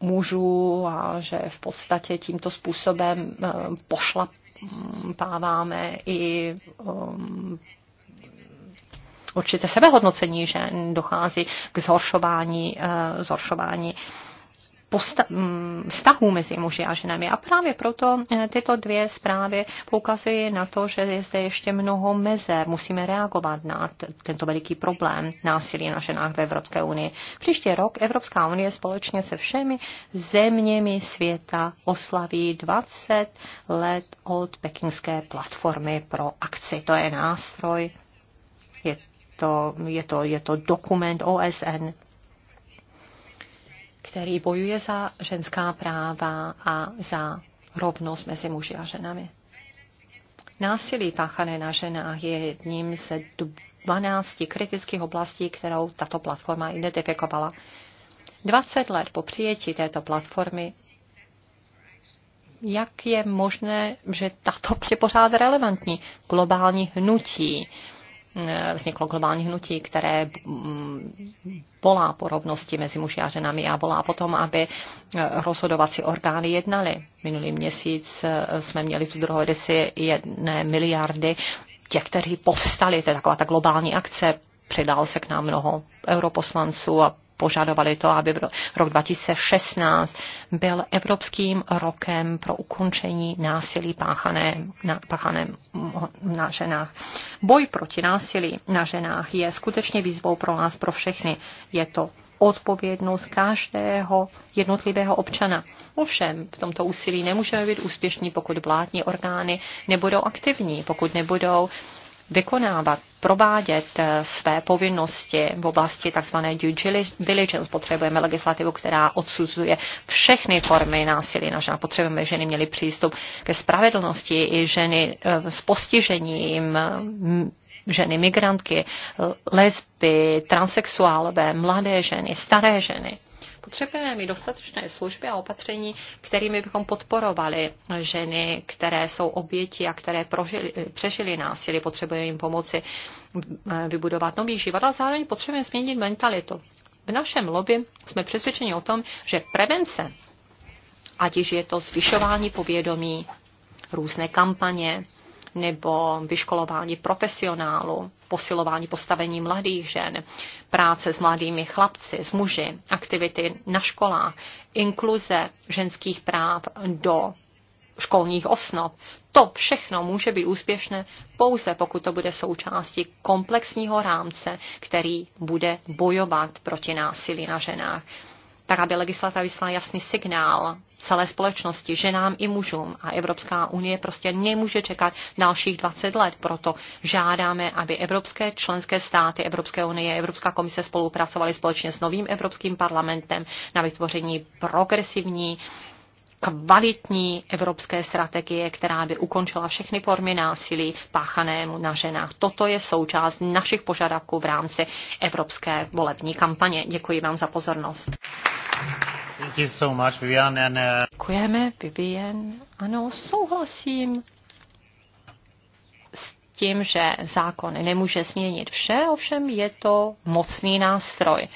S2: mužů a že v podstatě tímto způsobem hm, pošlapáváme i určité sebehodnocení žen, dochází k zhoršování, eh, zhoršování Mm, vztahů mezi muži a ženami. A právě proto eh, tyto dvě zprávy poukazují na to, že je zde ještě mnoho mezer. Musíme reagovat na tento veliký problém násilí na ženách v Evropské unii. Příští rok Evropská unie společně se všemi zeměmi světa oslaví 20 let od pekingské platformy pro akci. To je nástroj, je to, je to, je to dokument OSN který bojuje za ženská práva a za rovnost mezi muži a ženami. Násilí páchané na ženách je jedním ze 12 kritických oblastí, kterou tato platforma identifikovala. 20 let po přijetí této platformy, jak je možné, že tato je pořád relevantní globální hnutí, Eh, vzniklo globální hnutí, které mm, volá po rovnosti mezi muži a ženami a volá potom, aby eh, rozhodovací orgány jednaly. Minulý měsíc eh, jsme měli tu druhou desi jedné miliardy těch, kteří povstali, to je taková ta globální akce, přidal se k nám mnoho europoslanců a požadovali to, aby rok 2016 byl evropským rokem pro ukončení násilí páchané na, páchané na ženách. Boj proti násilí na ženách je skutečně výzvou pro nás, pro všechny. Je to odpovědnost každého jednotlivého občana. Ovšem, v tomto úsilí nemůžeme být úspěšní, pokud vládní orgány nebudou aktivní, pokud nebudou vykonávat, provádět eh, své povinnosti v oblasti tzv. due diligence. Potřebujeme legislativu, která odsuzuje všechny formy násilí na ženách. Potřebujeme, ženy měly přístup ke spravedlnosti i ženy eh, s postižením, mm, ženy migrantky, lesby, transexuálové, mladé ženy, staré ženy. Potřebujeme mít dostatečné služby a opatření, kterými bychom podporovali ženy, které jsou oběti a které prožili, přežili násilí. Potřebujeme jim pomoci eh, vybudovat nový život a zároveň potřebujeme změnit mentalitu. V našem lobby jsme přesvědčeni o tom, že prevence, ať již je to zvyšování povědomí, různé kampaně nebo vyškolování profesionálu, posilování postavení mladých žen, práce s mladými chlapci, s muži, aktivity na školách, inkluze ženských práv do školních osnov. To všechno může být úspěšné pouze pokud to bude součástí komplexního rámce, který bude bojovat proti násilí na ženách. Tak, aby legislativa vyslala jasný signál celé společnosti, ženám i mužům. A Evropská unie prostě nemůže čekat dalších 20 let. Proto žádáme, aby evropské členské státy Evropské unie, Evropská komise spolupracovaly společně s novým Evropským parlamentem na vytvoření progresivní kvalitní evropské strategie, která by ukončila všechny formy násilí páchanému na ženách. Toto je součást našich požadavků v rámci evropské volební kampaně. Děkuji vám za pozornost.
S1: Thank you so much, Vivian. And, uh...
S2: Děkujeme, Vivian. Ano, souhlasím s tím, že zákon nemůže změnit vše, ovšem je to mocný nástroj.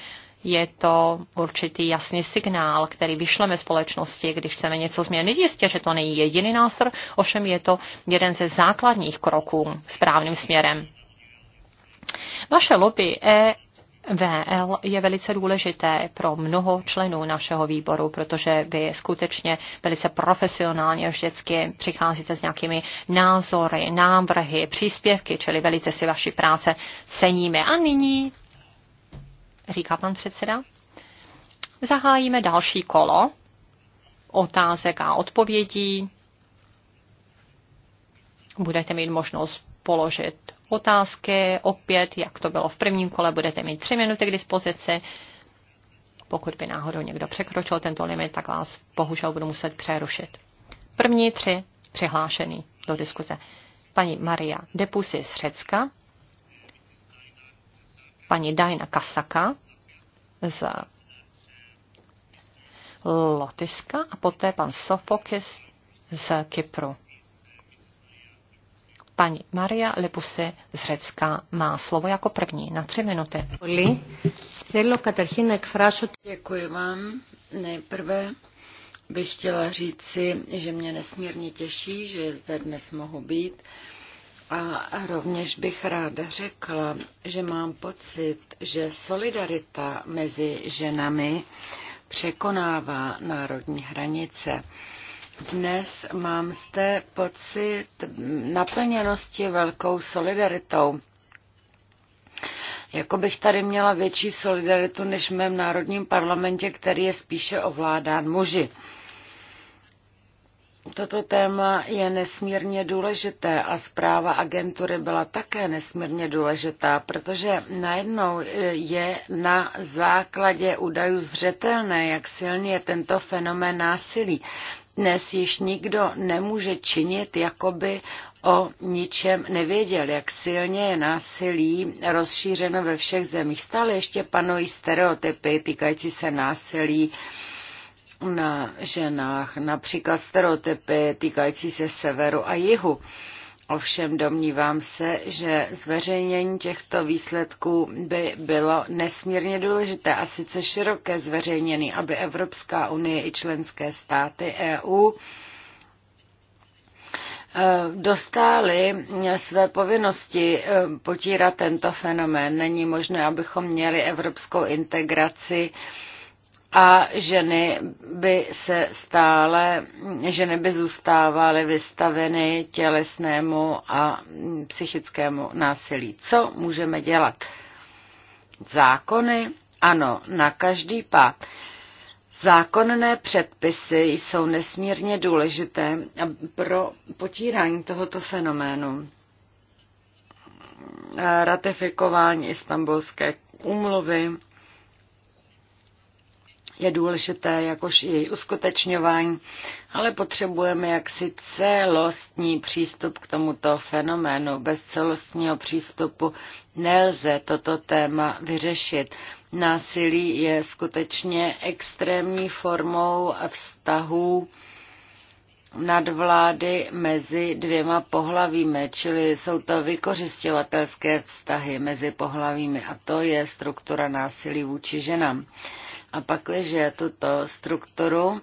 S2: Je to určitý jasný signál, který vyšleme společnosti, když chceme něco změnit. Jistě, že to není jediný nástroj, ovšem je to jeden ze základních kroků správným směrem. Vaše lobby e VL je velice důležité pro mnoho členů našeho výboru, protože vy skutečně velice profesionálně vždycky přicházíte s nějakými názory, návrhy, příspěvky, čili velice si vaši práce ceníme. A nyní, říká pan předseda, zahájíme další kolo otázek a odpovědí. Budete mít možnost položit otázky. Opět, jak to bylo v prvním kole, budete mít tři minuty k dispozici. Pokud by náhodou někdo překročil tento limit, tak vás bohužel budu muset přerušit. První tři přihlášený do diskuze. Paní Maria Depusy z Řecka, paní Dajna Kasaka z Lotyšska a poté pan Sofokis z Kypru. Paní Maria Lepuse z Řecka má slovo jako první na tři minuty.
S4: Děkuji vám. Nejprve bych chtěla říci, že mě nesmírně těší, že zde dnes mohu být. A rovněž bych ráda řekla, že mám pocit, že solidarita mezi ženami překonává národní hranice. Dnes mám zde pocit naplněnosti velkou solidaritou. Jako bych tady měla větší solidaritu než v mém národním parlamentě, který je spíše ovládán muži. Toto téma je nesmírně důležité a zpráva agentury byla také nesmírně důležitá, protože najednou eh, je na základě údajů zřetelné, jak silný je tento fenomén násilí. Dnes již nikdo nemůže činit, jako by o ničem nevěděl, jak silně je násilí rozšířeno ve všech zemích. Stále ještě panují stereotypy týkající se násilí na ženách, například stereotypy týkající se severu a jihu. Ovšem domnívám se, že zveřejnění těchto výsledků by bylo nesmírně důležité a sice široké zveřejnění, aby Evropská unie i členské státy EU eh, dostali eh, své povinnosti eh, potírat tento fenomén. Není možné, abychom měli evropskou integraci a ženy by se stále, ženy by zůstávaly vystaveny tělesnému a psychickému násilí. Co můžeme dělat? Zákony? Ano, na každý pád. Zákonné předpisy jsou nesmírně důležité pro potírání tohoto fenoménu. Ratifikování istambulské úmluvy je důležité, jakož i její uskutečňování, ale potřebujeme jaksi celostní přístup k tomuto fenoménu. Bez celostního přístupu nelze toto téma vyřešit. Násilí je skutečně extrémní formou vztahů nadvlády mezi dvěma pohlavími, čili jsou to vykořišťovatelské vztahy mezi pohlavími a to je struktura násilí vůči ženám. A pakliže tuto strukturu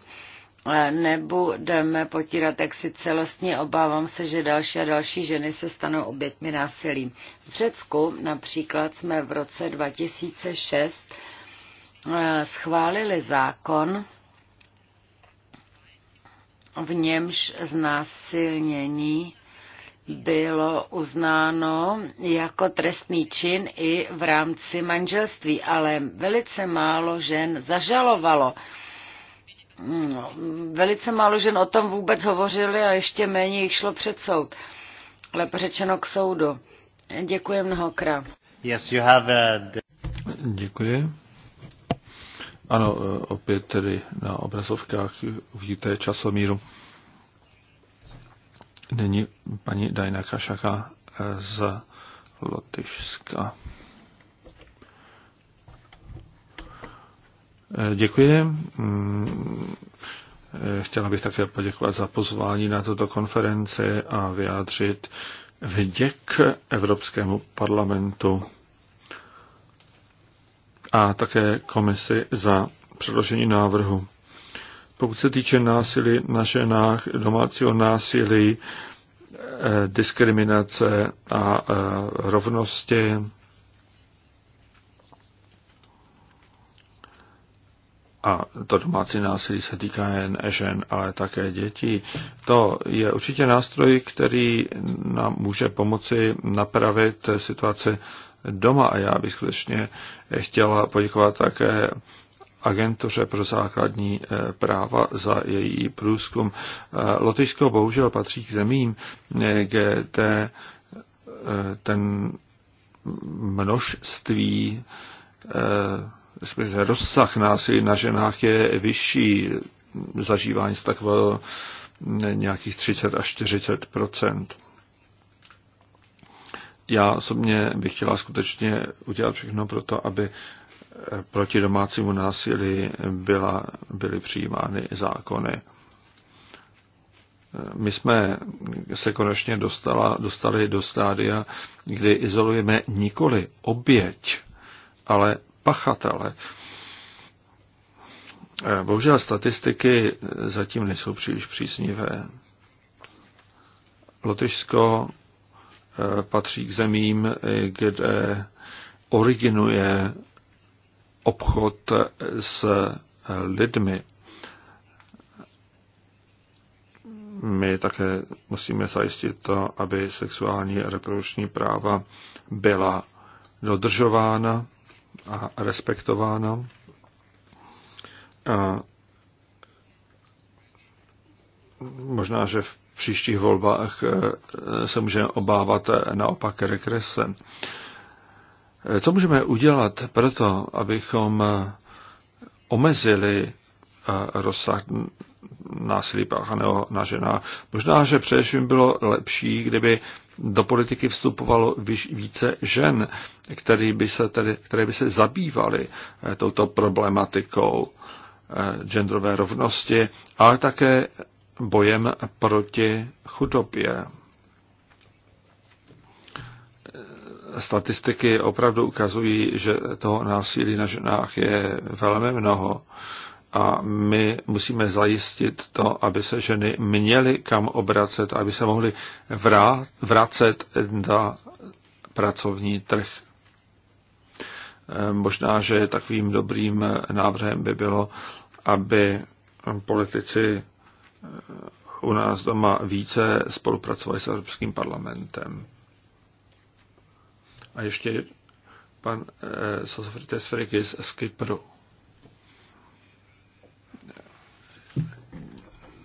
S4: eh, nebudeme potírat, jak si celostně obávám se, že další a další ženy se stanou oběťmi násilí. V Řecku například jsme v roce 2006 eh, schválili zákon, v němž znásilnění bylo uznáno jako trestný čin i v rámci manželství, ale velice málo žen zažalovalo. Velice málo žen o tom vůbec hovořili a ještě méně jich šlo před soud. Lépe řečeno k soudu. Děkuji mnohokrát.
S1: Yes, you have a... Uh,
S3: Děkuji. Ano, eh, opět tedy na obrazovkách vidíte časomíru. Nyní paní Dajna Kašaka eh, z Lotyšska. Eh, děkuji. Mm, eh, chtěla bych také poděkovat za pozvání na tuto konferenci a vyjádřit vděk Evropskému parlamentu a také komisi za předložení návrhu. Pokud se týče násilí na ženách, domácího násilí, eh, diskriminace a eh, rovnosti, a to domácí násilí se týká jen žen, ale také dětí. To je určitě nástroj, který nám může pomoci napravit situaci doma a já bych skutečně chtěla poděkovat také agentuře pro základní eh, práva za její průzkum. Eh, Lotyšsko bohužel patří k zemím, eh, kde ten množství, rozsah násilí na ženách je vyšší, zažívání z takového nějakých 30 až 40 Já osobně bych chtěla skutečně udělat všechno pro to, aby proti domácímu násilí byla, byly přijímány zákony. My jsme se konečně dostala, dostali do stádia, kdy izolujeme nikoli oběť, ale pachatele. Bohužel statistiky zatím nejsou příliš příznivé. Lotyšsko eh, patří k zemím, eh, kde originuje obchod s lidmi. My také musíme zajistit to, aby sexuální a reprodukční práva byla dodržována a respektována. A možná, že v příštích volbách eh, se můžeme obávat naopak rekrese. Co můžeme udělat proto, abychom omezili eh, rozsah násilí páchaného na žena. Možná, že především bylo lepší, kdyby do politiky vstupovalo více žen, které by se, tedy, které by se zabývaly eh, touto problematikou eh, genderové rovnosti, ale také bojem proti chudobě. statistiky opravdu ukazují, že toho násilí na ženách je velmi mnoho a my musíme zajistit to, aby se ženy měly kam obracet, aby se mohly vracet na pracovní trh. Eh, možná, že takovým dobrým eh, návrhem by bylo, aby politici eh, u nás doma více spolupracovali s Evropským parlamentem. A ještě pan eh, Sosofrites Frigis z Kypru.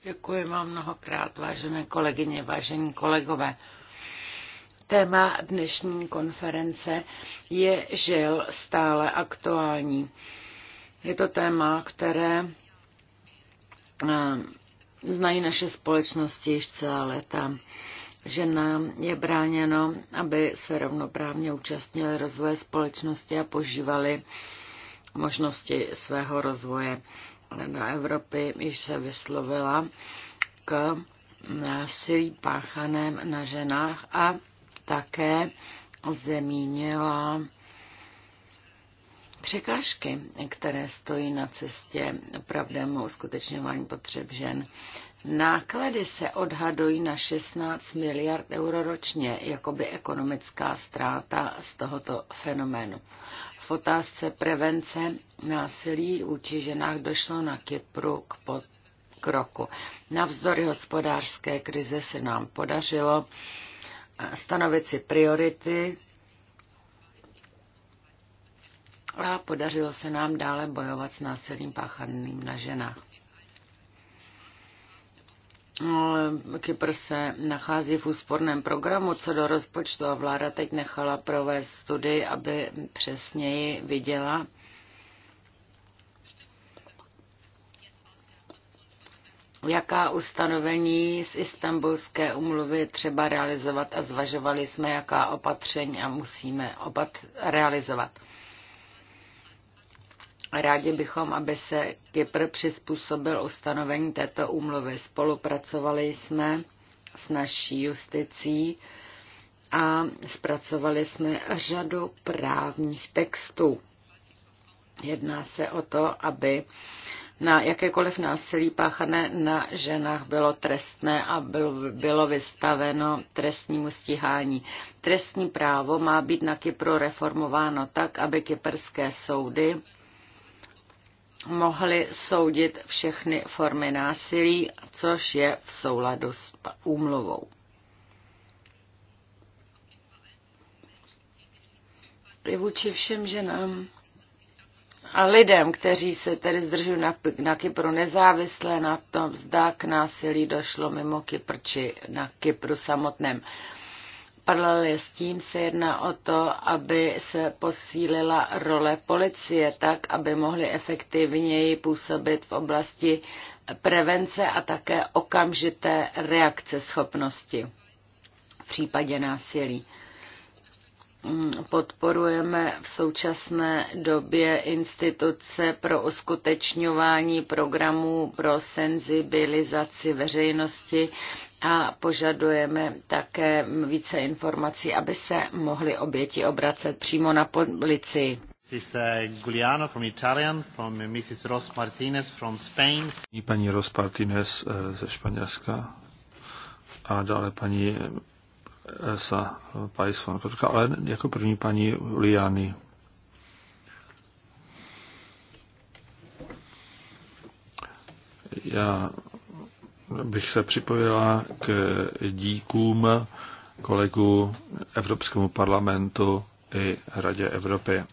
S4: Děkuji vám mnohokrát, vážené kolegyně, vážení kolegové. Téma dnešní konference je žil stále aktuální. Je to téma, které eh, znají naše společnosti již celá léta že nám je bráněno, aby se rovnoprávně účastnili rozvoje společnosti a požívali možnosti svého rozvoje. Rada Evropy již se vyslovila k násilí páchaném na ženách a také zemínila Překážky, které stojí na cestě opravdému uskutečňování potřeb žen, Náklady se odhadují na 16 miliard euro ročně, jako by ekonomická ztráta z tohoto fenoménu. V otázce prevence násilí vůči ženách došlo na Kypru k pokroku. Navzdory hospodářské krize se nám podařilo stanovit si priority a podařilo se nám dále bojovat s násilím páchaným na ženách. No, Kypr se nachází v úsporném programu co do rozpočtu a vláda teď nechala provést studii, aby přesněji viděla, jaká ustanovení z istambulské umluvy třeba realizovat a zvažovali jsme, jaká opatření a musíme opat- realizovat. Rádi bychom, aby se Kypr přizpůsobil ustanovení této úmluvy. Spolupracovali jsme s naší justicí a zpracovali jsme řadu právních textů. Jedná se o to, aby na jakékoliv násilí páchané na ženách bylo trestné a bylo vystaveno trestnímu stíhání. Trestní právo má být na Kypru reformováno tak, aby kyperské soudy mohly soudit všechny formy násilí, což je v souladu s úmluvou. I vůči všem ženám a lidem, kteří se tedy zdržují na, na Kypru nezávisle na tom, zda k násilí došlo mimo Kypr či na Kypru samotném. Paralelně s tím se jedná o to, aby se posílila role policie tak, aby mohly efektivněji působit v oblasti prevence a také okamžité reakce schopnosti v případě násilí. Mm, podporujeme v současné době instituce pro uskutečňování programů pro senzibilizaci veřejnosti a požadujeme také více informací, aby se mohly oběti obracet přímo na policii. This
S1: uh, Giuliano from Italian, from Mrs. Martinez from Spain.
S3: Paní Ros Martinez eh, ze Španělska a dále paní eh, za Pajson. No ale jako první paní Liany. Já bych se připojila k díkům kolegů Evropskému parlamentu i Radě Evropy.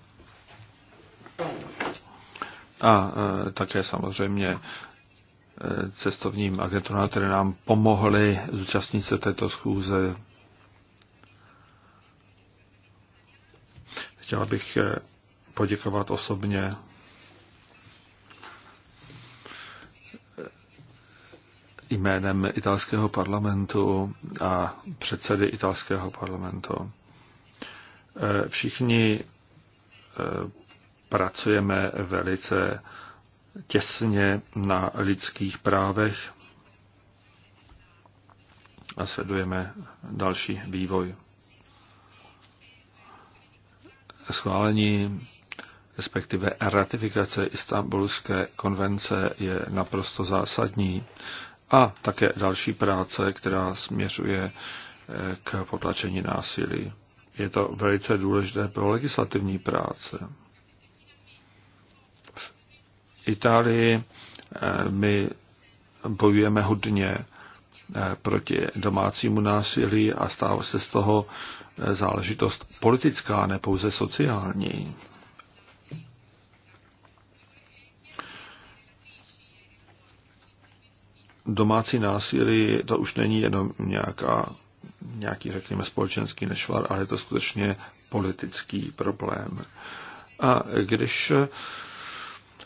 S3: A e, také samozřejmě e, cestovním agenturám, které nám pomohly zúčastnit se této schůze Chtěl bych eh, poděkovat osobně eh, jménem italského parlamentu a předsedy italského parlamentu. Eh, všichni pracujeme velice těsně na lidských právech a sledujeme další vývoj schválení respektive ratifikace Istanbulské konvence je naprosto zásadní a také další práce, která směřuje eh, k potlačení násilí. Je to velice důležité pro legislativní práce. V Itálii eh, my bojujeme hodně Eh, proti domácímu násilí a stává se z toho eh, záležitost politická, ne pouze sociální. Domácí násilí to už není jenom nějaká, nějaký, řekněme, společenský nešvar, ale je to skutečně politický problém. A když eh,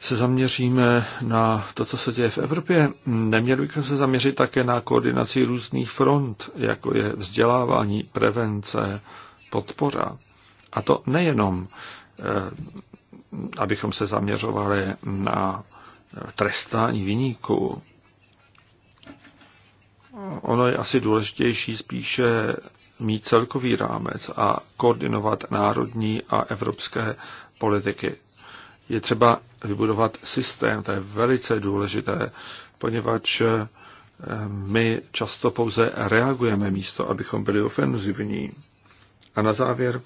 S3: se zaměříme na to, co se děje v Evropě, neměli bychom se zaměřit také na koordinaci různých front, jako je vzdělávání, prevence, podpora. A to nejenom, eh, abychom se zaměřovali na eh, trestání vyníků. Ono je asi důležitější spíše mít celkový rámec a koordinovat národní a evropské politiky je třeba vybudovat systém. To je velice důležité, poněvadž eh, my často pouze reagujeme místo, abychom byli ofenzivní. A na závěr,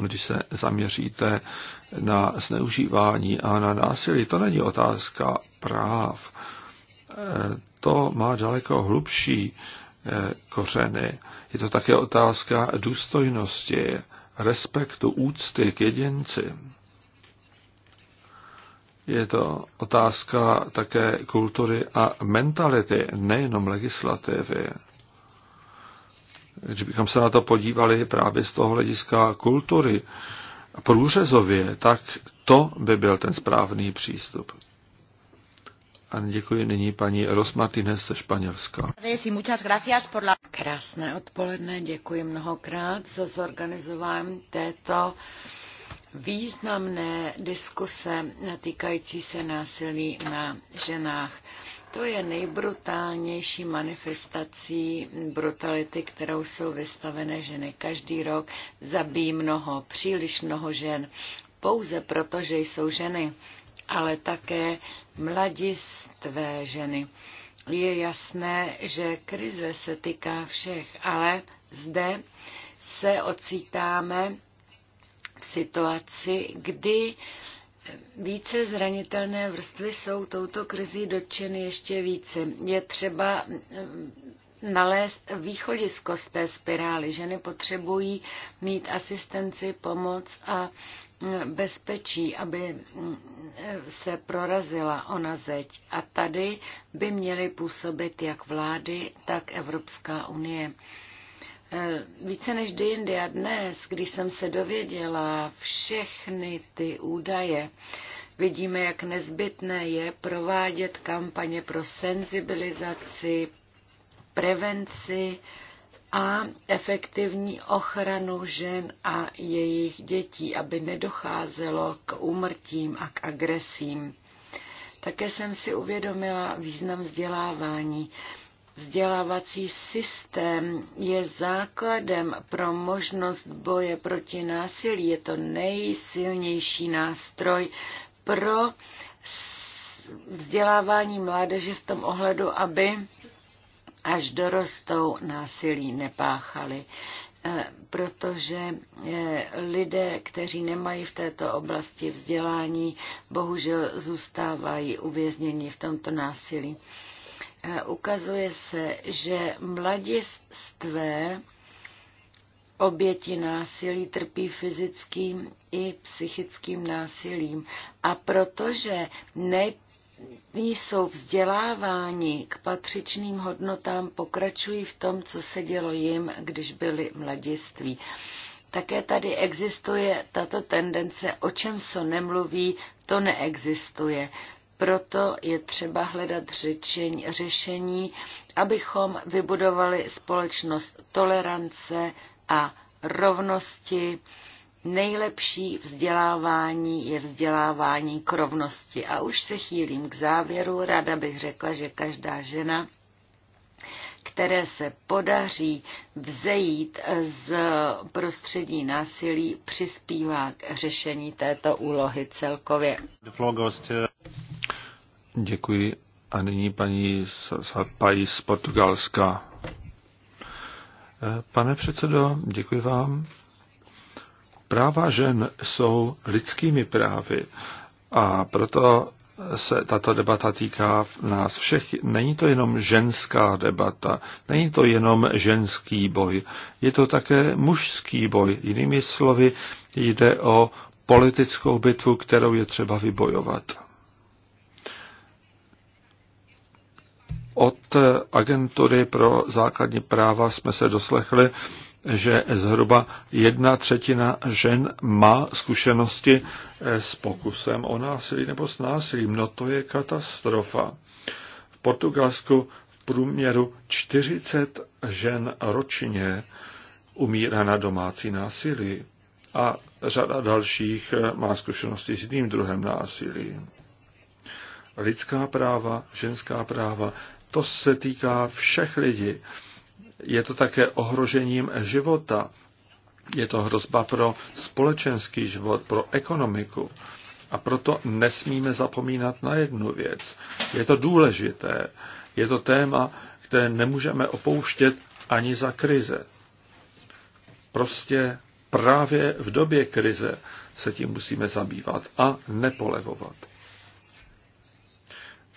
S3: když se zaměříte na zneužívání a na násilí, to není otázka práv. Eh, to má daleko hlubší eh, kořeny. Je to také otázka důstojnosti, respektu, úcty k jedinci. Je to otázka také kultury a mentality, nejenom legislativy. Když bychom se na to podívali právě z toho hlediska kultury průřezově, tak to by byl ten správný přístup. A děkuji nyní paní Ros ze Španělska.
S4: Krásné odpoledne, děkuji mnohokrát za zorganizování této významné diskuse týkající se násilí na ženách. To je nejbrutálnější manifestací brutality, kterou jsou vystavené ženy. Každý rok zabíjí mnoho, příliš mnoho žen, pouze proto, že jsou ženy, ale také mladistvé ženy. Je jasné, že krize se týká všech, ale zde se ocitáme v situaci, kdy více zranitelné vrstvy jsou touto krizí dotčeny ještě více. Je třeba mm, nalézt východisko z té spirály. Ženy potřebují mít asistenci, pomoc a mm, bezpečí, aby mm, se prorazila ona zeď. A tady by měly působit jak vlády, tak Evropská unie. Eh, více než kdy jindy a dnes, když jsem se dověděla všechny ty údaje, vidíme, jak nezbytné je provádět kampaně pro senzibilizaci, prevenci a efektivní ochranu žen a jejich dětí, aby nedocházelo k úmrtím a k agresím. Také jsem si uvědomila význam vzdělávání. Vzdělávací systém je základem pro možnost boje proti násilí. Je to nejsilnější nástroj pro vzdělávání mládeže v tom ohledu, aby až dorostou násilí nepáchali e, protože e, lidé, kteří nemají v této oblasti vzdělání, bohužel zůstávají uvězněni v tomto násilí ukazuje se, že mladistvé oběti násilí trpí fyzickým i psychickým násilím. A protože ne jsou vzděláváni k patřičným hodnotám, pokračují v tom, co se dělo jim, když byli mladiství. Také tady existuje tato tendence, o čem se nemluví, to neexistuje. Proto je třeba hledat řečení, řešení, abychom vybudovali společnost tolerance a rovnosti. Nejlepší vzdělávání je vzdělávání k rovnosti. A už se chýlím k závěru. Rada bych řekla, že každá žena které se podaří vzejít z prostředí násilí, přispívá k řešení této úlohy celkově.
S3: Děkuji. A nyní paní Sarpají z Portugalska. Eh, pane předsedo, děkuji vám. Práva žen jsou lidskými právy a proto se tato debata týká nás všech. Není to jenom ženská debata, není to jenom ženský boj, je to také mužský boj. Jinými slovy, jde o politickou bitvu, kterou je třeba vybojovat. Od agentury pro základní práva jsme se doslechli, že zhruba jedna třetina žen má zkušenosti eh, s pokusem o násilí nebo s násilím. No to je katastrofa. V Portugalsku v průměru 40 žen ročně umírá na domácí násilí a řada dalších eh, má zkušenosti s jiným druhem násilí. Lidská práva, ženská práva, to se týká všech lidí je to také ohrožením života. Je to hrozba pro společenský život, pro ekonomiku. A proto nesmíme zapomínat na jednu věc. Je to důležité. Je to téma, které nemůžeme opouštět ani za krize. Prostě právě v době krize se tím musíme zabývat a nepolevovat.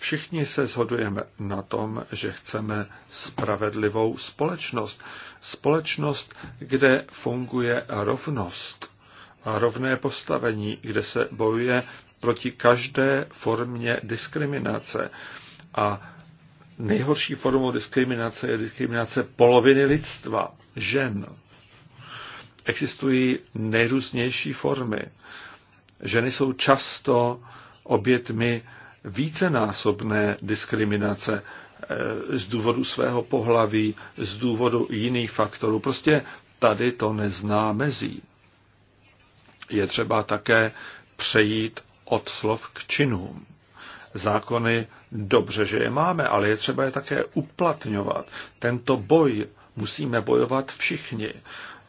S3: Všichni se shodujeme na tom, že chceme spravedlivou společnost. Společnost, kde funguje rovnost a rovné postavení, kde se bojuje proti každé formě diskriminace. A nejhorší formou diskriminace je diskriminace poloviny lidstva, žen. Existují nejrůznější formy. Ženy jsou často obětmi vícenásobné diskriminace eh, z důvodu svého pohlaví, z důvodu jiných faktorů. Prostě tady to nezná mezí. Je třeba také přejít od slov k činům. Zákony dobře, že je máme, ale je třeba je také uplatňovat. Tento boj musíme bojovat všichni.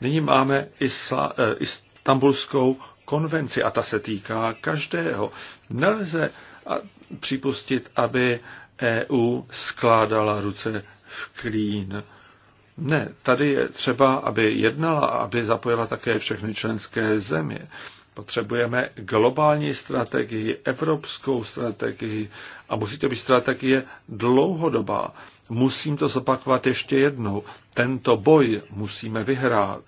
S3: Nyní máme isla, eh, istambulskou konvenci a ta se týká každého. Nelze připustit, aby EU skládala ruce v klín. Ne, tady je třeba, aby jednala, aby zapojila také všechny členské země. Potřebujeme globální strategii, evropskou strategii a musí to být strategie dlouhodobá. Musím to zopakovat ještě jednou. Tento boj musíme vyhrát.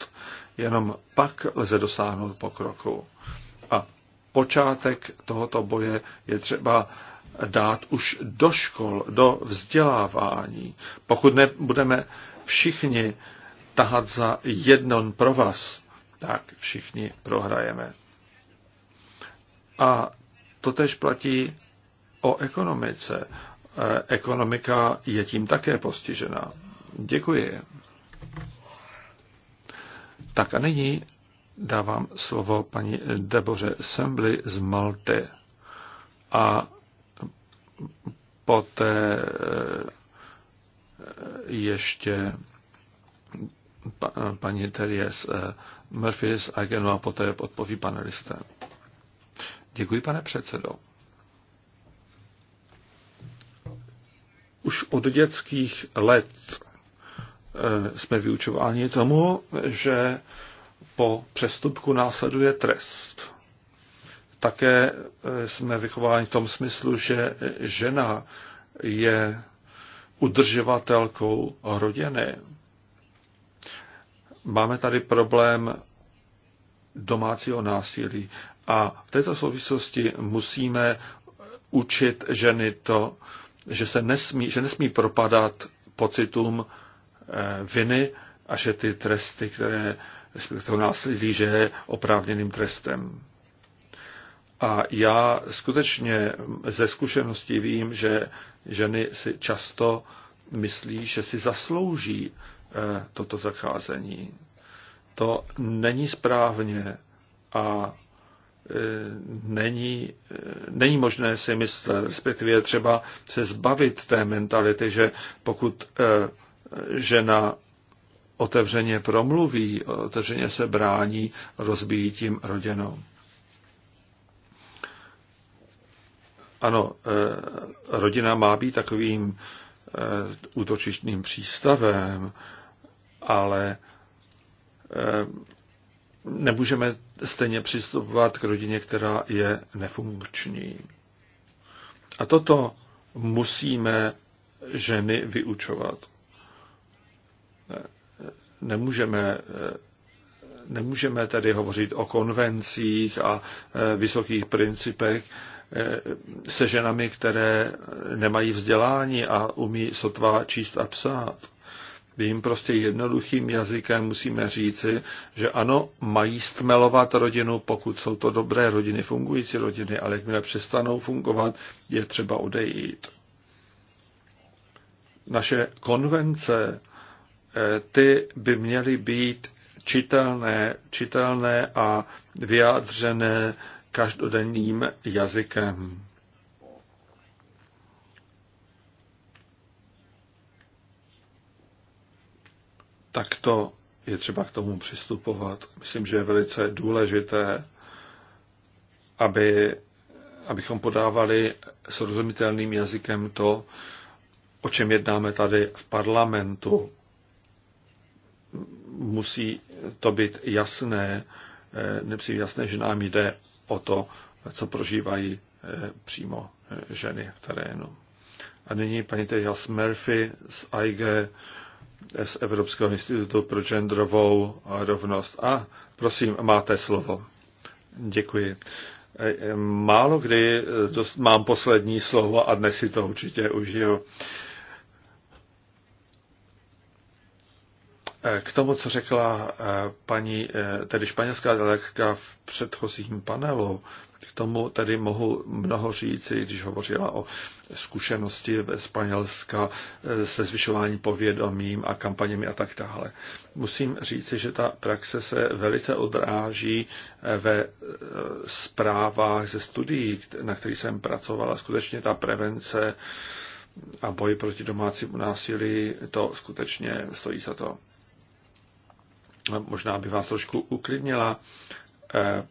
S3: Jenom pak lze dosáhnout pokroku počátek tohoto boje je třeba dát už do škol, do vzdělávání. Pokud nebudeme všichni tahat za jednon pro vás, tak všichni prohrajeme. A to tež platí o ekonomice. Ekonomika je tím také postižená. Děkuji. Tak a nyní dávám slovo paní Deboře Sembly z Malty a poté eh, ještě paní Teries eh, Murphy z Agenu a poté odpoví panelisté. Děkuji, pane předsedo. Už od dětských let eh, jsme vyučováni tomu, že po přestupku následuje trest. Také eh, jsme vychováni v tom smyslu, že eh, žena je udržovatelkou rodiny. Máme tady problém domácího násilí a v této souvislosti musíme učit ženy to, že, se nesmí, že nesmí propadat pocitům eh, viny a že ty tresty, které respektive násilí, že je oprávněným trestem. A já skutečně ze zkušeností vím, že ženy si často myslí, že si zaslouží eh, toto zacházení. To není správně a eh, není, eh, není možné si myslet, respektive je třeba se zbavit té mentality, že pokud žena otevřeně promluví, otevřeně se brání rozbíjitím rodinou. Ano, eh, rodina má být takovým eh, útočištným přístavem, ale eh, nemůžeme stejně přistupovat k rodině, která je nefunkční. A toto musíme ženy vyučovat nemůžeme eh, nemůžeme tedy hovořit o konvencích a eh, vysokých principech eh, se ženami, které nemají vzdělání a umí sotva číst a psát. My jim prostě jednoduchým jazykem musíme říci, že ano, mají stmelovat rodinu, pokud jsou to dobré rodiny, fungující rodiny, ale jakmile přestanou fungovat, je třeba odejít. Naše konvence ty by měly být čitelné, čitelné a vyjádřené každodenním jazykem. Takto je třeba k tomu přistupovat. Myslím, že je velice důležité, aby, abychom podávali srozumitelným jazykem to, o čem jednáme tady v parlamentu musí to být jasné, eh, nepří jasné, že nám jde o to, co prožívají eh, přímo eh, ženy v terénu. A nyní paní Jas Murphy z IG, z Evropského institutu pro genderovou rovnost. A prosím, máte slovo. Děkuji. Málo kdy mám poslední slovo a dnes si to určitě užiju. Eh, k tomu, co řekla eh, paní, eh, tedy španělská delegatka v předchozím panelu, k tomu tedy mohu mnoho říci, když hovořila o zkušenosti ve Španělska se zvyšování povědomím a kampaněmi a tak dále. Musím říci, že ta praxe se velice odráží ve zprávách ze studií, na kterých jsem pracovala. Skutečně ta prevence a boj proti domácímu násilí, to skutečně stojí za to. No, možná by vás trošku uklidnila. Eh,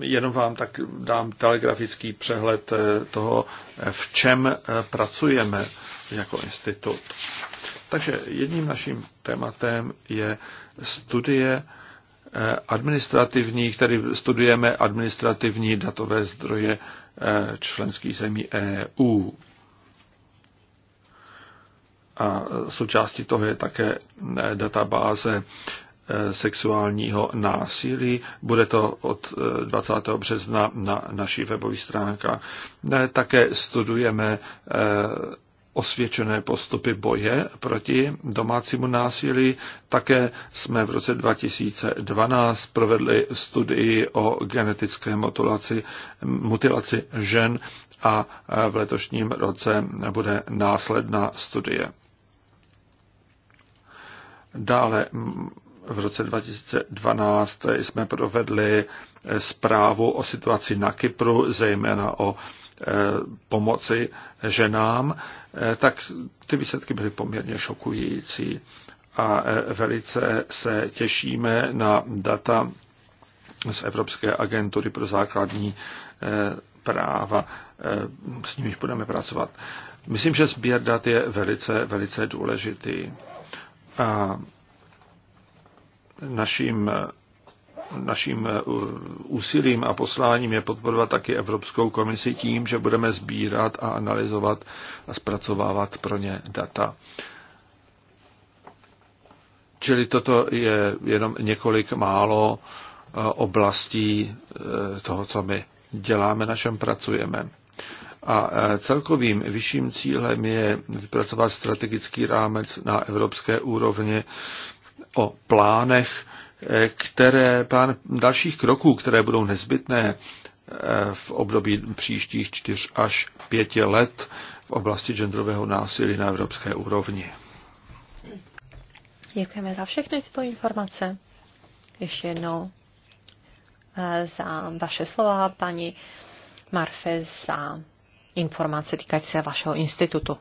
S3: jenom vám tak dám telegrafický přehled eh, toho, eh, v čem pracujeme jako institut. Takže jedním naším tématem je studie administrativních, tedy studujeme administrativní datové zdroje členských zemí EU a součástí toho je také eh, databáze eh, sexuálního násilí. Bude to od 20. Eh, března na naší webových stránkách. Také studujeme osvědčené postupy boje proti domácímu násilí. Také jsme v roce 2012 provedli studii o genetické mutilaci, mutilaci žen a v letošním roce bude následná studie. Dále v roce 2012 jsme provedli eh, zprávu o situaci na Kypru, zejména o eh, pomoci ženám, eh, tak ty výsledky byly poměrně šokující a velice se těšíme na data z Evropské agentury pro základní práva, s nimiž budeme pracovat. Myslím, že sběr dat je velice, velice důležitý. A naším, naším úsilím a posláním je podporovat taky Evropskou komisi tím, že budeme sbírat a analyzovat a zpracovávat pro ně data. Čili toto je jenom několik málo eh, oblastí eh, toho, co my děláme, na čem pracujeme. A e, celkovým vyšším cílem je vypracovat strategický rámec na evropské úrovni o plánech, e, které, plán dalších kroků, které budou nezbytné e, v období příštích čtyř až pěti let v oblasti genderového násilí na evropské úrovni.
S2: Děkujeme za všechny tyto informace. Ještě jednou za vaše slova, paní Marfe, za informace týkající se vašeho institutu.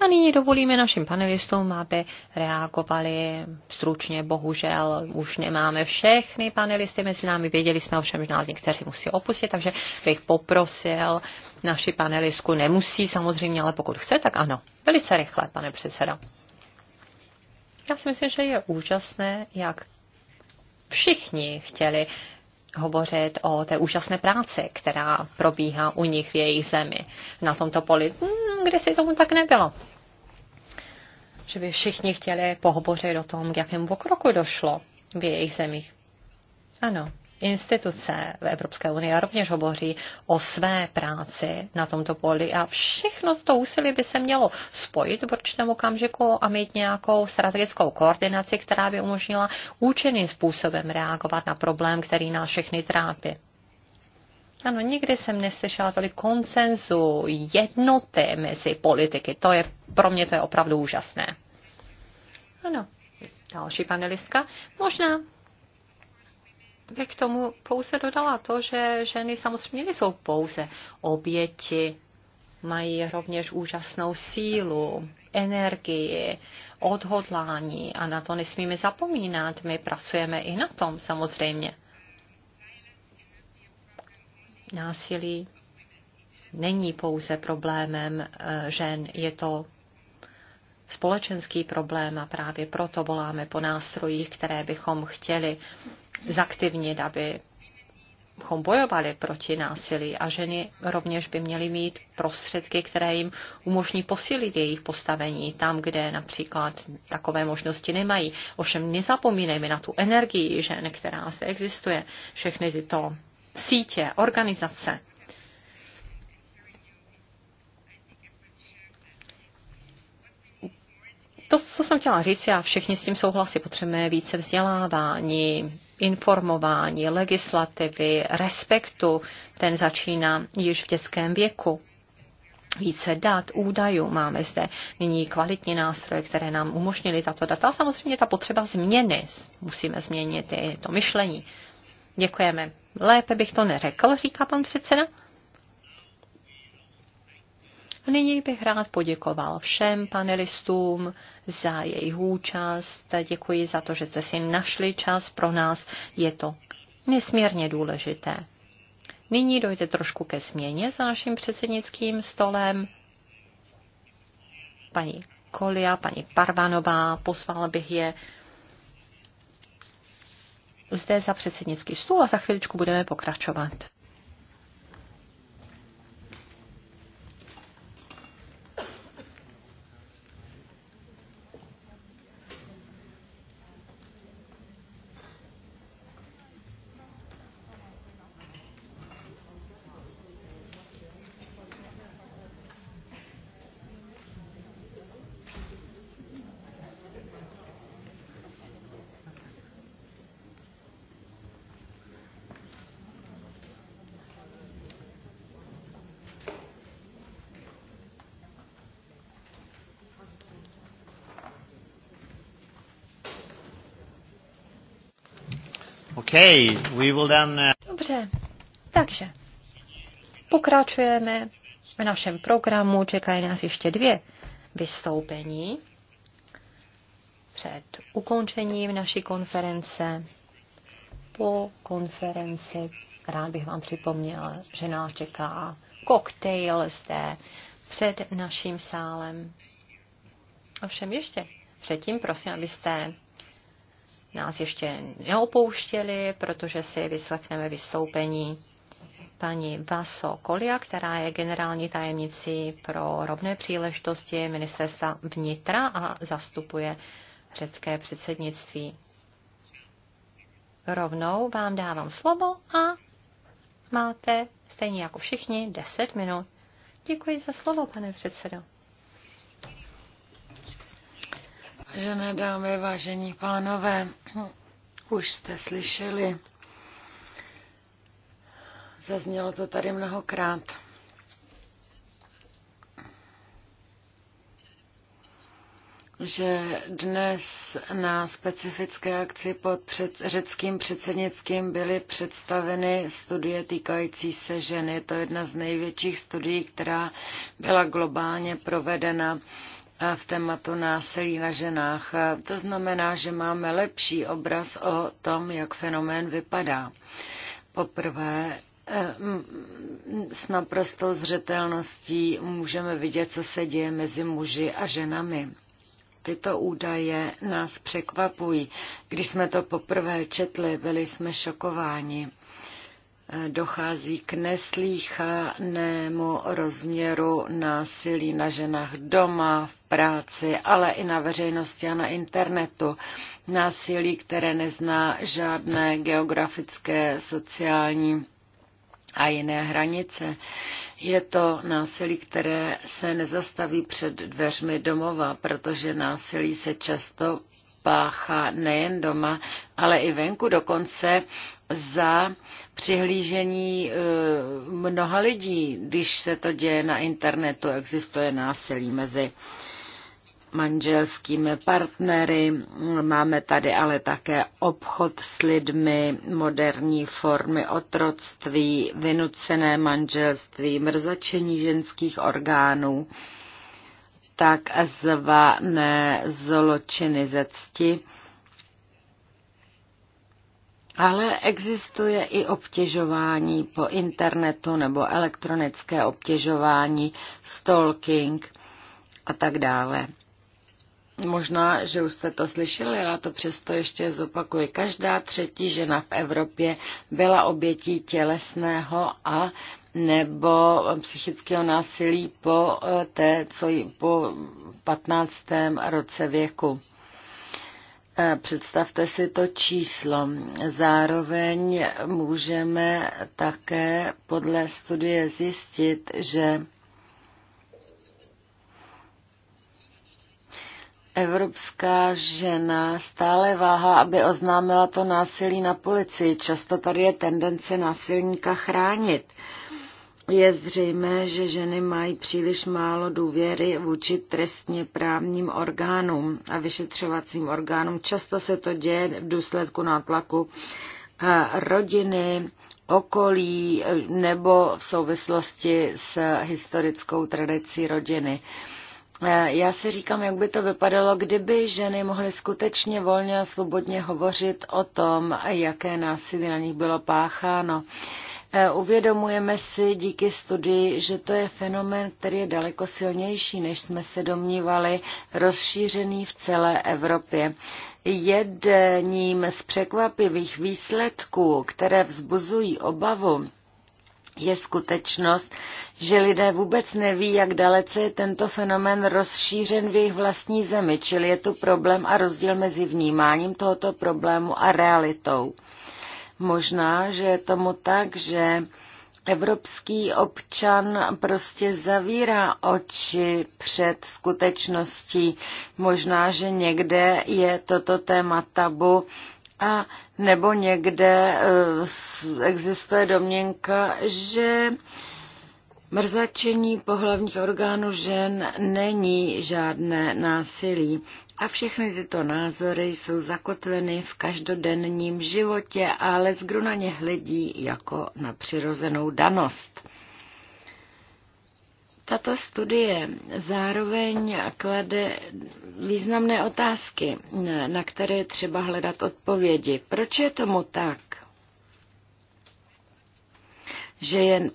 S2: A nyní dovolíme našim panelistům, aby reagovali stručně. Bohužel už nemáme všechny panelisty mezi námi. Věděli jsme ovšem, že nás někteří musí opustit, takže bych poprosil naši panelistku. Nemusí samozřejmě, ale pokud chce, tak ano. Velice rychle, pane předsedo. Já si myslím, že je úžasné, jak všichni chtěli hovořit o té úžasné práci, která probíhá u nich v jejich zemi na tomto poli. Hmm, kde si tomu tak nebylo? Že by všichni chtěli pohovořit o tom, k jakému pokroku došlo v jejich zemích. Ano, instituce v Evropské unii rovněž hovoří o své práci na tomto poli a všechno to úsilí by se mělo spojit v určitém okamžiku a mít nějakou strategickou koordinaci, která by umožnila účinným způsobem reagovat na problém, který nás všechny trápí. Ano, nikdy jsem neslyšela tolik koncenzu, jednoty mezi politiky. To je, pro mě to je opravdu úžasné. Ano, další panelistka. Možná bych tomu pouze dodala to, že ženy samozřejmě nejsou pouze oběti, mají rovněž úžasnou sílu, energii, odhodlání a na to nesmíme zapomínat. My pracujeme i na tom samozřejmě. Násilí není pouze problémem eh, žen, je to společenský problém a právě proto voláme po nástrojích, které bychom chtěli zaktivnit, aby bychom bojovali proti násilí a ženy rovněž by měly mít prostředky, které jim umožní posílit jejich postavení tam, kde například takové možnosti nemají. Ovšem nezapomínejme na tu energii žen, která zde existuje. Všechny tyto sítě, organizace, To, co jsem chtěla říct, já všichni s tím souhlasí, potřebujeme více vzdělávání, informování, legislativy, respektu, ten začíná již v dětském věku. Více dat, údajů máme zde nyní kvalitní nástroje, které nám umožnily tato data. A samozřejmě ta potřeba změny. Musíme změnit i to myšlení. Děkujeme. Lépe bych to neřekl, říká pan předseda. A nyní bych rád poděkoval všem panelistům za jejich účast. Děkuji za to, že jste si našli čas pro nás. Je to nesmírně důležité. Nyní dojde trošku ke změně za naším předsednickým stolem. Paní Kolia, paní Parvanová, pozval bych je zde za předsednický stůl a za chviličku budeme pokračovat.
S1: Okay, we will then... Uh,
S2: Dobře, takže pokračujeme v našem programu. Čekají nás ještě dvě vystoupení před ukončením naší konference. Po konferenci rád bych vám připomněl, že nás čeká koktejl zde před naším sálem. Ovšem ještě předtím prosím, abyste nás ještě neopouštěli, protože si vyslechneme vystoupení paní Vaso Kolia, která je generální tajemnicí pro rovné příležitosti ministerstva vnitra a zastupuje řecké předsednictví. Rovnou vám dávám slovo a máte, stejně jako všichni, 10 minut. Děkuji za slovo, pane předsedo.
S4: Vážené dámy, vážení pánové, už jste slyšeli, zaznělo to tady mnohokrát. že dnes na specifické akci pod před, řeckým předsednickým byly představeny studie týkající se ženy. To je jedna z největších studií, která byla globálně provedena v tématu násilí na ženách. To znamená, že máme lepší obraz o tom, jak fenomén vypadá. Poprvé eh, s naprostou zřetelností můžeme vidět, co se děje mezi muži a ženami. Tyto údaje nás překvapují. Když jsme to poprvé četli, byli jsme šokováni dochází k neslíchanému rozměru násilí na ženách doma, v práci, ale i na veřejnosti a na internetu. Násilí, které nezná žádné geografické, sociální a jiné hranice. Je to násilí, které se nezastaví před dveřmi domova, protože násilí se často páchá nejen doma, ale i venku. Dokonce za přihlížení eh, mnoha lidí, když se to děje na internetu, existuje násilí mezi manželskými partnery, máme tady ale také obchod s lidmi, moderní formy otroctví, vynucené manželství, mrzačení ženských orgánů, tak zvané zločiny ze cti ale existuje i obtěžování po internetu nebo elektronické obtěžování, stalking a tak dále. Možná, že už jste to slyšeli, ale to přesto ještě zopakuji. Každá třetí žena v Evropě byla obětí tělesného a nebo psychického násilí po eh, té, co jí po 15. roce věku. Představte si to číslo. Zároveň můžeme také podle studie zjistit, že Evropská žena stále váha, aby oznámila to násilí na policii. Často tady je tendence násilníka chránit je zřejmé, že ženy mají příliš málo důvěry vůči trestně právním orgánům a vyšetřovacím orgánům. Často se to děje v důsledku nátlaku eh, rodiny, okolí eh, nebo v souvislosti s historickou tradicí rodiny. Eh, já si říkám, jak by to vypadalo, kdyby ženy mohly skutečně volně a svobodně hovořit o tom, jaké násilí na nich bylo pácháno. Eh, uvědomujeme si díky studii, že to je fenomén, který je daleko silnější, než jsme se domnívali, rozšířený v celé Evropě. Jedním z překvapivých výsledků, které vzbuzují obavu, je skutečnost, že lidé vůbec neví, jak dalece je tento fenomén rozšířen v jejich vlastní zemi, čili je tu problém a rozdíl mezi vnímáním tohoto problému a realitou. Možná, že je tomu tak, že evropský občan prostě zavírá oči před skutečností. Možná, že někde je toto téma tabu a nebo někde eh, existuje domněnka, že mrzačení pohlavních orgánů žen není žádné násilí. A všechny tyto názory jsou zakotveny v každodenním životě, ale zgru na ně hledí jako na přirozenou danost. Tato studie zároveň klade významné otázky, na které třeba hledat odpovědi. Proč je tomu tak, že je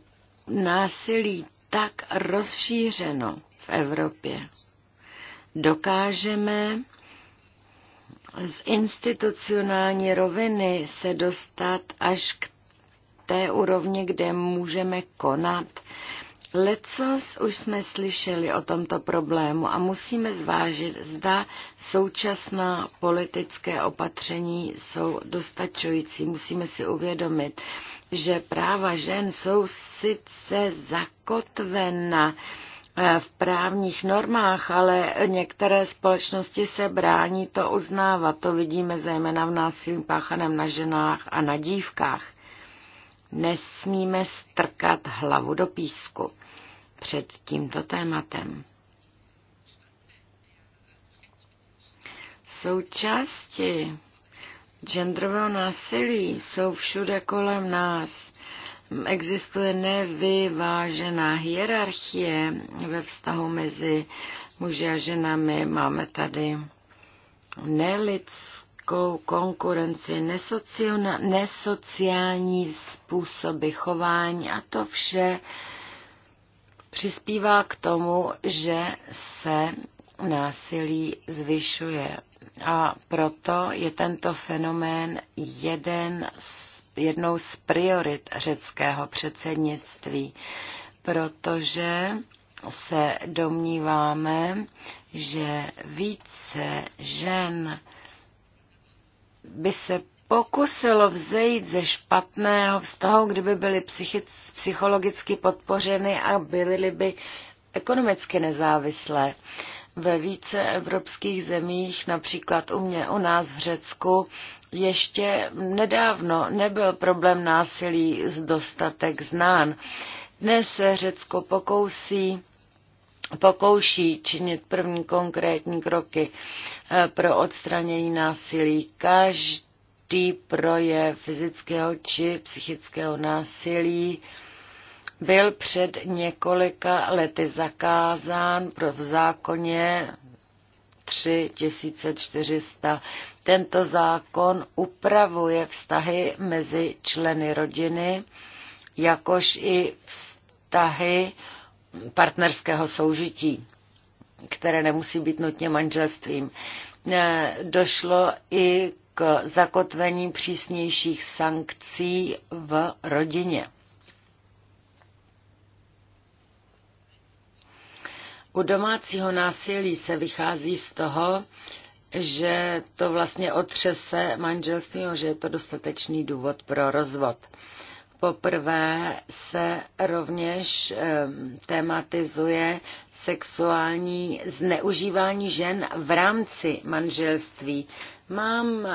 S4: násilí tak rozšířeno v Evropě? dokážeme z institucionální roviny se dostat až k té úrovni, kde můžeme konat. Lecos už jsme slyšeli o tomto problému a musíme zvážit, zda současná politické opatření jsou dostačující. Musíme si uvědomit, že práva žen jsou sice zakotvena, Eh, v právních normách, ale některé společnosti se brání to uznávat. To vidíme zejména v násilí páchaném na ženách a na dívkách. Nesmíme strkat hlavu do písku před tímto tématem. Součásti genderového násilí jsou všude kolem nás existuje nevyvážená hierarchie ve vztahu mezi muži a ženami. Máme tady nelidskou konkurenci, nesociální způsoby chování a to vše přispívá k tomu, že se násilí zvyšuje. A proto je tento fenomén jeden z jednou z priorit řeckého předsednictví, protože se domníváme, že více žen by se pokusilo vzejít ze špatného vztahu, kdyby byly psychologicky podpořeny a byly by ekonomicky nezávislé. Ve více evropských zemích, například u mě, u nás v Řecku, ještě nedávno nebyl problém násilí z dostatek znán. Dnes se Řecko pokousí pokouší činit první konkrétní kroky eh, pro odstranění násilí. Každý projev fyzického či psychického násilí byl před několika lety zakázán pro v zákoně 3400. Tento zákon upravuje vztahy mezi členy rodiny, jakož i vztahy partnerského soužití, které nemusí být nutně manželstvím. E, došlo i k zakotvení přísnějších sankcí v rodině. U domácího násilí se vychází z toho, že to vlastně otřese manželství, že je to dostatečný důvod pro rozvod. Poprvé se rovněž tematizuje sexuální zneužívání žen v rámci manželství. Mám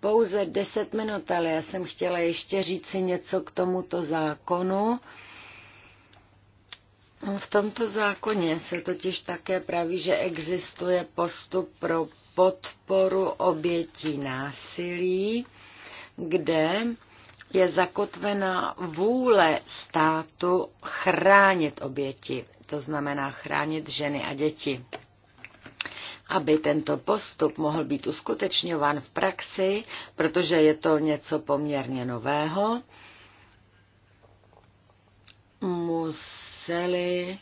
S4: pouze 10 minut, ale já jsem chtěla ještě říci něco k tomuto zákonu. V tomto zákoně se totiž také praví, že existuje postup pro podporu obětí násilí, kde je zakotvená vůle státu chránit oběti, to znamená chránit ženy a děti. Aby tento postup mohl být uskutečňován v praxi, protože je to něco poměrně nového, museli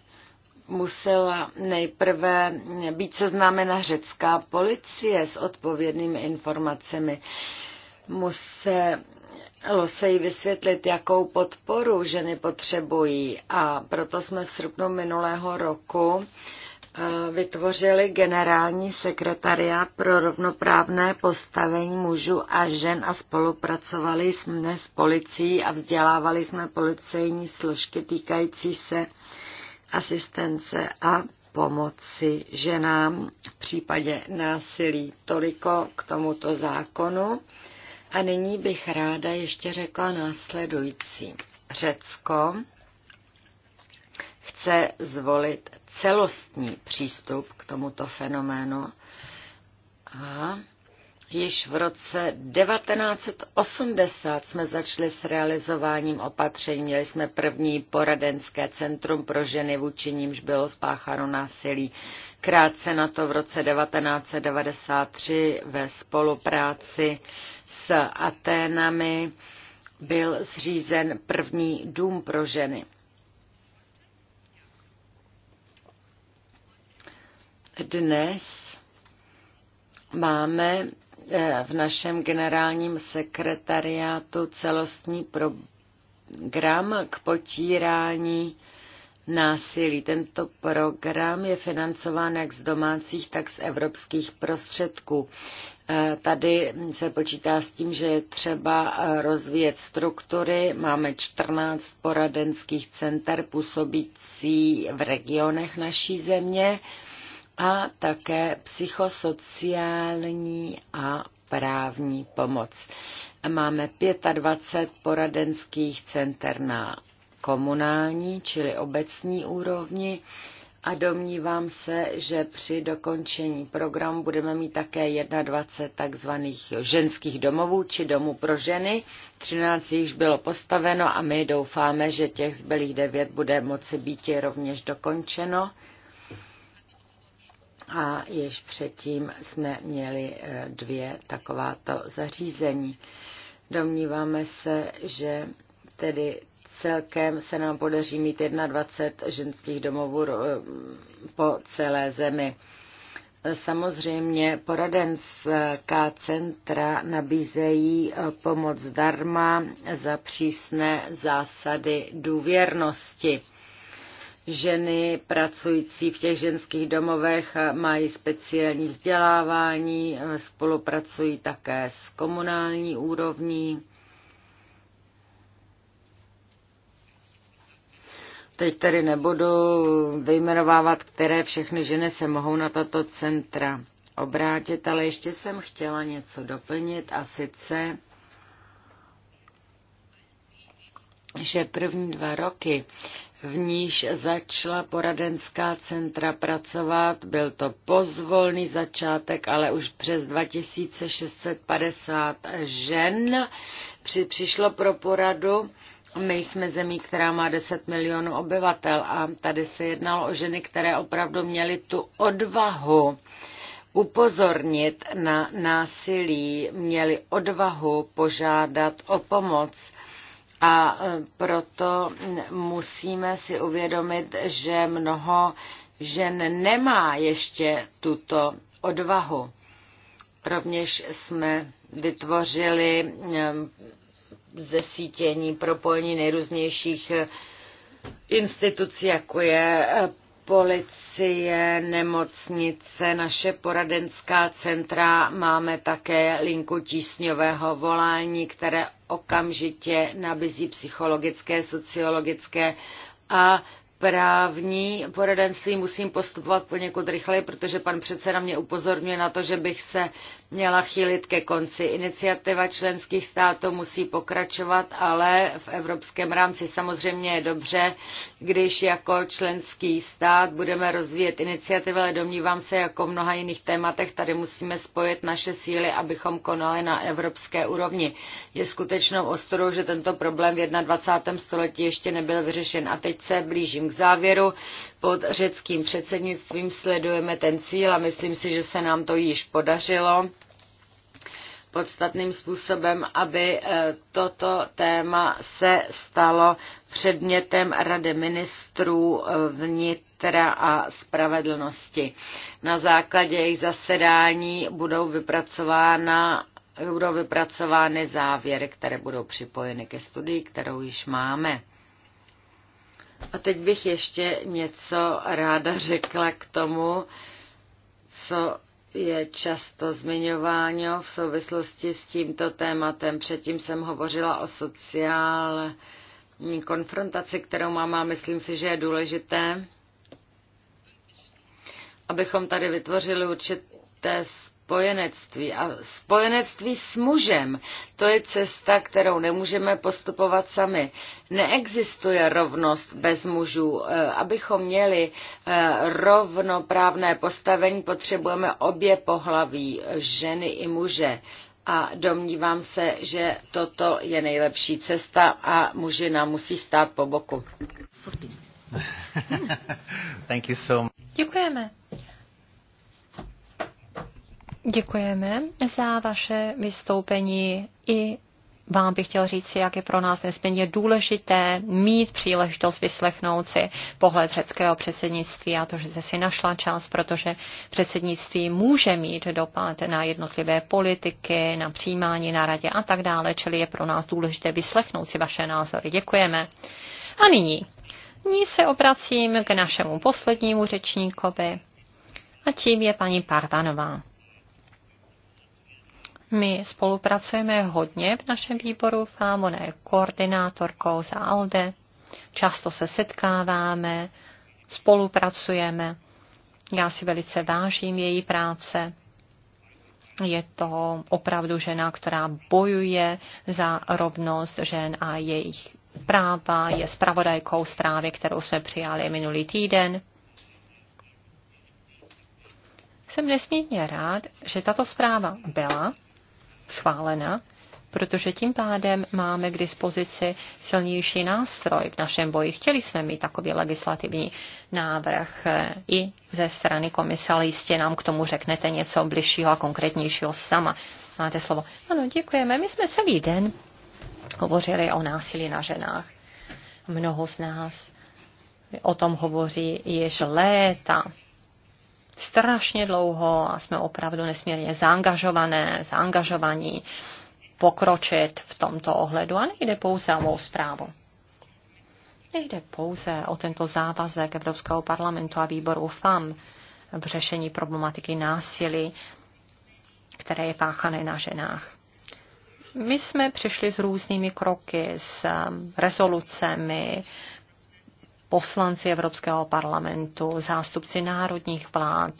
S4: musela nejprve být seznámena řecká policie s odpovědnými informacemi. se Losej vysvětlit, jakou podporu ženy potřebují a proto jsme v srpnu minulého roku eh, vytvořili generální sekretariát pro rovnoprávné postavení mužů a žen a spolupracovali jsme s policií a vzdělávali jsme policejní složky týkající se asistence a pomoci ženám v případě násilí. Toliko k tomuto zákonu. A nyní bych ráda ještě řekla následující. Řecko chce zvolit celostní přístup k tomuto fenoménu a Již v roce 1980 jsme začali s realizováním opatření. Měli jsme první poradenské centrum pro ženy, vůči nímž bylo spácháno násilí. Krátce na to v roce 1993 ve spolupráci s Aténami byl zřízen první dům pro ženy. Dnes máme Eh, v našem generálním sekretariátu celostní program k potírání násilí. Tento program je financován jak z domácích, tak z evropských prostředků. Eh, tady se počítá s tím, že je třeba eh, rozvíjet struktury. Máme 14 poradenských center působící v regionech naší země a také psychosociální a právní pomoc. Máme 25 poradenských center na komunální, čili obecní úrovni a domnívám se, že při dokončení programu budeme mít také 21 takzvaných ženských domovů či domů pro ženy. 13 již bylo postaveno a my doufáme, že těch zbylých 9 bude moci být rovněž dokončeno a již předtím jsme měli eh, dvě takováto zařízení. Domníváme se, že tedy celkem se nám podaří mít 21 ženských domovů eh, po celé zemi. Samozřejmě poradenská centra nabízejí eh, pomoc zdarma za přísné zásady důvěrnosti ženy pracující v těch ženských domovech mají speciální vzdělávání, spolupracují také s komunální úrovní. Teď tedy nebudu vyjmenovávat, které všechny ženy se mohou na tato centra obrátit, ale ještě jsem chtěla něco doplnit a sice, že první dva roky v níž začala poradenská centra pracovat. Byl to pozvolný začátek, ale už přes 2650 žen při, přišlo pro poradu. My jsme zemí, která má 10 milionů obyvatel a tady se jednalo o ženy, které opravdu měly tu odvahu upozornit na násilí, měly odvahu požádat o pomoc a e, proto musíme si uvědomit, že mnoho žen nemá ještě tuto odvahu. Rovněž jsme vytvořili e, zesítění propojení nejrůznějších institucí, jako je e, policie, nemocnice, naše poradenská centra, máme také linku tísňového volání, které okamžitě nabízí psychologické, sociologické a právní poradenství musím postupovat poněkud rychleji, protože pan předseda mě upozorňuje na to, že bych se měla chýlit ke konci. Iniciativa členských států musí pokračovat, ale v evropském rámci samozřejmě je dobře, když jako členský stát budeme rozvíjet iniciativy, ale domnívám se, jako v mnoha jiných tématech, tady musíme spojit naše síly, abychom konali na evropské úrovni. Je skutečnou ostrou, že tento problém v 21. století ještě nebyl vyřešen a teď se blížím k závěru. Pod řeckým předsednictvím sledujeme ten cíl a myslím si, že se nám to již podařilo podstatným způsobem, aby eh, toto téma se stalo předmětem Rady ministrů eh, vnitra a spravedlnosti. Na základě jejich zasedání budou vypracována budou vypracovány závěry, které budou připojeny ke studii, kterou již máme. A teď bych ještě něco ráda řekla k tomu, co je často zmiňováno v souvislosti s tímto tématem. Předtím jsem hovořila o sociální konfrontaci, kterou mám a myslím si, že je důležité, abychom tady vytvořili určité spojenectví a spojenectví s mužem. To je cesta, kterou nemůžeme postupovat sami. Neexistuje rovnost bez mužů. Eh, abychom měli eh, rovnoprávné postavení, potřebujeme obě pohlaví, ženy i muže a domnívám se, že toto je nejlepší cesta a muži nám musí stát po boku.
S1: Thank you so much.
S2: Děkujeme. Děkujeme za vaše vystoupení i vám bych chtěl říct, jak je pro nás nesmírně důležité mít příležitost vyslechnout si pohled řeckého předsednictví a to, že jste si našla čas, protože předsednictví může mít dopad na jednotlivé politiky, na přijímání na radě a tak dále, čili je pro nás důležité vyslechnout si vaše názory. Děkujeme. A nyní, nyní se obracím k našemu poslednímu řečníkovi a tím je paní Parvanová. My spolupracujeme hodně v našem výboru FAM, ona je koordinátorkou za ALDE, často se setkáváme, spolupracujeme. Já si velice vážím její práce. Je to opravdu žena, která bojuje za rovnost žen a jejich práva. Je spravodajkou zprávy, kterou jsme přijali minulý týden. Jsem nesmírně rád, že tato zpráva byla schválena, protože tím pádem máme k dispozici silnější nástroj v našem boji. Chtěli jsme mít takový legislativní návrh eh, i ze strany komise, ale jistě nám k tomu řeknete něco bližšího a konkrétnějšího sama. Máte slovo. Ano, děkujeme. My jsme celý den hovořili o násilí na ženách. Mnoho z nás o tom hovoří již léta strašně dlouho a jsme opravdu nesmírně zaangažované, zaangažovaní pokročit v tomto ohledu. A nejde pouze o mou zprávu. Nejde pouze o tento závazek Evropského parlamentu a výboru FAM v řešení problematiky násilí, které je páchané na ženách. My jsme přišli s různými kroky, s rezolucemi, poslanci Evropského parlamentu, zástupci národních vlád.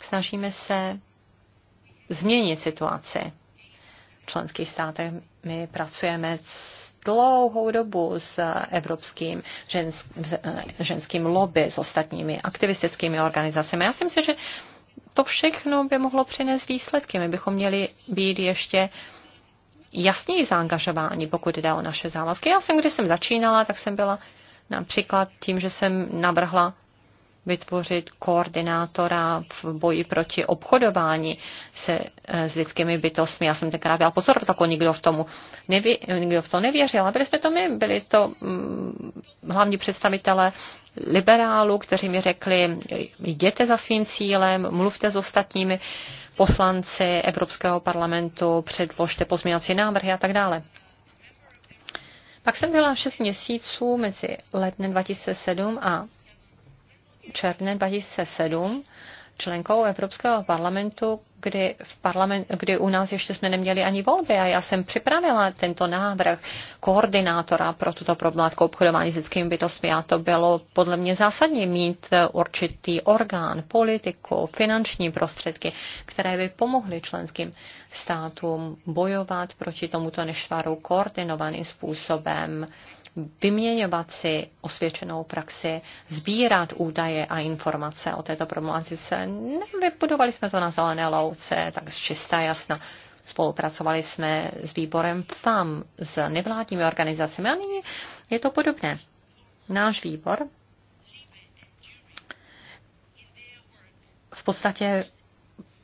S2: Snažíme se změnit situaci. V členských státech my pracujeme dlouhou dobu s evropským žensk, eh, ženským lobby, s ostatními aktivistickými organizacemi. Já si myslím, že to všechno by mohlo přinést výsledky. My bychom měli být ještě jasněji zaangažováni, pokud jde o naše závazky. Já jsem, když jsem začínala, tak jsem byla Například tím, že jsem navrhla vytvořit koordinátora v boji proti obchodování se eh, s lidskými bytostmi. Já jsem tenkrát byla pozor, tak nikdo v, tomu nevě, nikdo v to nevěřil. A byli jsme to my, byli to hm, hlavní představitelé liberálů, kteří mi řekli, jděte za svým cílem, mluvte s ostatními poslanci Evropského parlamentu, předložte pozměňovací návrhy a tak dále. Pak jsem byla 6 měsíců mezi lednem 2007 a červnem 2007 členkou Evropského parlamentu, kdy, v parlament, kdy u nás ještě jsme neměli ani volby a já jsem připravila tento návrh koordinátora pro tuto problematiku obchodování s lidskými bytostmi a to bylo podle mě zásadně mít určitý orgán, politiku, finanční prostředky, které by pomohly členským státům bojovat proti tomuto nešvaru koordinovaným způsobem vyměňovat si osvědčenou praxi, sbírat údaje a informace o této problematice. Nevybudovali jsme to na zelené louce, tak z čistá jasna. Spolupracovali jsme s výborem FAM, s nevládními organizacemi a nyní je to podobné. Náš výbor v podstatě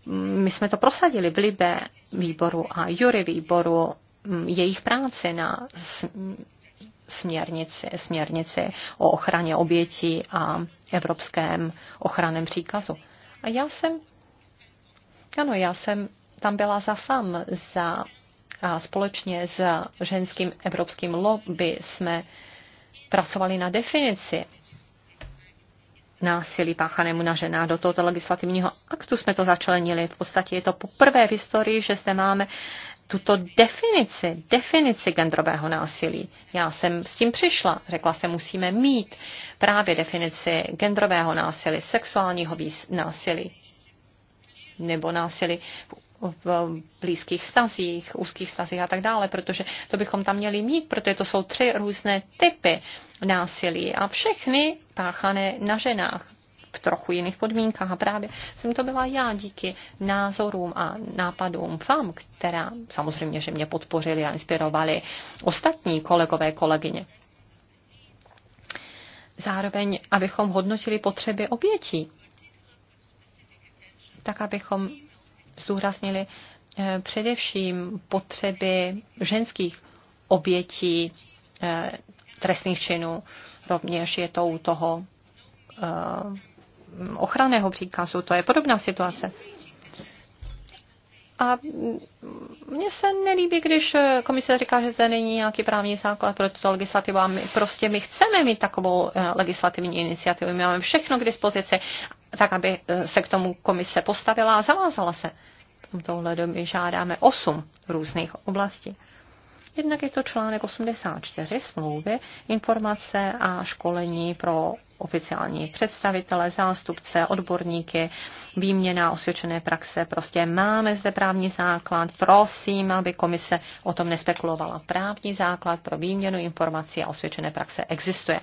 S2: mm, my jsme to prosadili v Libe výboru a Jury výboru mm, jejich práce na směrnici, směrnici o ochraně obětí a evropském ochranném příkazu. A já jsem, ano, já jsem tam byla za FAM, za, a společně s ženským evropským lobby jsme pracovali na definici násilí páchanému na ženách. Do tohoto legislativního aktu jsme to začlenili. V podstatě je to poprvé v historii, že zde máme tuto definici, definici genderového násilí. Já jsem s tím přišla. Řekla se, musíme mít právě definici genderového násilí, sexuálního násilí nebo násilí v blízkých vztazích, úzkých vztazích a tak dále, protože to bychom tam měli mít, protože to jsou tři různé typy násilí a všechny páchané na ženách v trochu jiných podmínkách. A právě jsem to byla já díky názorům a nápadům FAM, která samozřejmě, že mě podpořili a inspirovali ostatní kolegové, kolegyně. Zároveň, abychom hodnotili potřeby obětí, tak abychom zdůraznili eh, především potřeby ženských obětí eh, trestných činů. Rovněž je to u toho eh, ochranného příkazu. To je podobná situace. A mně se nelíbí, když komise říká, že zde není nějaký právní základ pro tuto legislativu a my prostě my chceme mít takovou eh, legislativní iniciativu. My máme všechno k dispozici, tak aby eh, se k tomu komise postavila a zavázala se. V tomto ohledu my žádáme osm různých oblastí. Jednak je to článek 84 smlouvy, informace a školení pro oficiální představitele, zástupce, odborníky, výměna osvědčené praxe. Prostě máme zde právní základ. Prosím, aby komise o tom nespekulovala. Právní základ pro výměnu informací a osvědčené praxe existuje.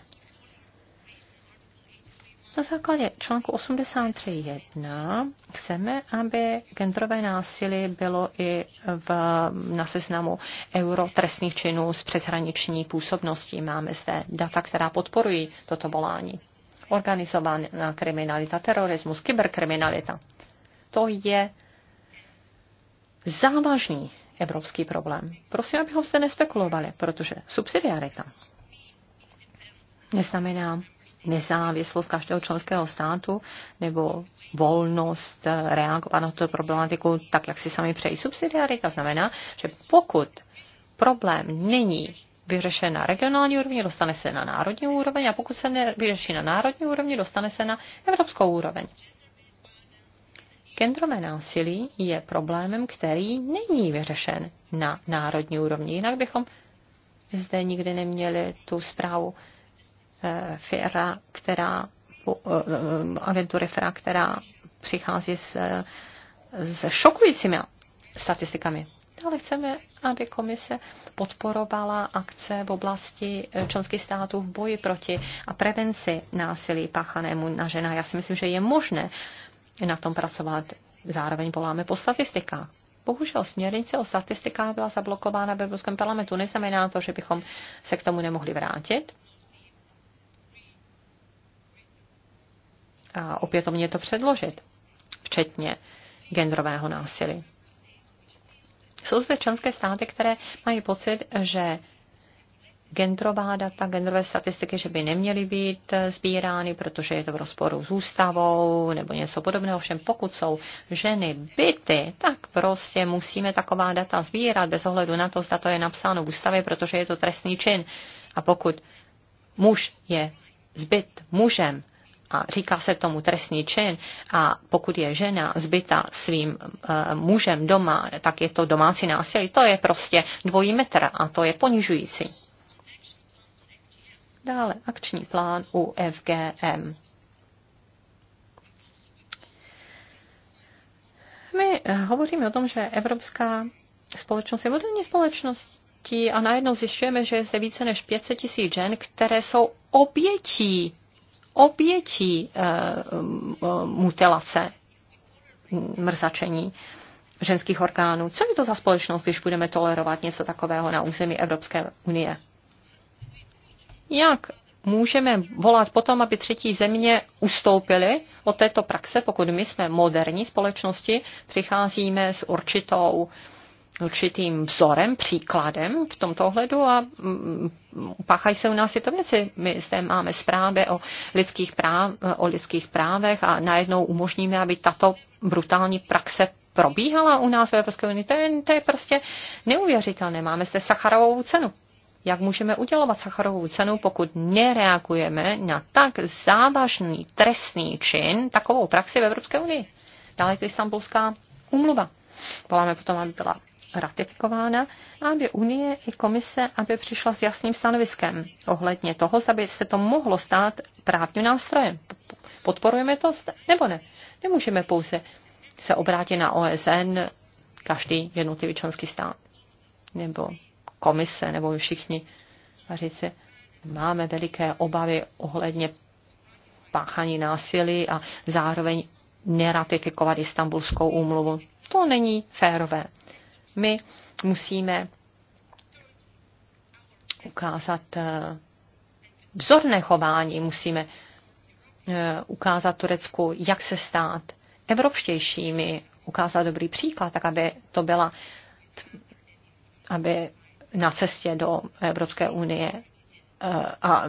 S2: Na základě článku 83.1 chceme, aby genderové násilí bylo i v, na seznamu euro trestných činů s přeshraniční působností. Máme zde data, která podporují toto volání organizovaná kriminalita, terorismus, kyberkriminalita. To je závažný evropský problém. Prosím, abychom se nespekulovali, protože subsidiarita neznamená nezávislost každého členského státu nebo volnost reagovat na tuto problematiku tak, jak si sami přejí. Subsidiarita znamená, že pokud problém není vyřešen na regionální úrovni, dostane se na národní úroveň a pokud se nevyřeší na národní úrovni, dostane se na evropskou úroveň. Kendrové násilí je problémem, který není vyřešen na národní úrovni. Jinak bychom zde nikdy neměli tu zprávu eh, FIRA, která, po, eh, eh agentury FIRA, která přichází s, eh, s šokujícími statistikami ale chceme, aby komise podporovala akce v oblasti eh, členských států v boji proti a prevenci násilí páchanému na ženách. Já si myslím, že je možné na tom pracovat. Zároveň voláme po statistikách. Bohužel směrnice o statistikách byla zablokována ve Evropském parlamentu. Neznamená to, že bychom se k tomu nemohli vrátit. A opětovně to předložit, včetně genderového násilí. Jsou zde členské státy, které mají pocit, že genderová data, genderové statistiky, že by neměly být sbírány, protože je to v rozporu s ústavou nebo něco podobného. Ovšem pokud jsou ženy byty, tak prostě musíme taková data sbírat bez ohledu na to, zda to je napsáno v ústavě, protože je to trestný čin. A pokud muž je zbyt mužem, a říká se tomu trestný čin a pokud je žena zbyta svým uh, mužem doma, tak je to domácí násilí. To je prostě dvojí metr a to je ponižující. Dále akční plán u FGM. My eh, hovoříme o tom, že evropská společnost je moderní společností a najednou zjišťujeme, že je zde více než 500 tisíc žen, které jsou obětí obětí eh, eh, mutilace, mrzačení ženských orgánů. Co je to za společnost, když budeme tolerovat něco takového na území Evropské unie? Jak můžeme volat potom, aby třetí země ustoupily od této praxe, pokud my jsme moderní společnosti, přicházíme s určitou uh, určitým vzorem, příkladem v tomto ohledu a mm, páchají se u nás tyto věci. My zde máme zprávy o lidských, práv, o lidských právech a najednou umožníme, aby tato brutální praxe probíhala u nás v Evropské unii. To je, to je prostě neuvěřitelné. Máme zde Sacharovou cenu. Jak můžeme udělovat Sacharovou cenu, pokud nereagujeme na tak závažný trestný čin, takovou praxi v Evropské unii? Dále je to Istanbulská umluva. Voláme potom, aby byla ratifikována, aby Unie i komise, aby přišla s jasným stanoviskem ohledně toho, aby se to mohlo stát právním nástrojem. Podporujeme to nebo ne? Nemůžeme pouze se obrátit na OSN každý jednotlivý členský stát nebo komise nebo všichni a říci, máme veliké obavy ohledně páchaní násilí a zároveň neratifikovat istambulskou úmluvu. To není férové. My musíme ukázat eh, vzorné chování, musíme eh, ukázat Turecku, jak se stát evropštějšími, ukázat dobrý příklad, tak aby to byla aby na cestě do Evropské unie eh, a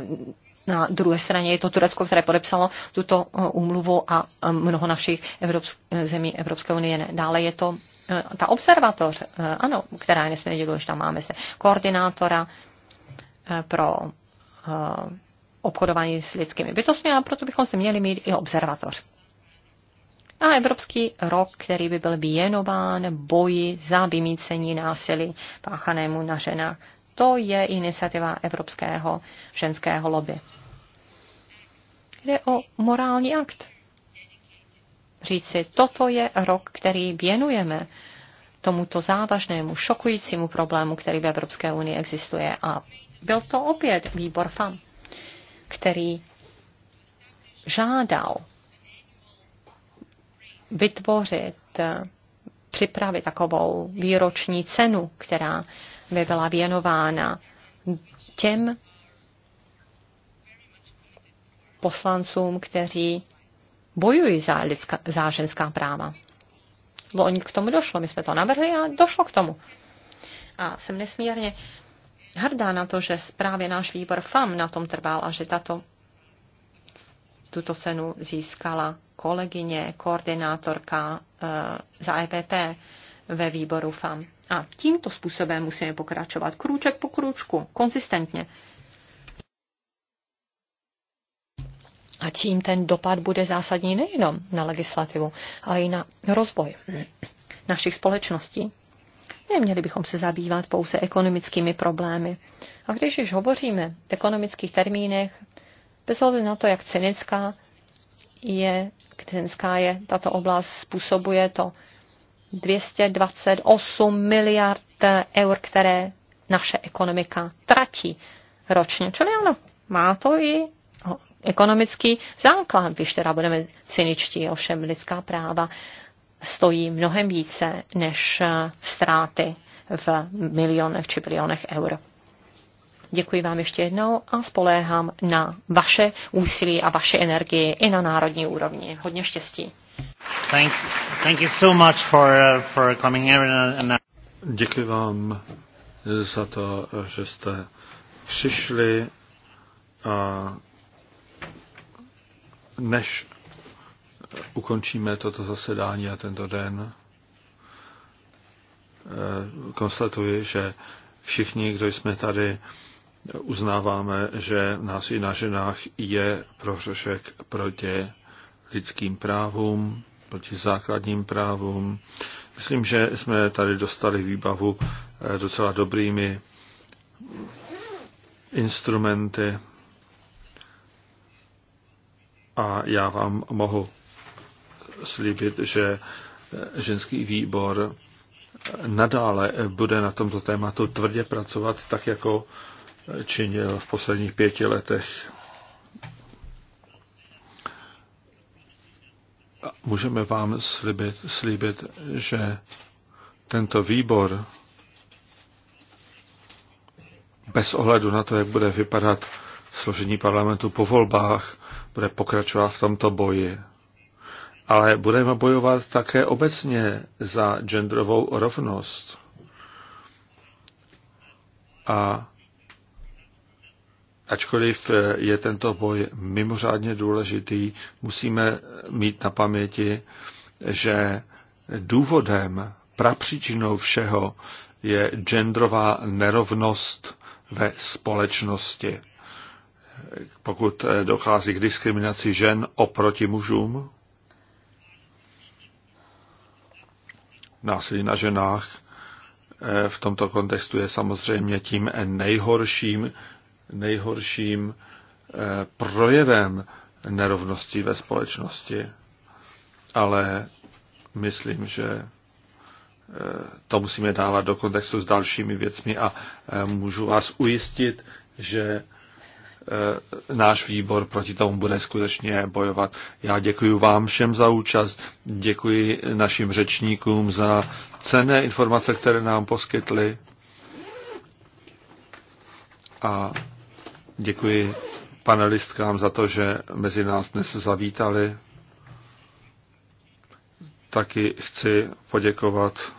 S2: na druhé straně je to Turecko, které podepsalo tuto úmluvu a mnoho našich Evropsk- zemí Evropské unie ne. Dále je to Eh, ta observatoř, eh, ano, která je nesmírně důležitá, máme se koordinátora eh, pro obchodování s lidskými bytostmi a proto bychom se měli mít i observatoř. A Evropský rok, který by byl věnován boji za vymícení násilí páchanému na ženách. To je iniciativa Evropského ženského lobby. Jde o morální akt říci, toto je rok, který věnujeme tomuto závažnému, šokujícímu problému, který v Evropské unii existuje. A byl to opět výbor FAM, který žádal vytvořit, připravit takovou výroční cenu, která by byla věnována těm poslancům, kteří bojují za, lidská, za ženská práva. Loni k tomu došlo, my jsme to navrhli a došlo k tomu. A jsem nesmírně hrdá na to, že právě náš výbor FAM na tom trval a že tato, tuto cenu získala kolegyně, koordinátorka eh, e, za EPP ve výboru FAM. A tímto způsobem musíme pokračovat krůček po krůčku, konzistentně. A tím ten dopad bude zásadní nejenom na legislativu, ale i na rozvoj našich společností. Neměli bychom se zabývat pouze ekonomickými problémy. A když už hovoříme v ekonomických termínech, bez ohledu na to, jak cynická je, cynická je tato oblast, způsobuje to 228 miliard eur, které naše ekonomika tratí ročně. Čili ano, má to i ekonomický základ, když teda budeme cyničtí, ovšem lidská práva stojí mnohem více než eh, ztráty v milionech či bilionech eur. Děkuji vám ještě jednou a spoléhám na vaše úsilí a vaše energii i na národní úrovni. Hodně štěstí.
S1: Děkuji vám za
S3: to, že jste přišli a než ukončíme toto zasedání a tento den, eh, konstatuji, že všichni, kdo jsme tady, uznáváme, že nás i na ženách je prohřešek proti lidským právům, proti základním právům. Myslím, že jsme tady dostali výbavu eh, docela dobrými instrumenty a já vám mohu slíbit, že eh, ženský výbor eh, nadále eh, bude na tomto tématu tvrdě pracovat, tak jako činil v posledních pěti letech. Můžeme vám slíbit, slíbit že tento výbor bez ohledu na to, jak bude vypadat složení parlamentu po volbách, bude pokračovat v tomto boji. Ale budeme bojovat také obecně za genderovou rovnost. A ačkoliv je tento boj mimořádně důležitý, musíme mít na paměti, že důvodem, prapříčinou všeho je genderová nerovnost ve společnosti pokud eh, dochází k diskriminaci žen oproti mužům, násilí na ženách eh, v tomto kontextu je samozřejmě tím nejhorším, nejhorším eh, projevem nerovností ve společnosti. Ale myslím, že to musíme dávat do kontextu s dalšími věcmi a můžu vás ujistit, že Eh, náš výbor proti tomu bude skutečně bojovat. Já děkuji vám všem za účast, děkuji našim řečníkům za cené informace, které nám poskytli a děkuji panelistkám za to, že mezi nás dnes zavítali. Taky chci poděkovat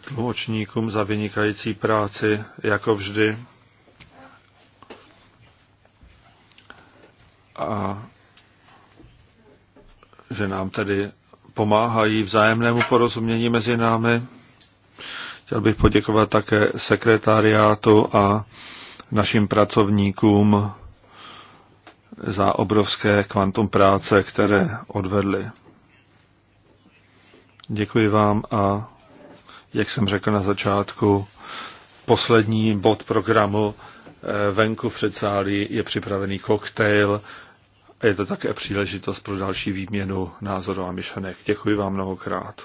S3: tlumočníkům za vynikající práci, jako vždy. a že nám tedy pomáhají vzájemnému porozumění mezi námi. Chtěl bych poděkovat také sekretariátu a našim pracovníkům za obrovské kvantum práce, které odvedli. Děkuji vám a, jak jsem řekl na začátku, poslední bod programu eh, venku v předsálí je připravený koktejl a je to také příležitost pro další výměnu názorů a myšlenek. Děkuji vám mnohokrát.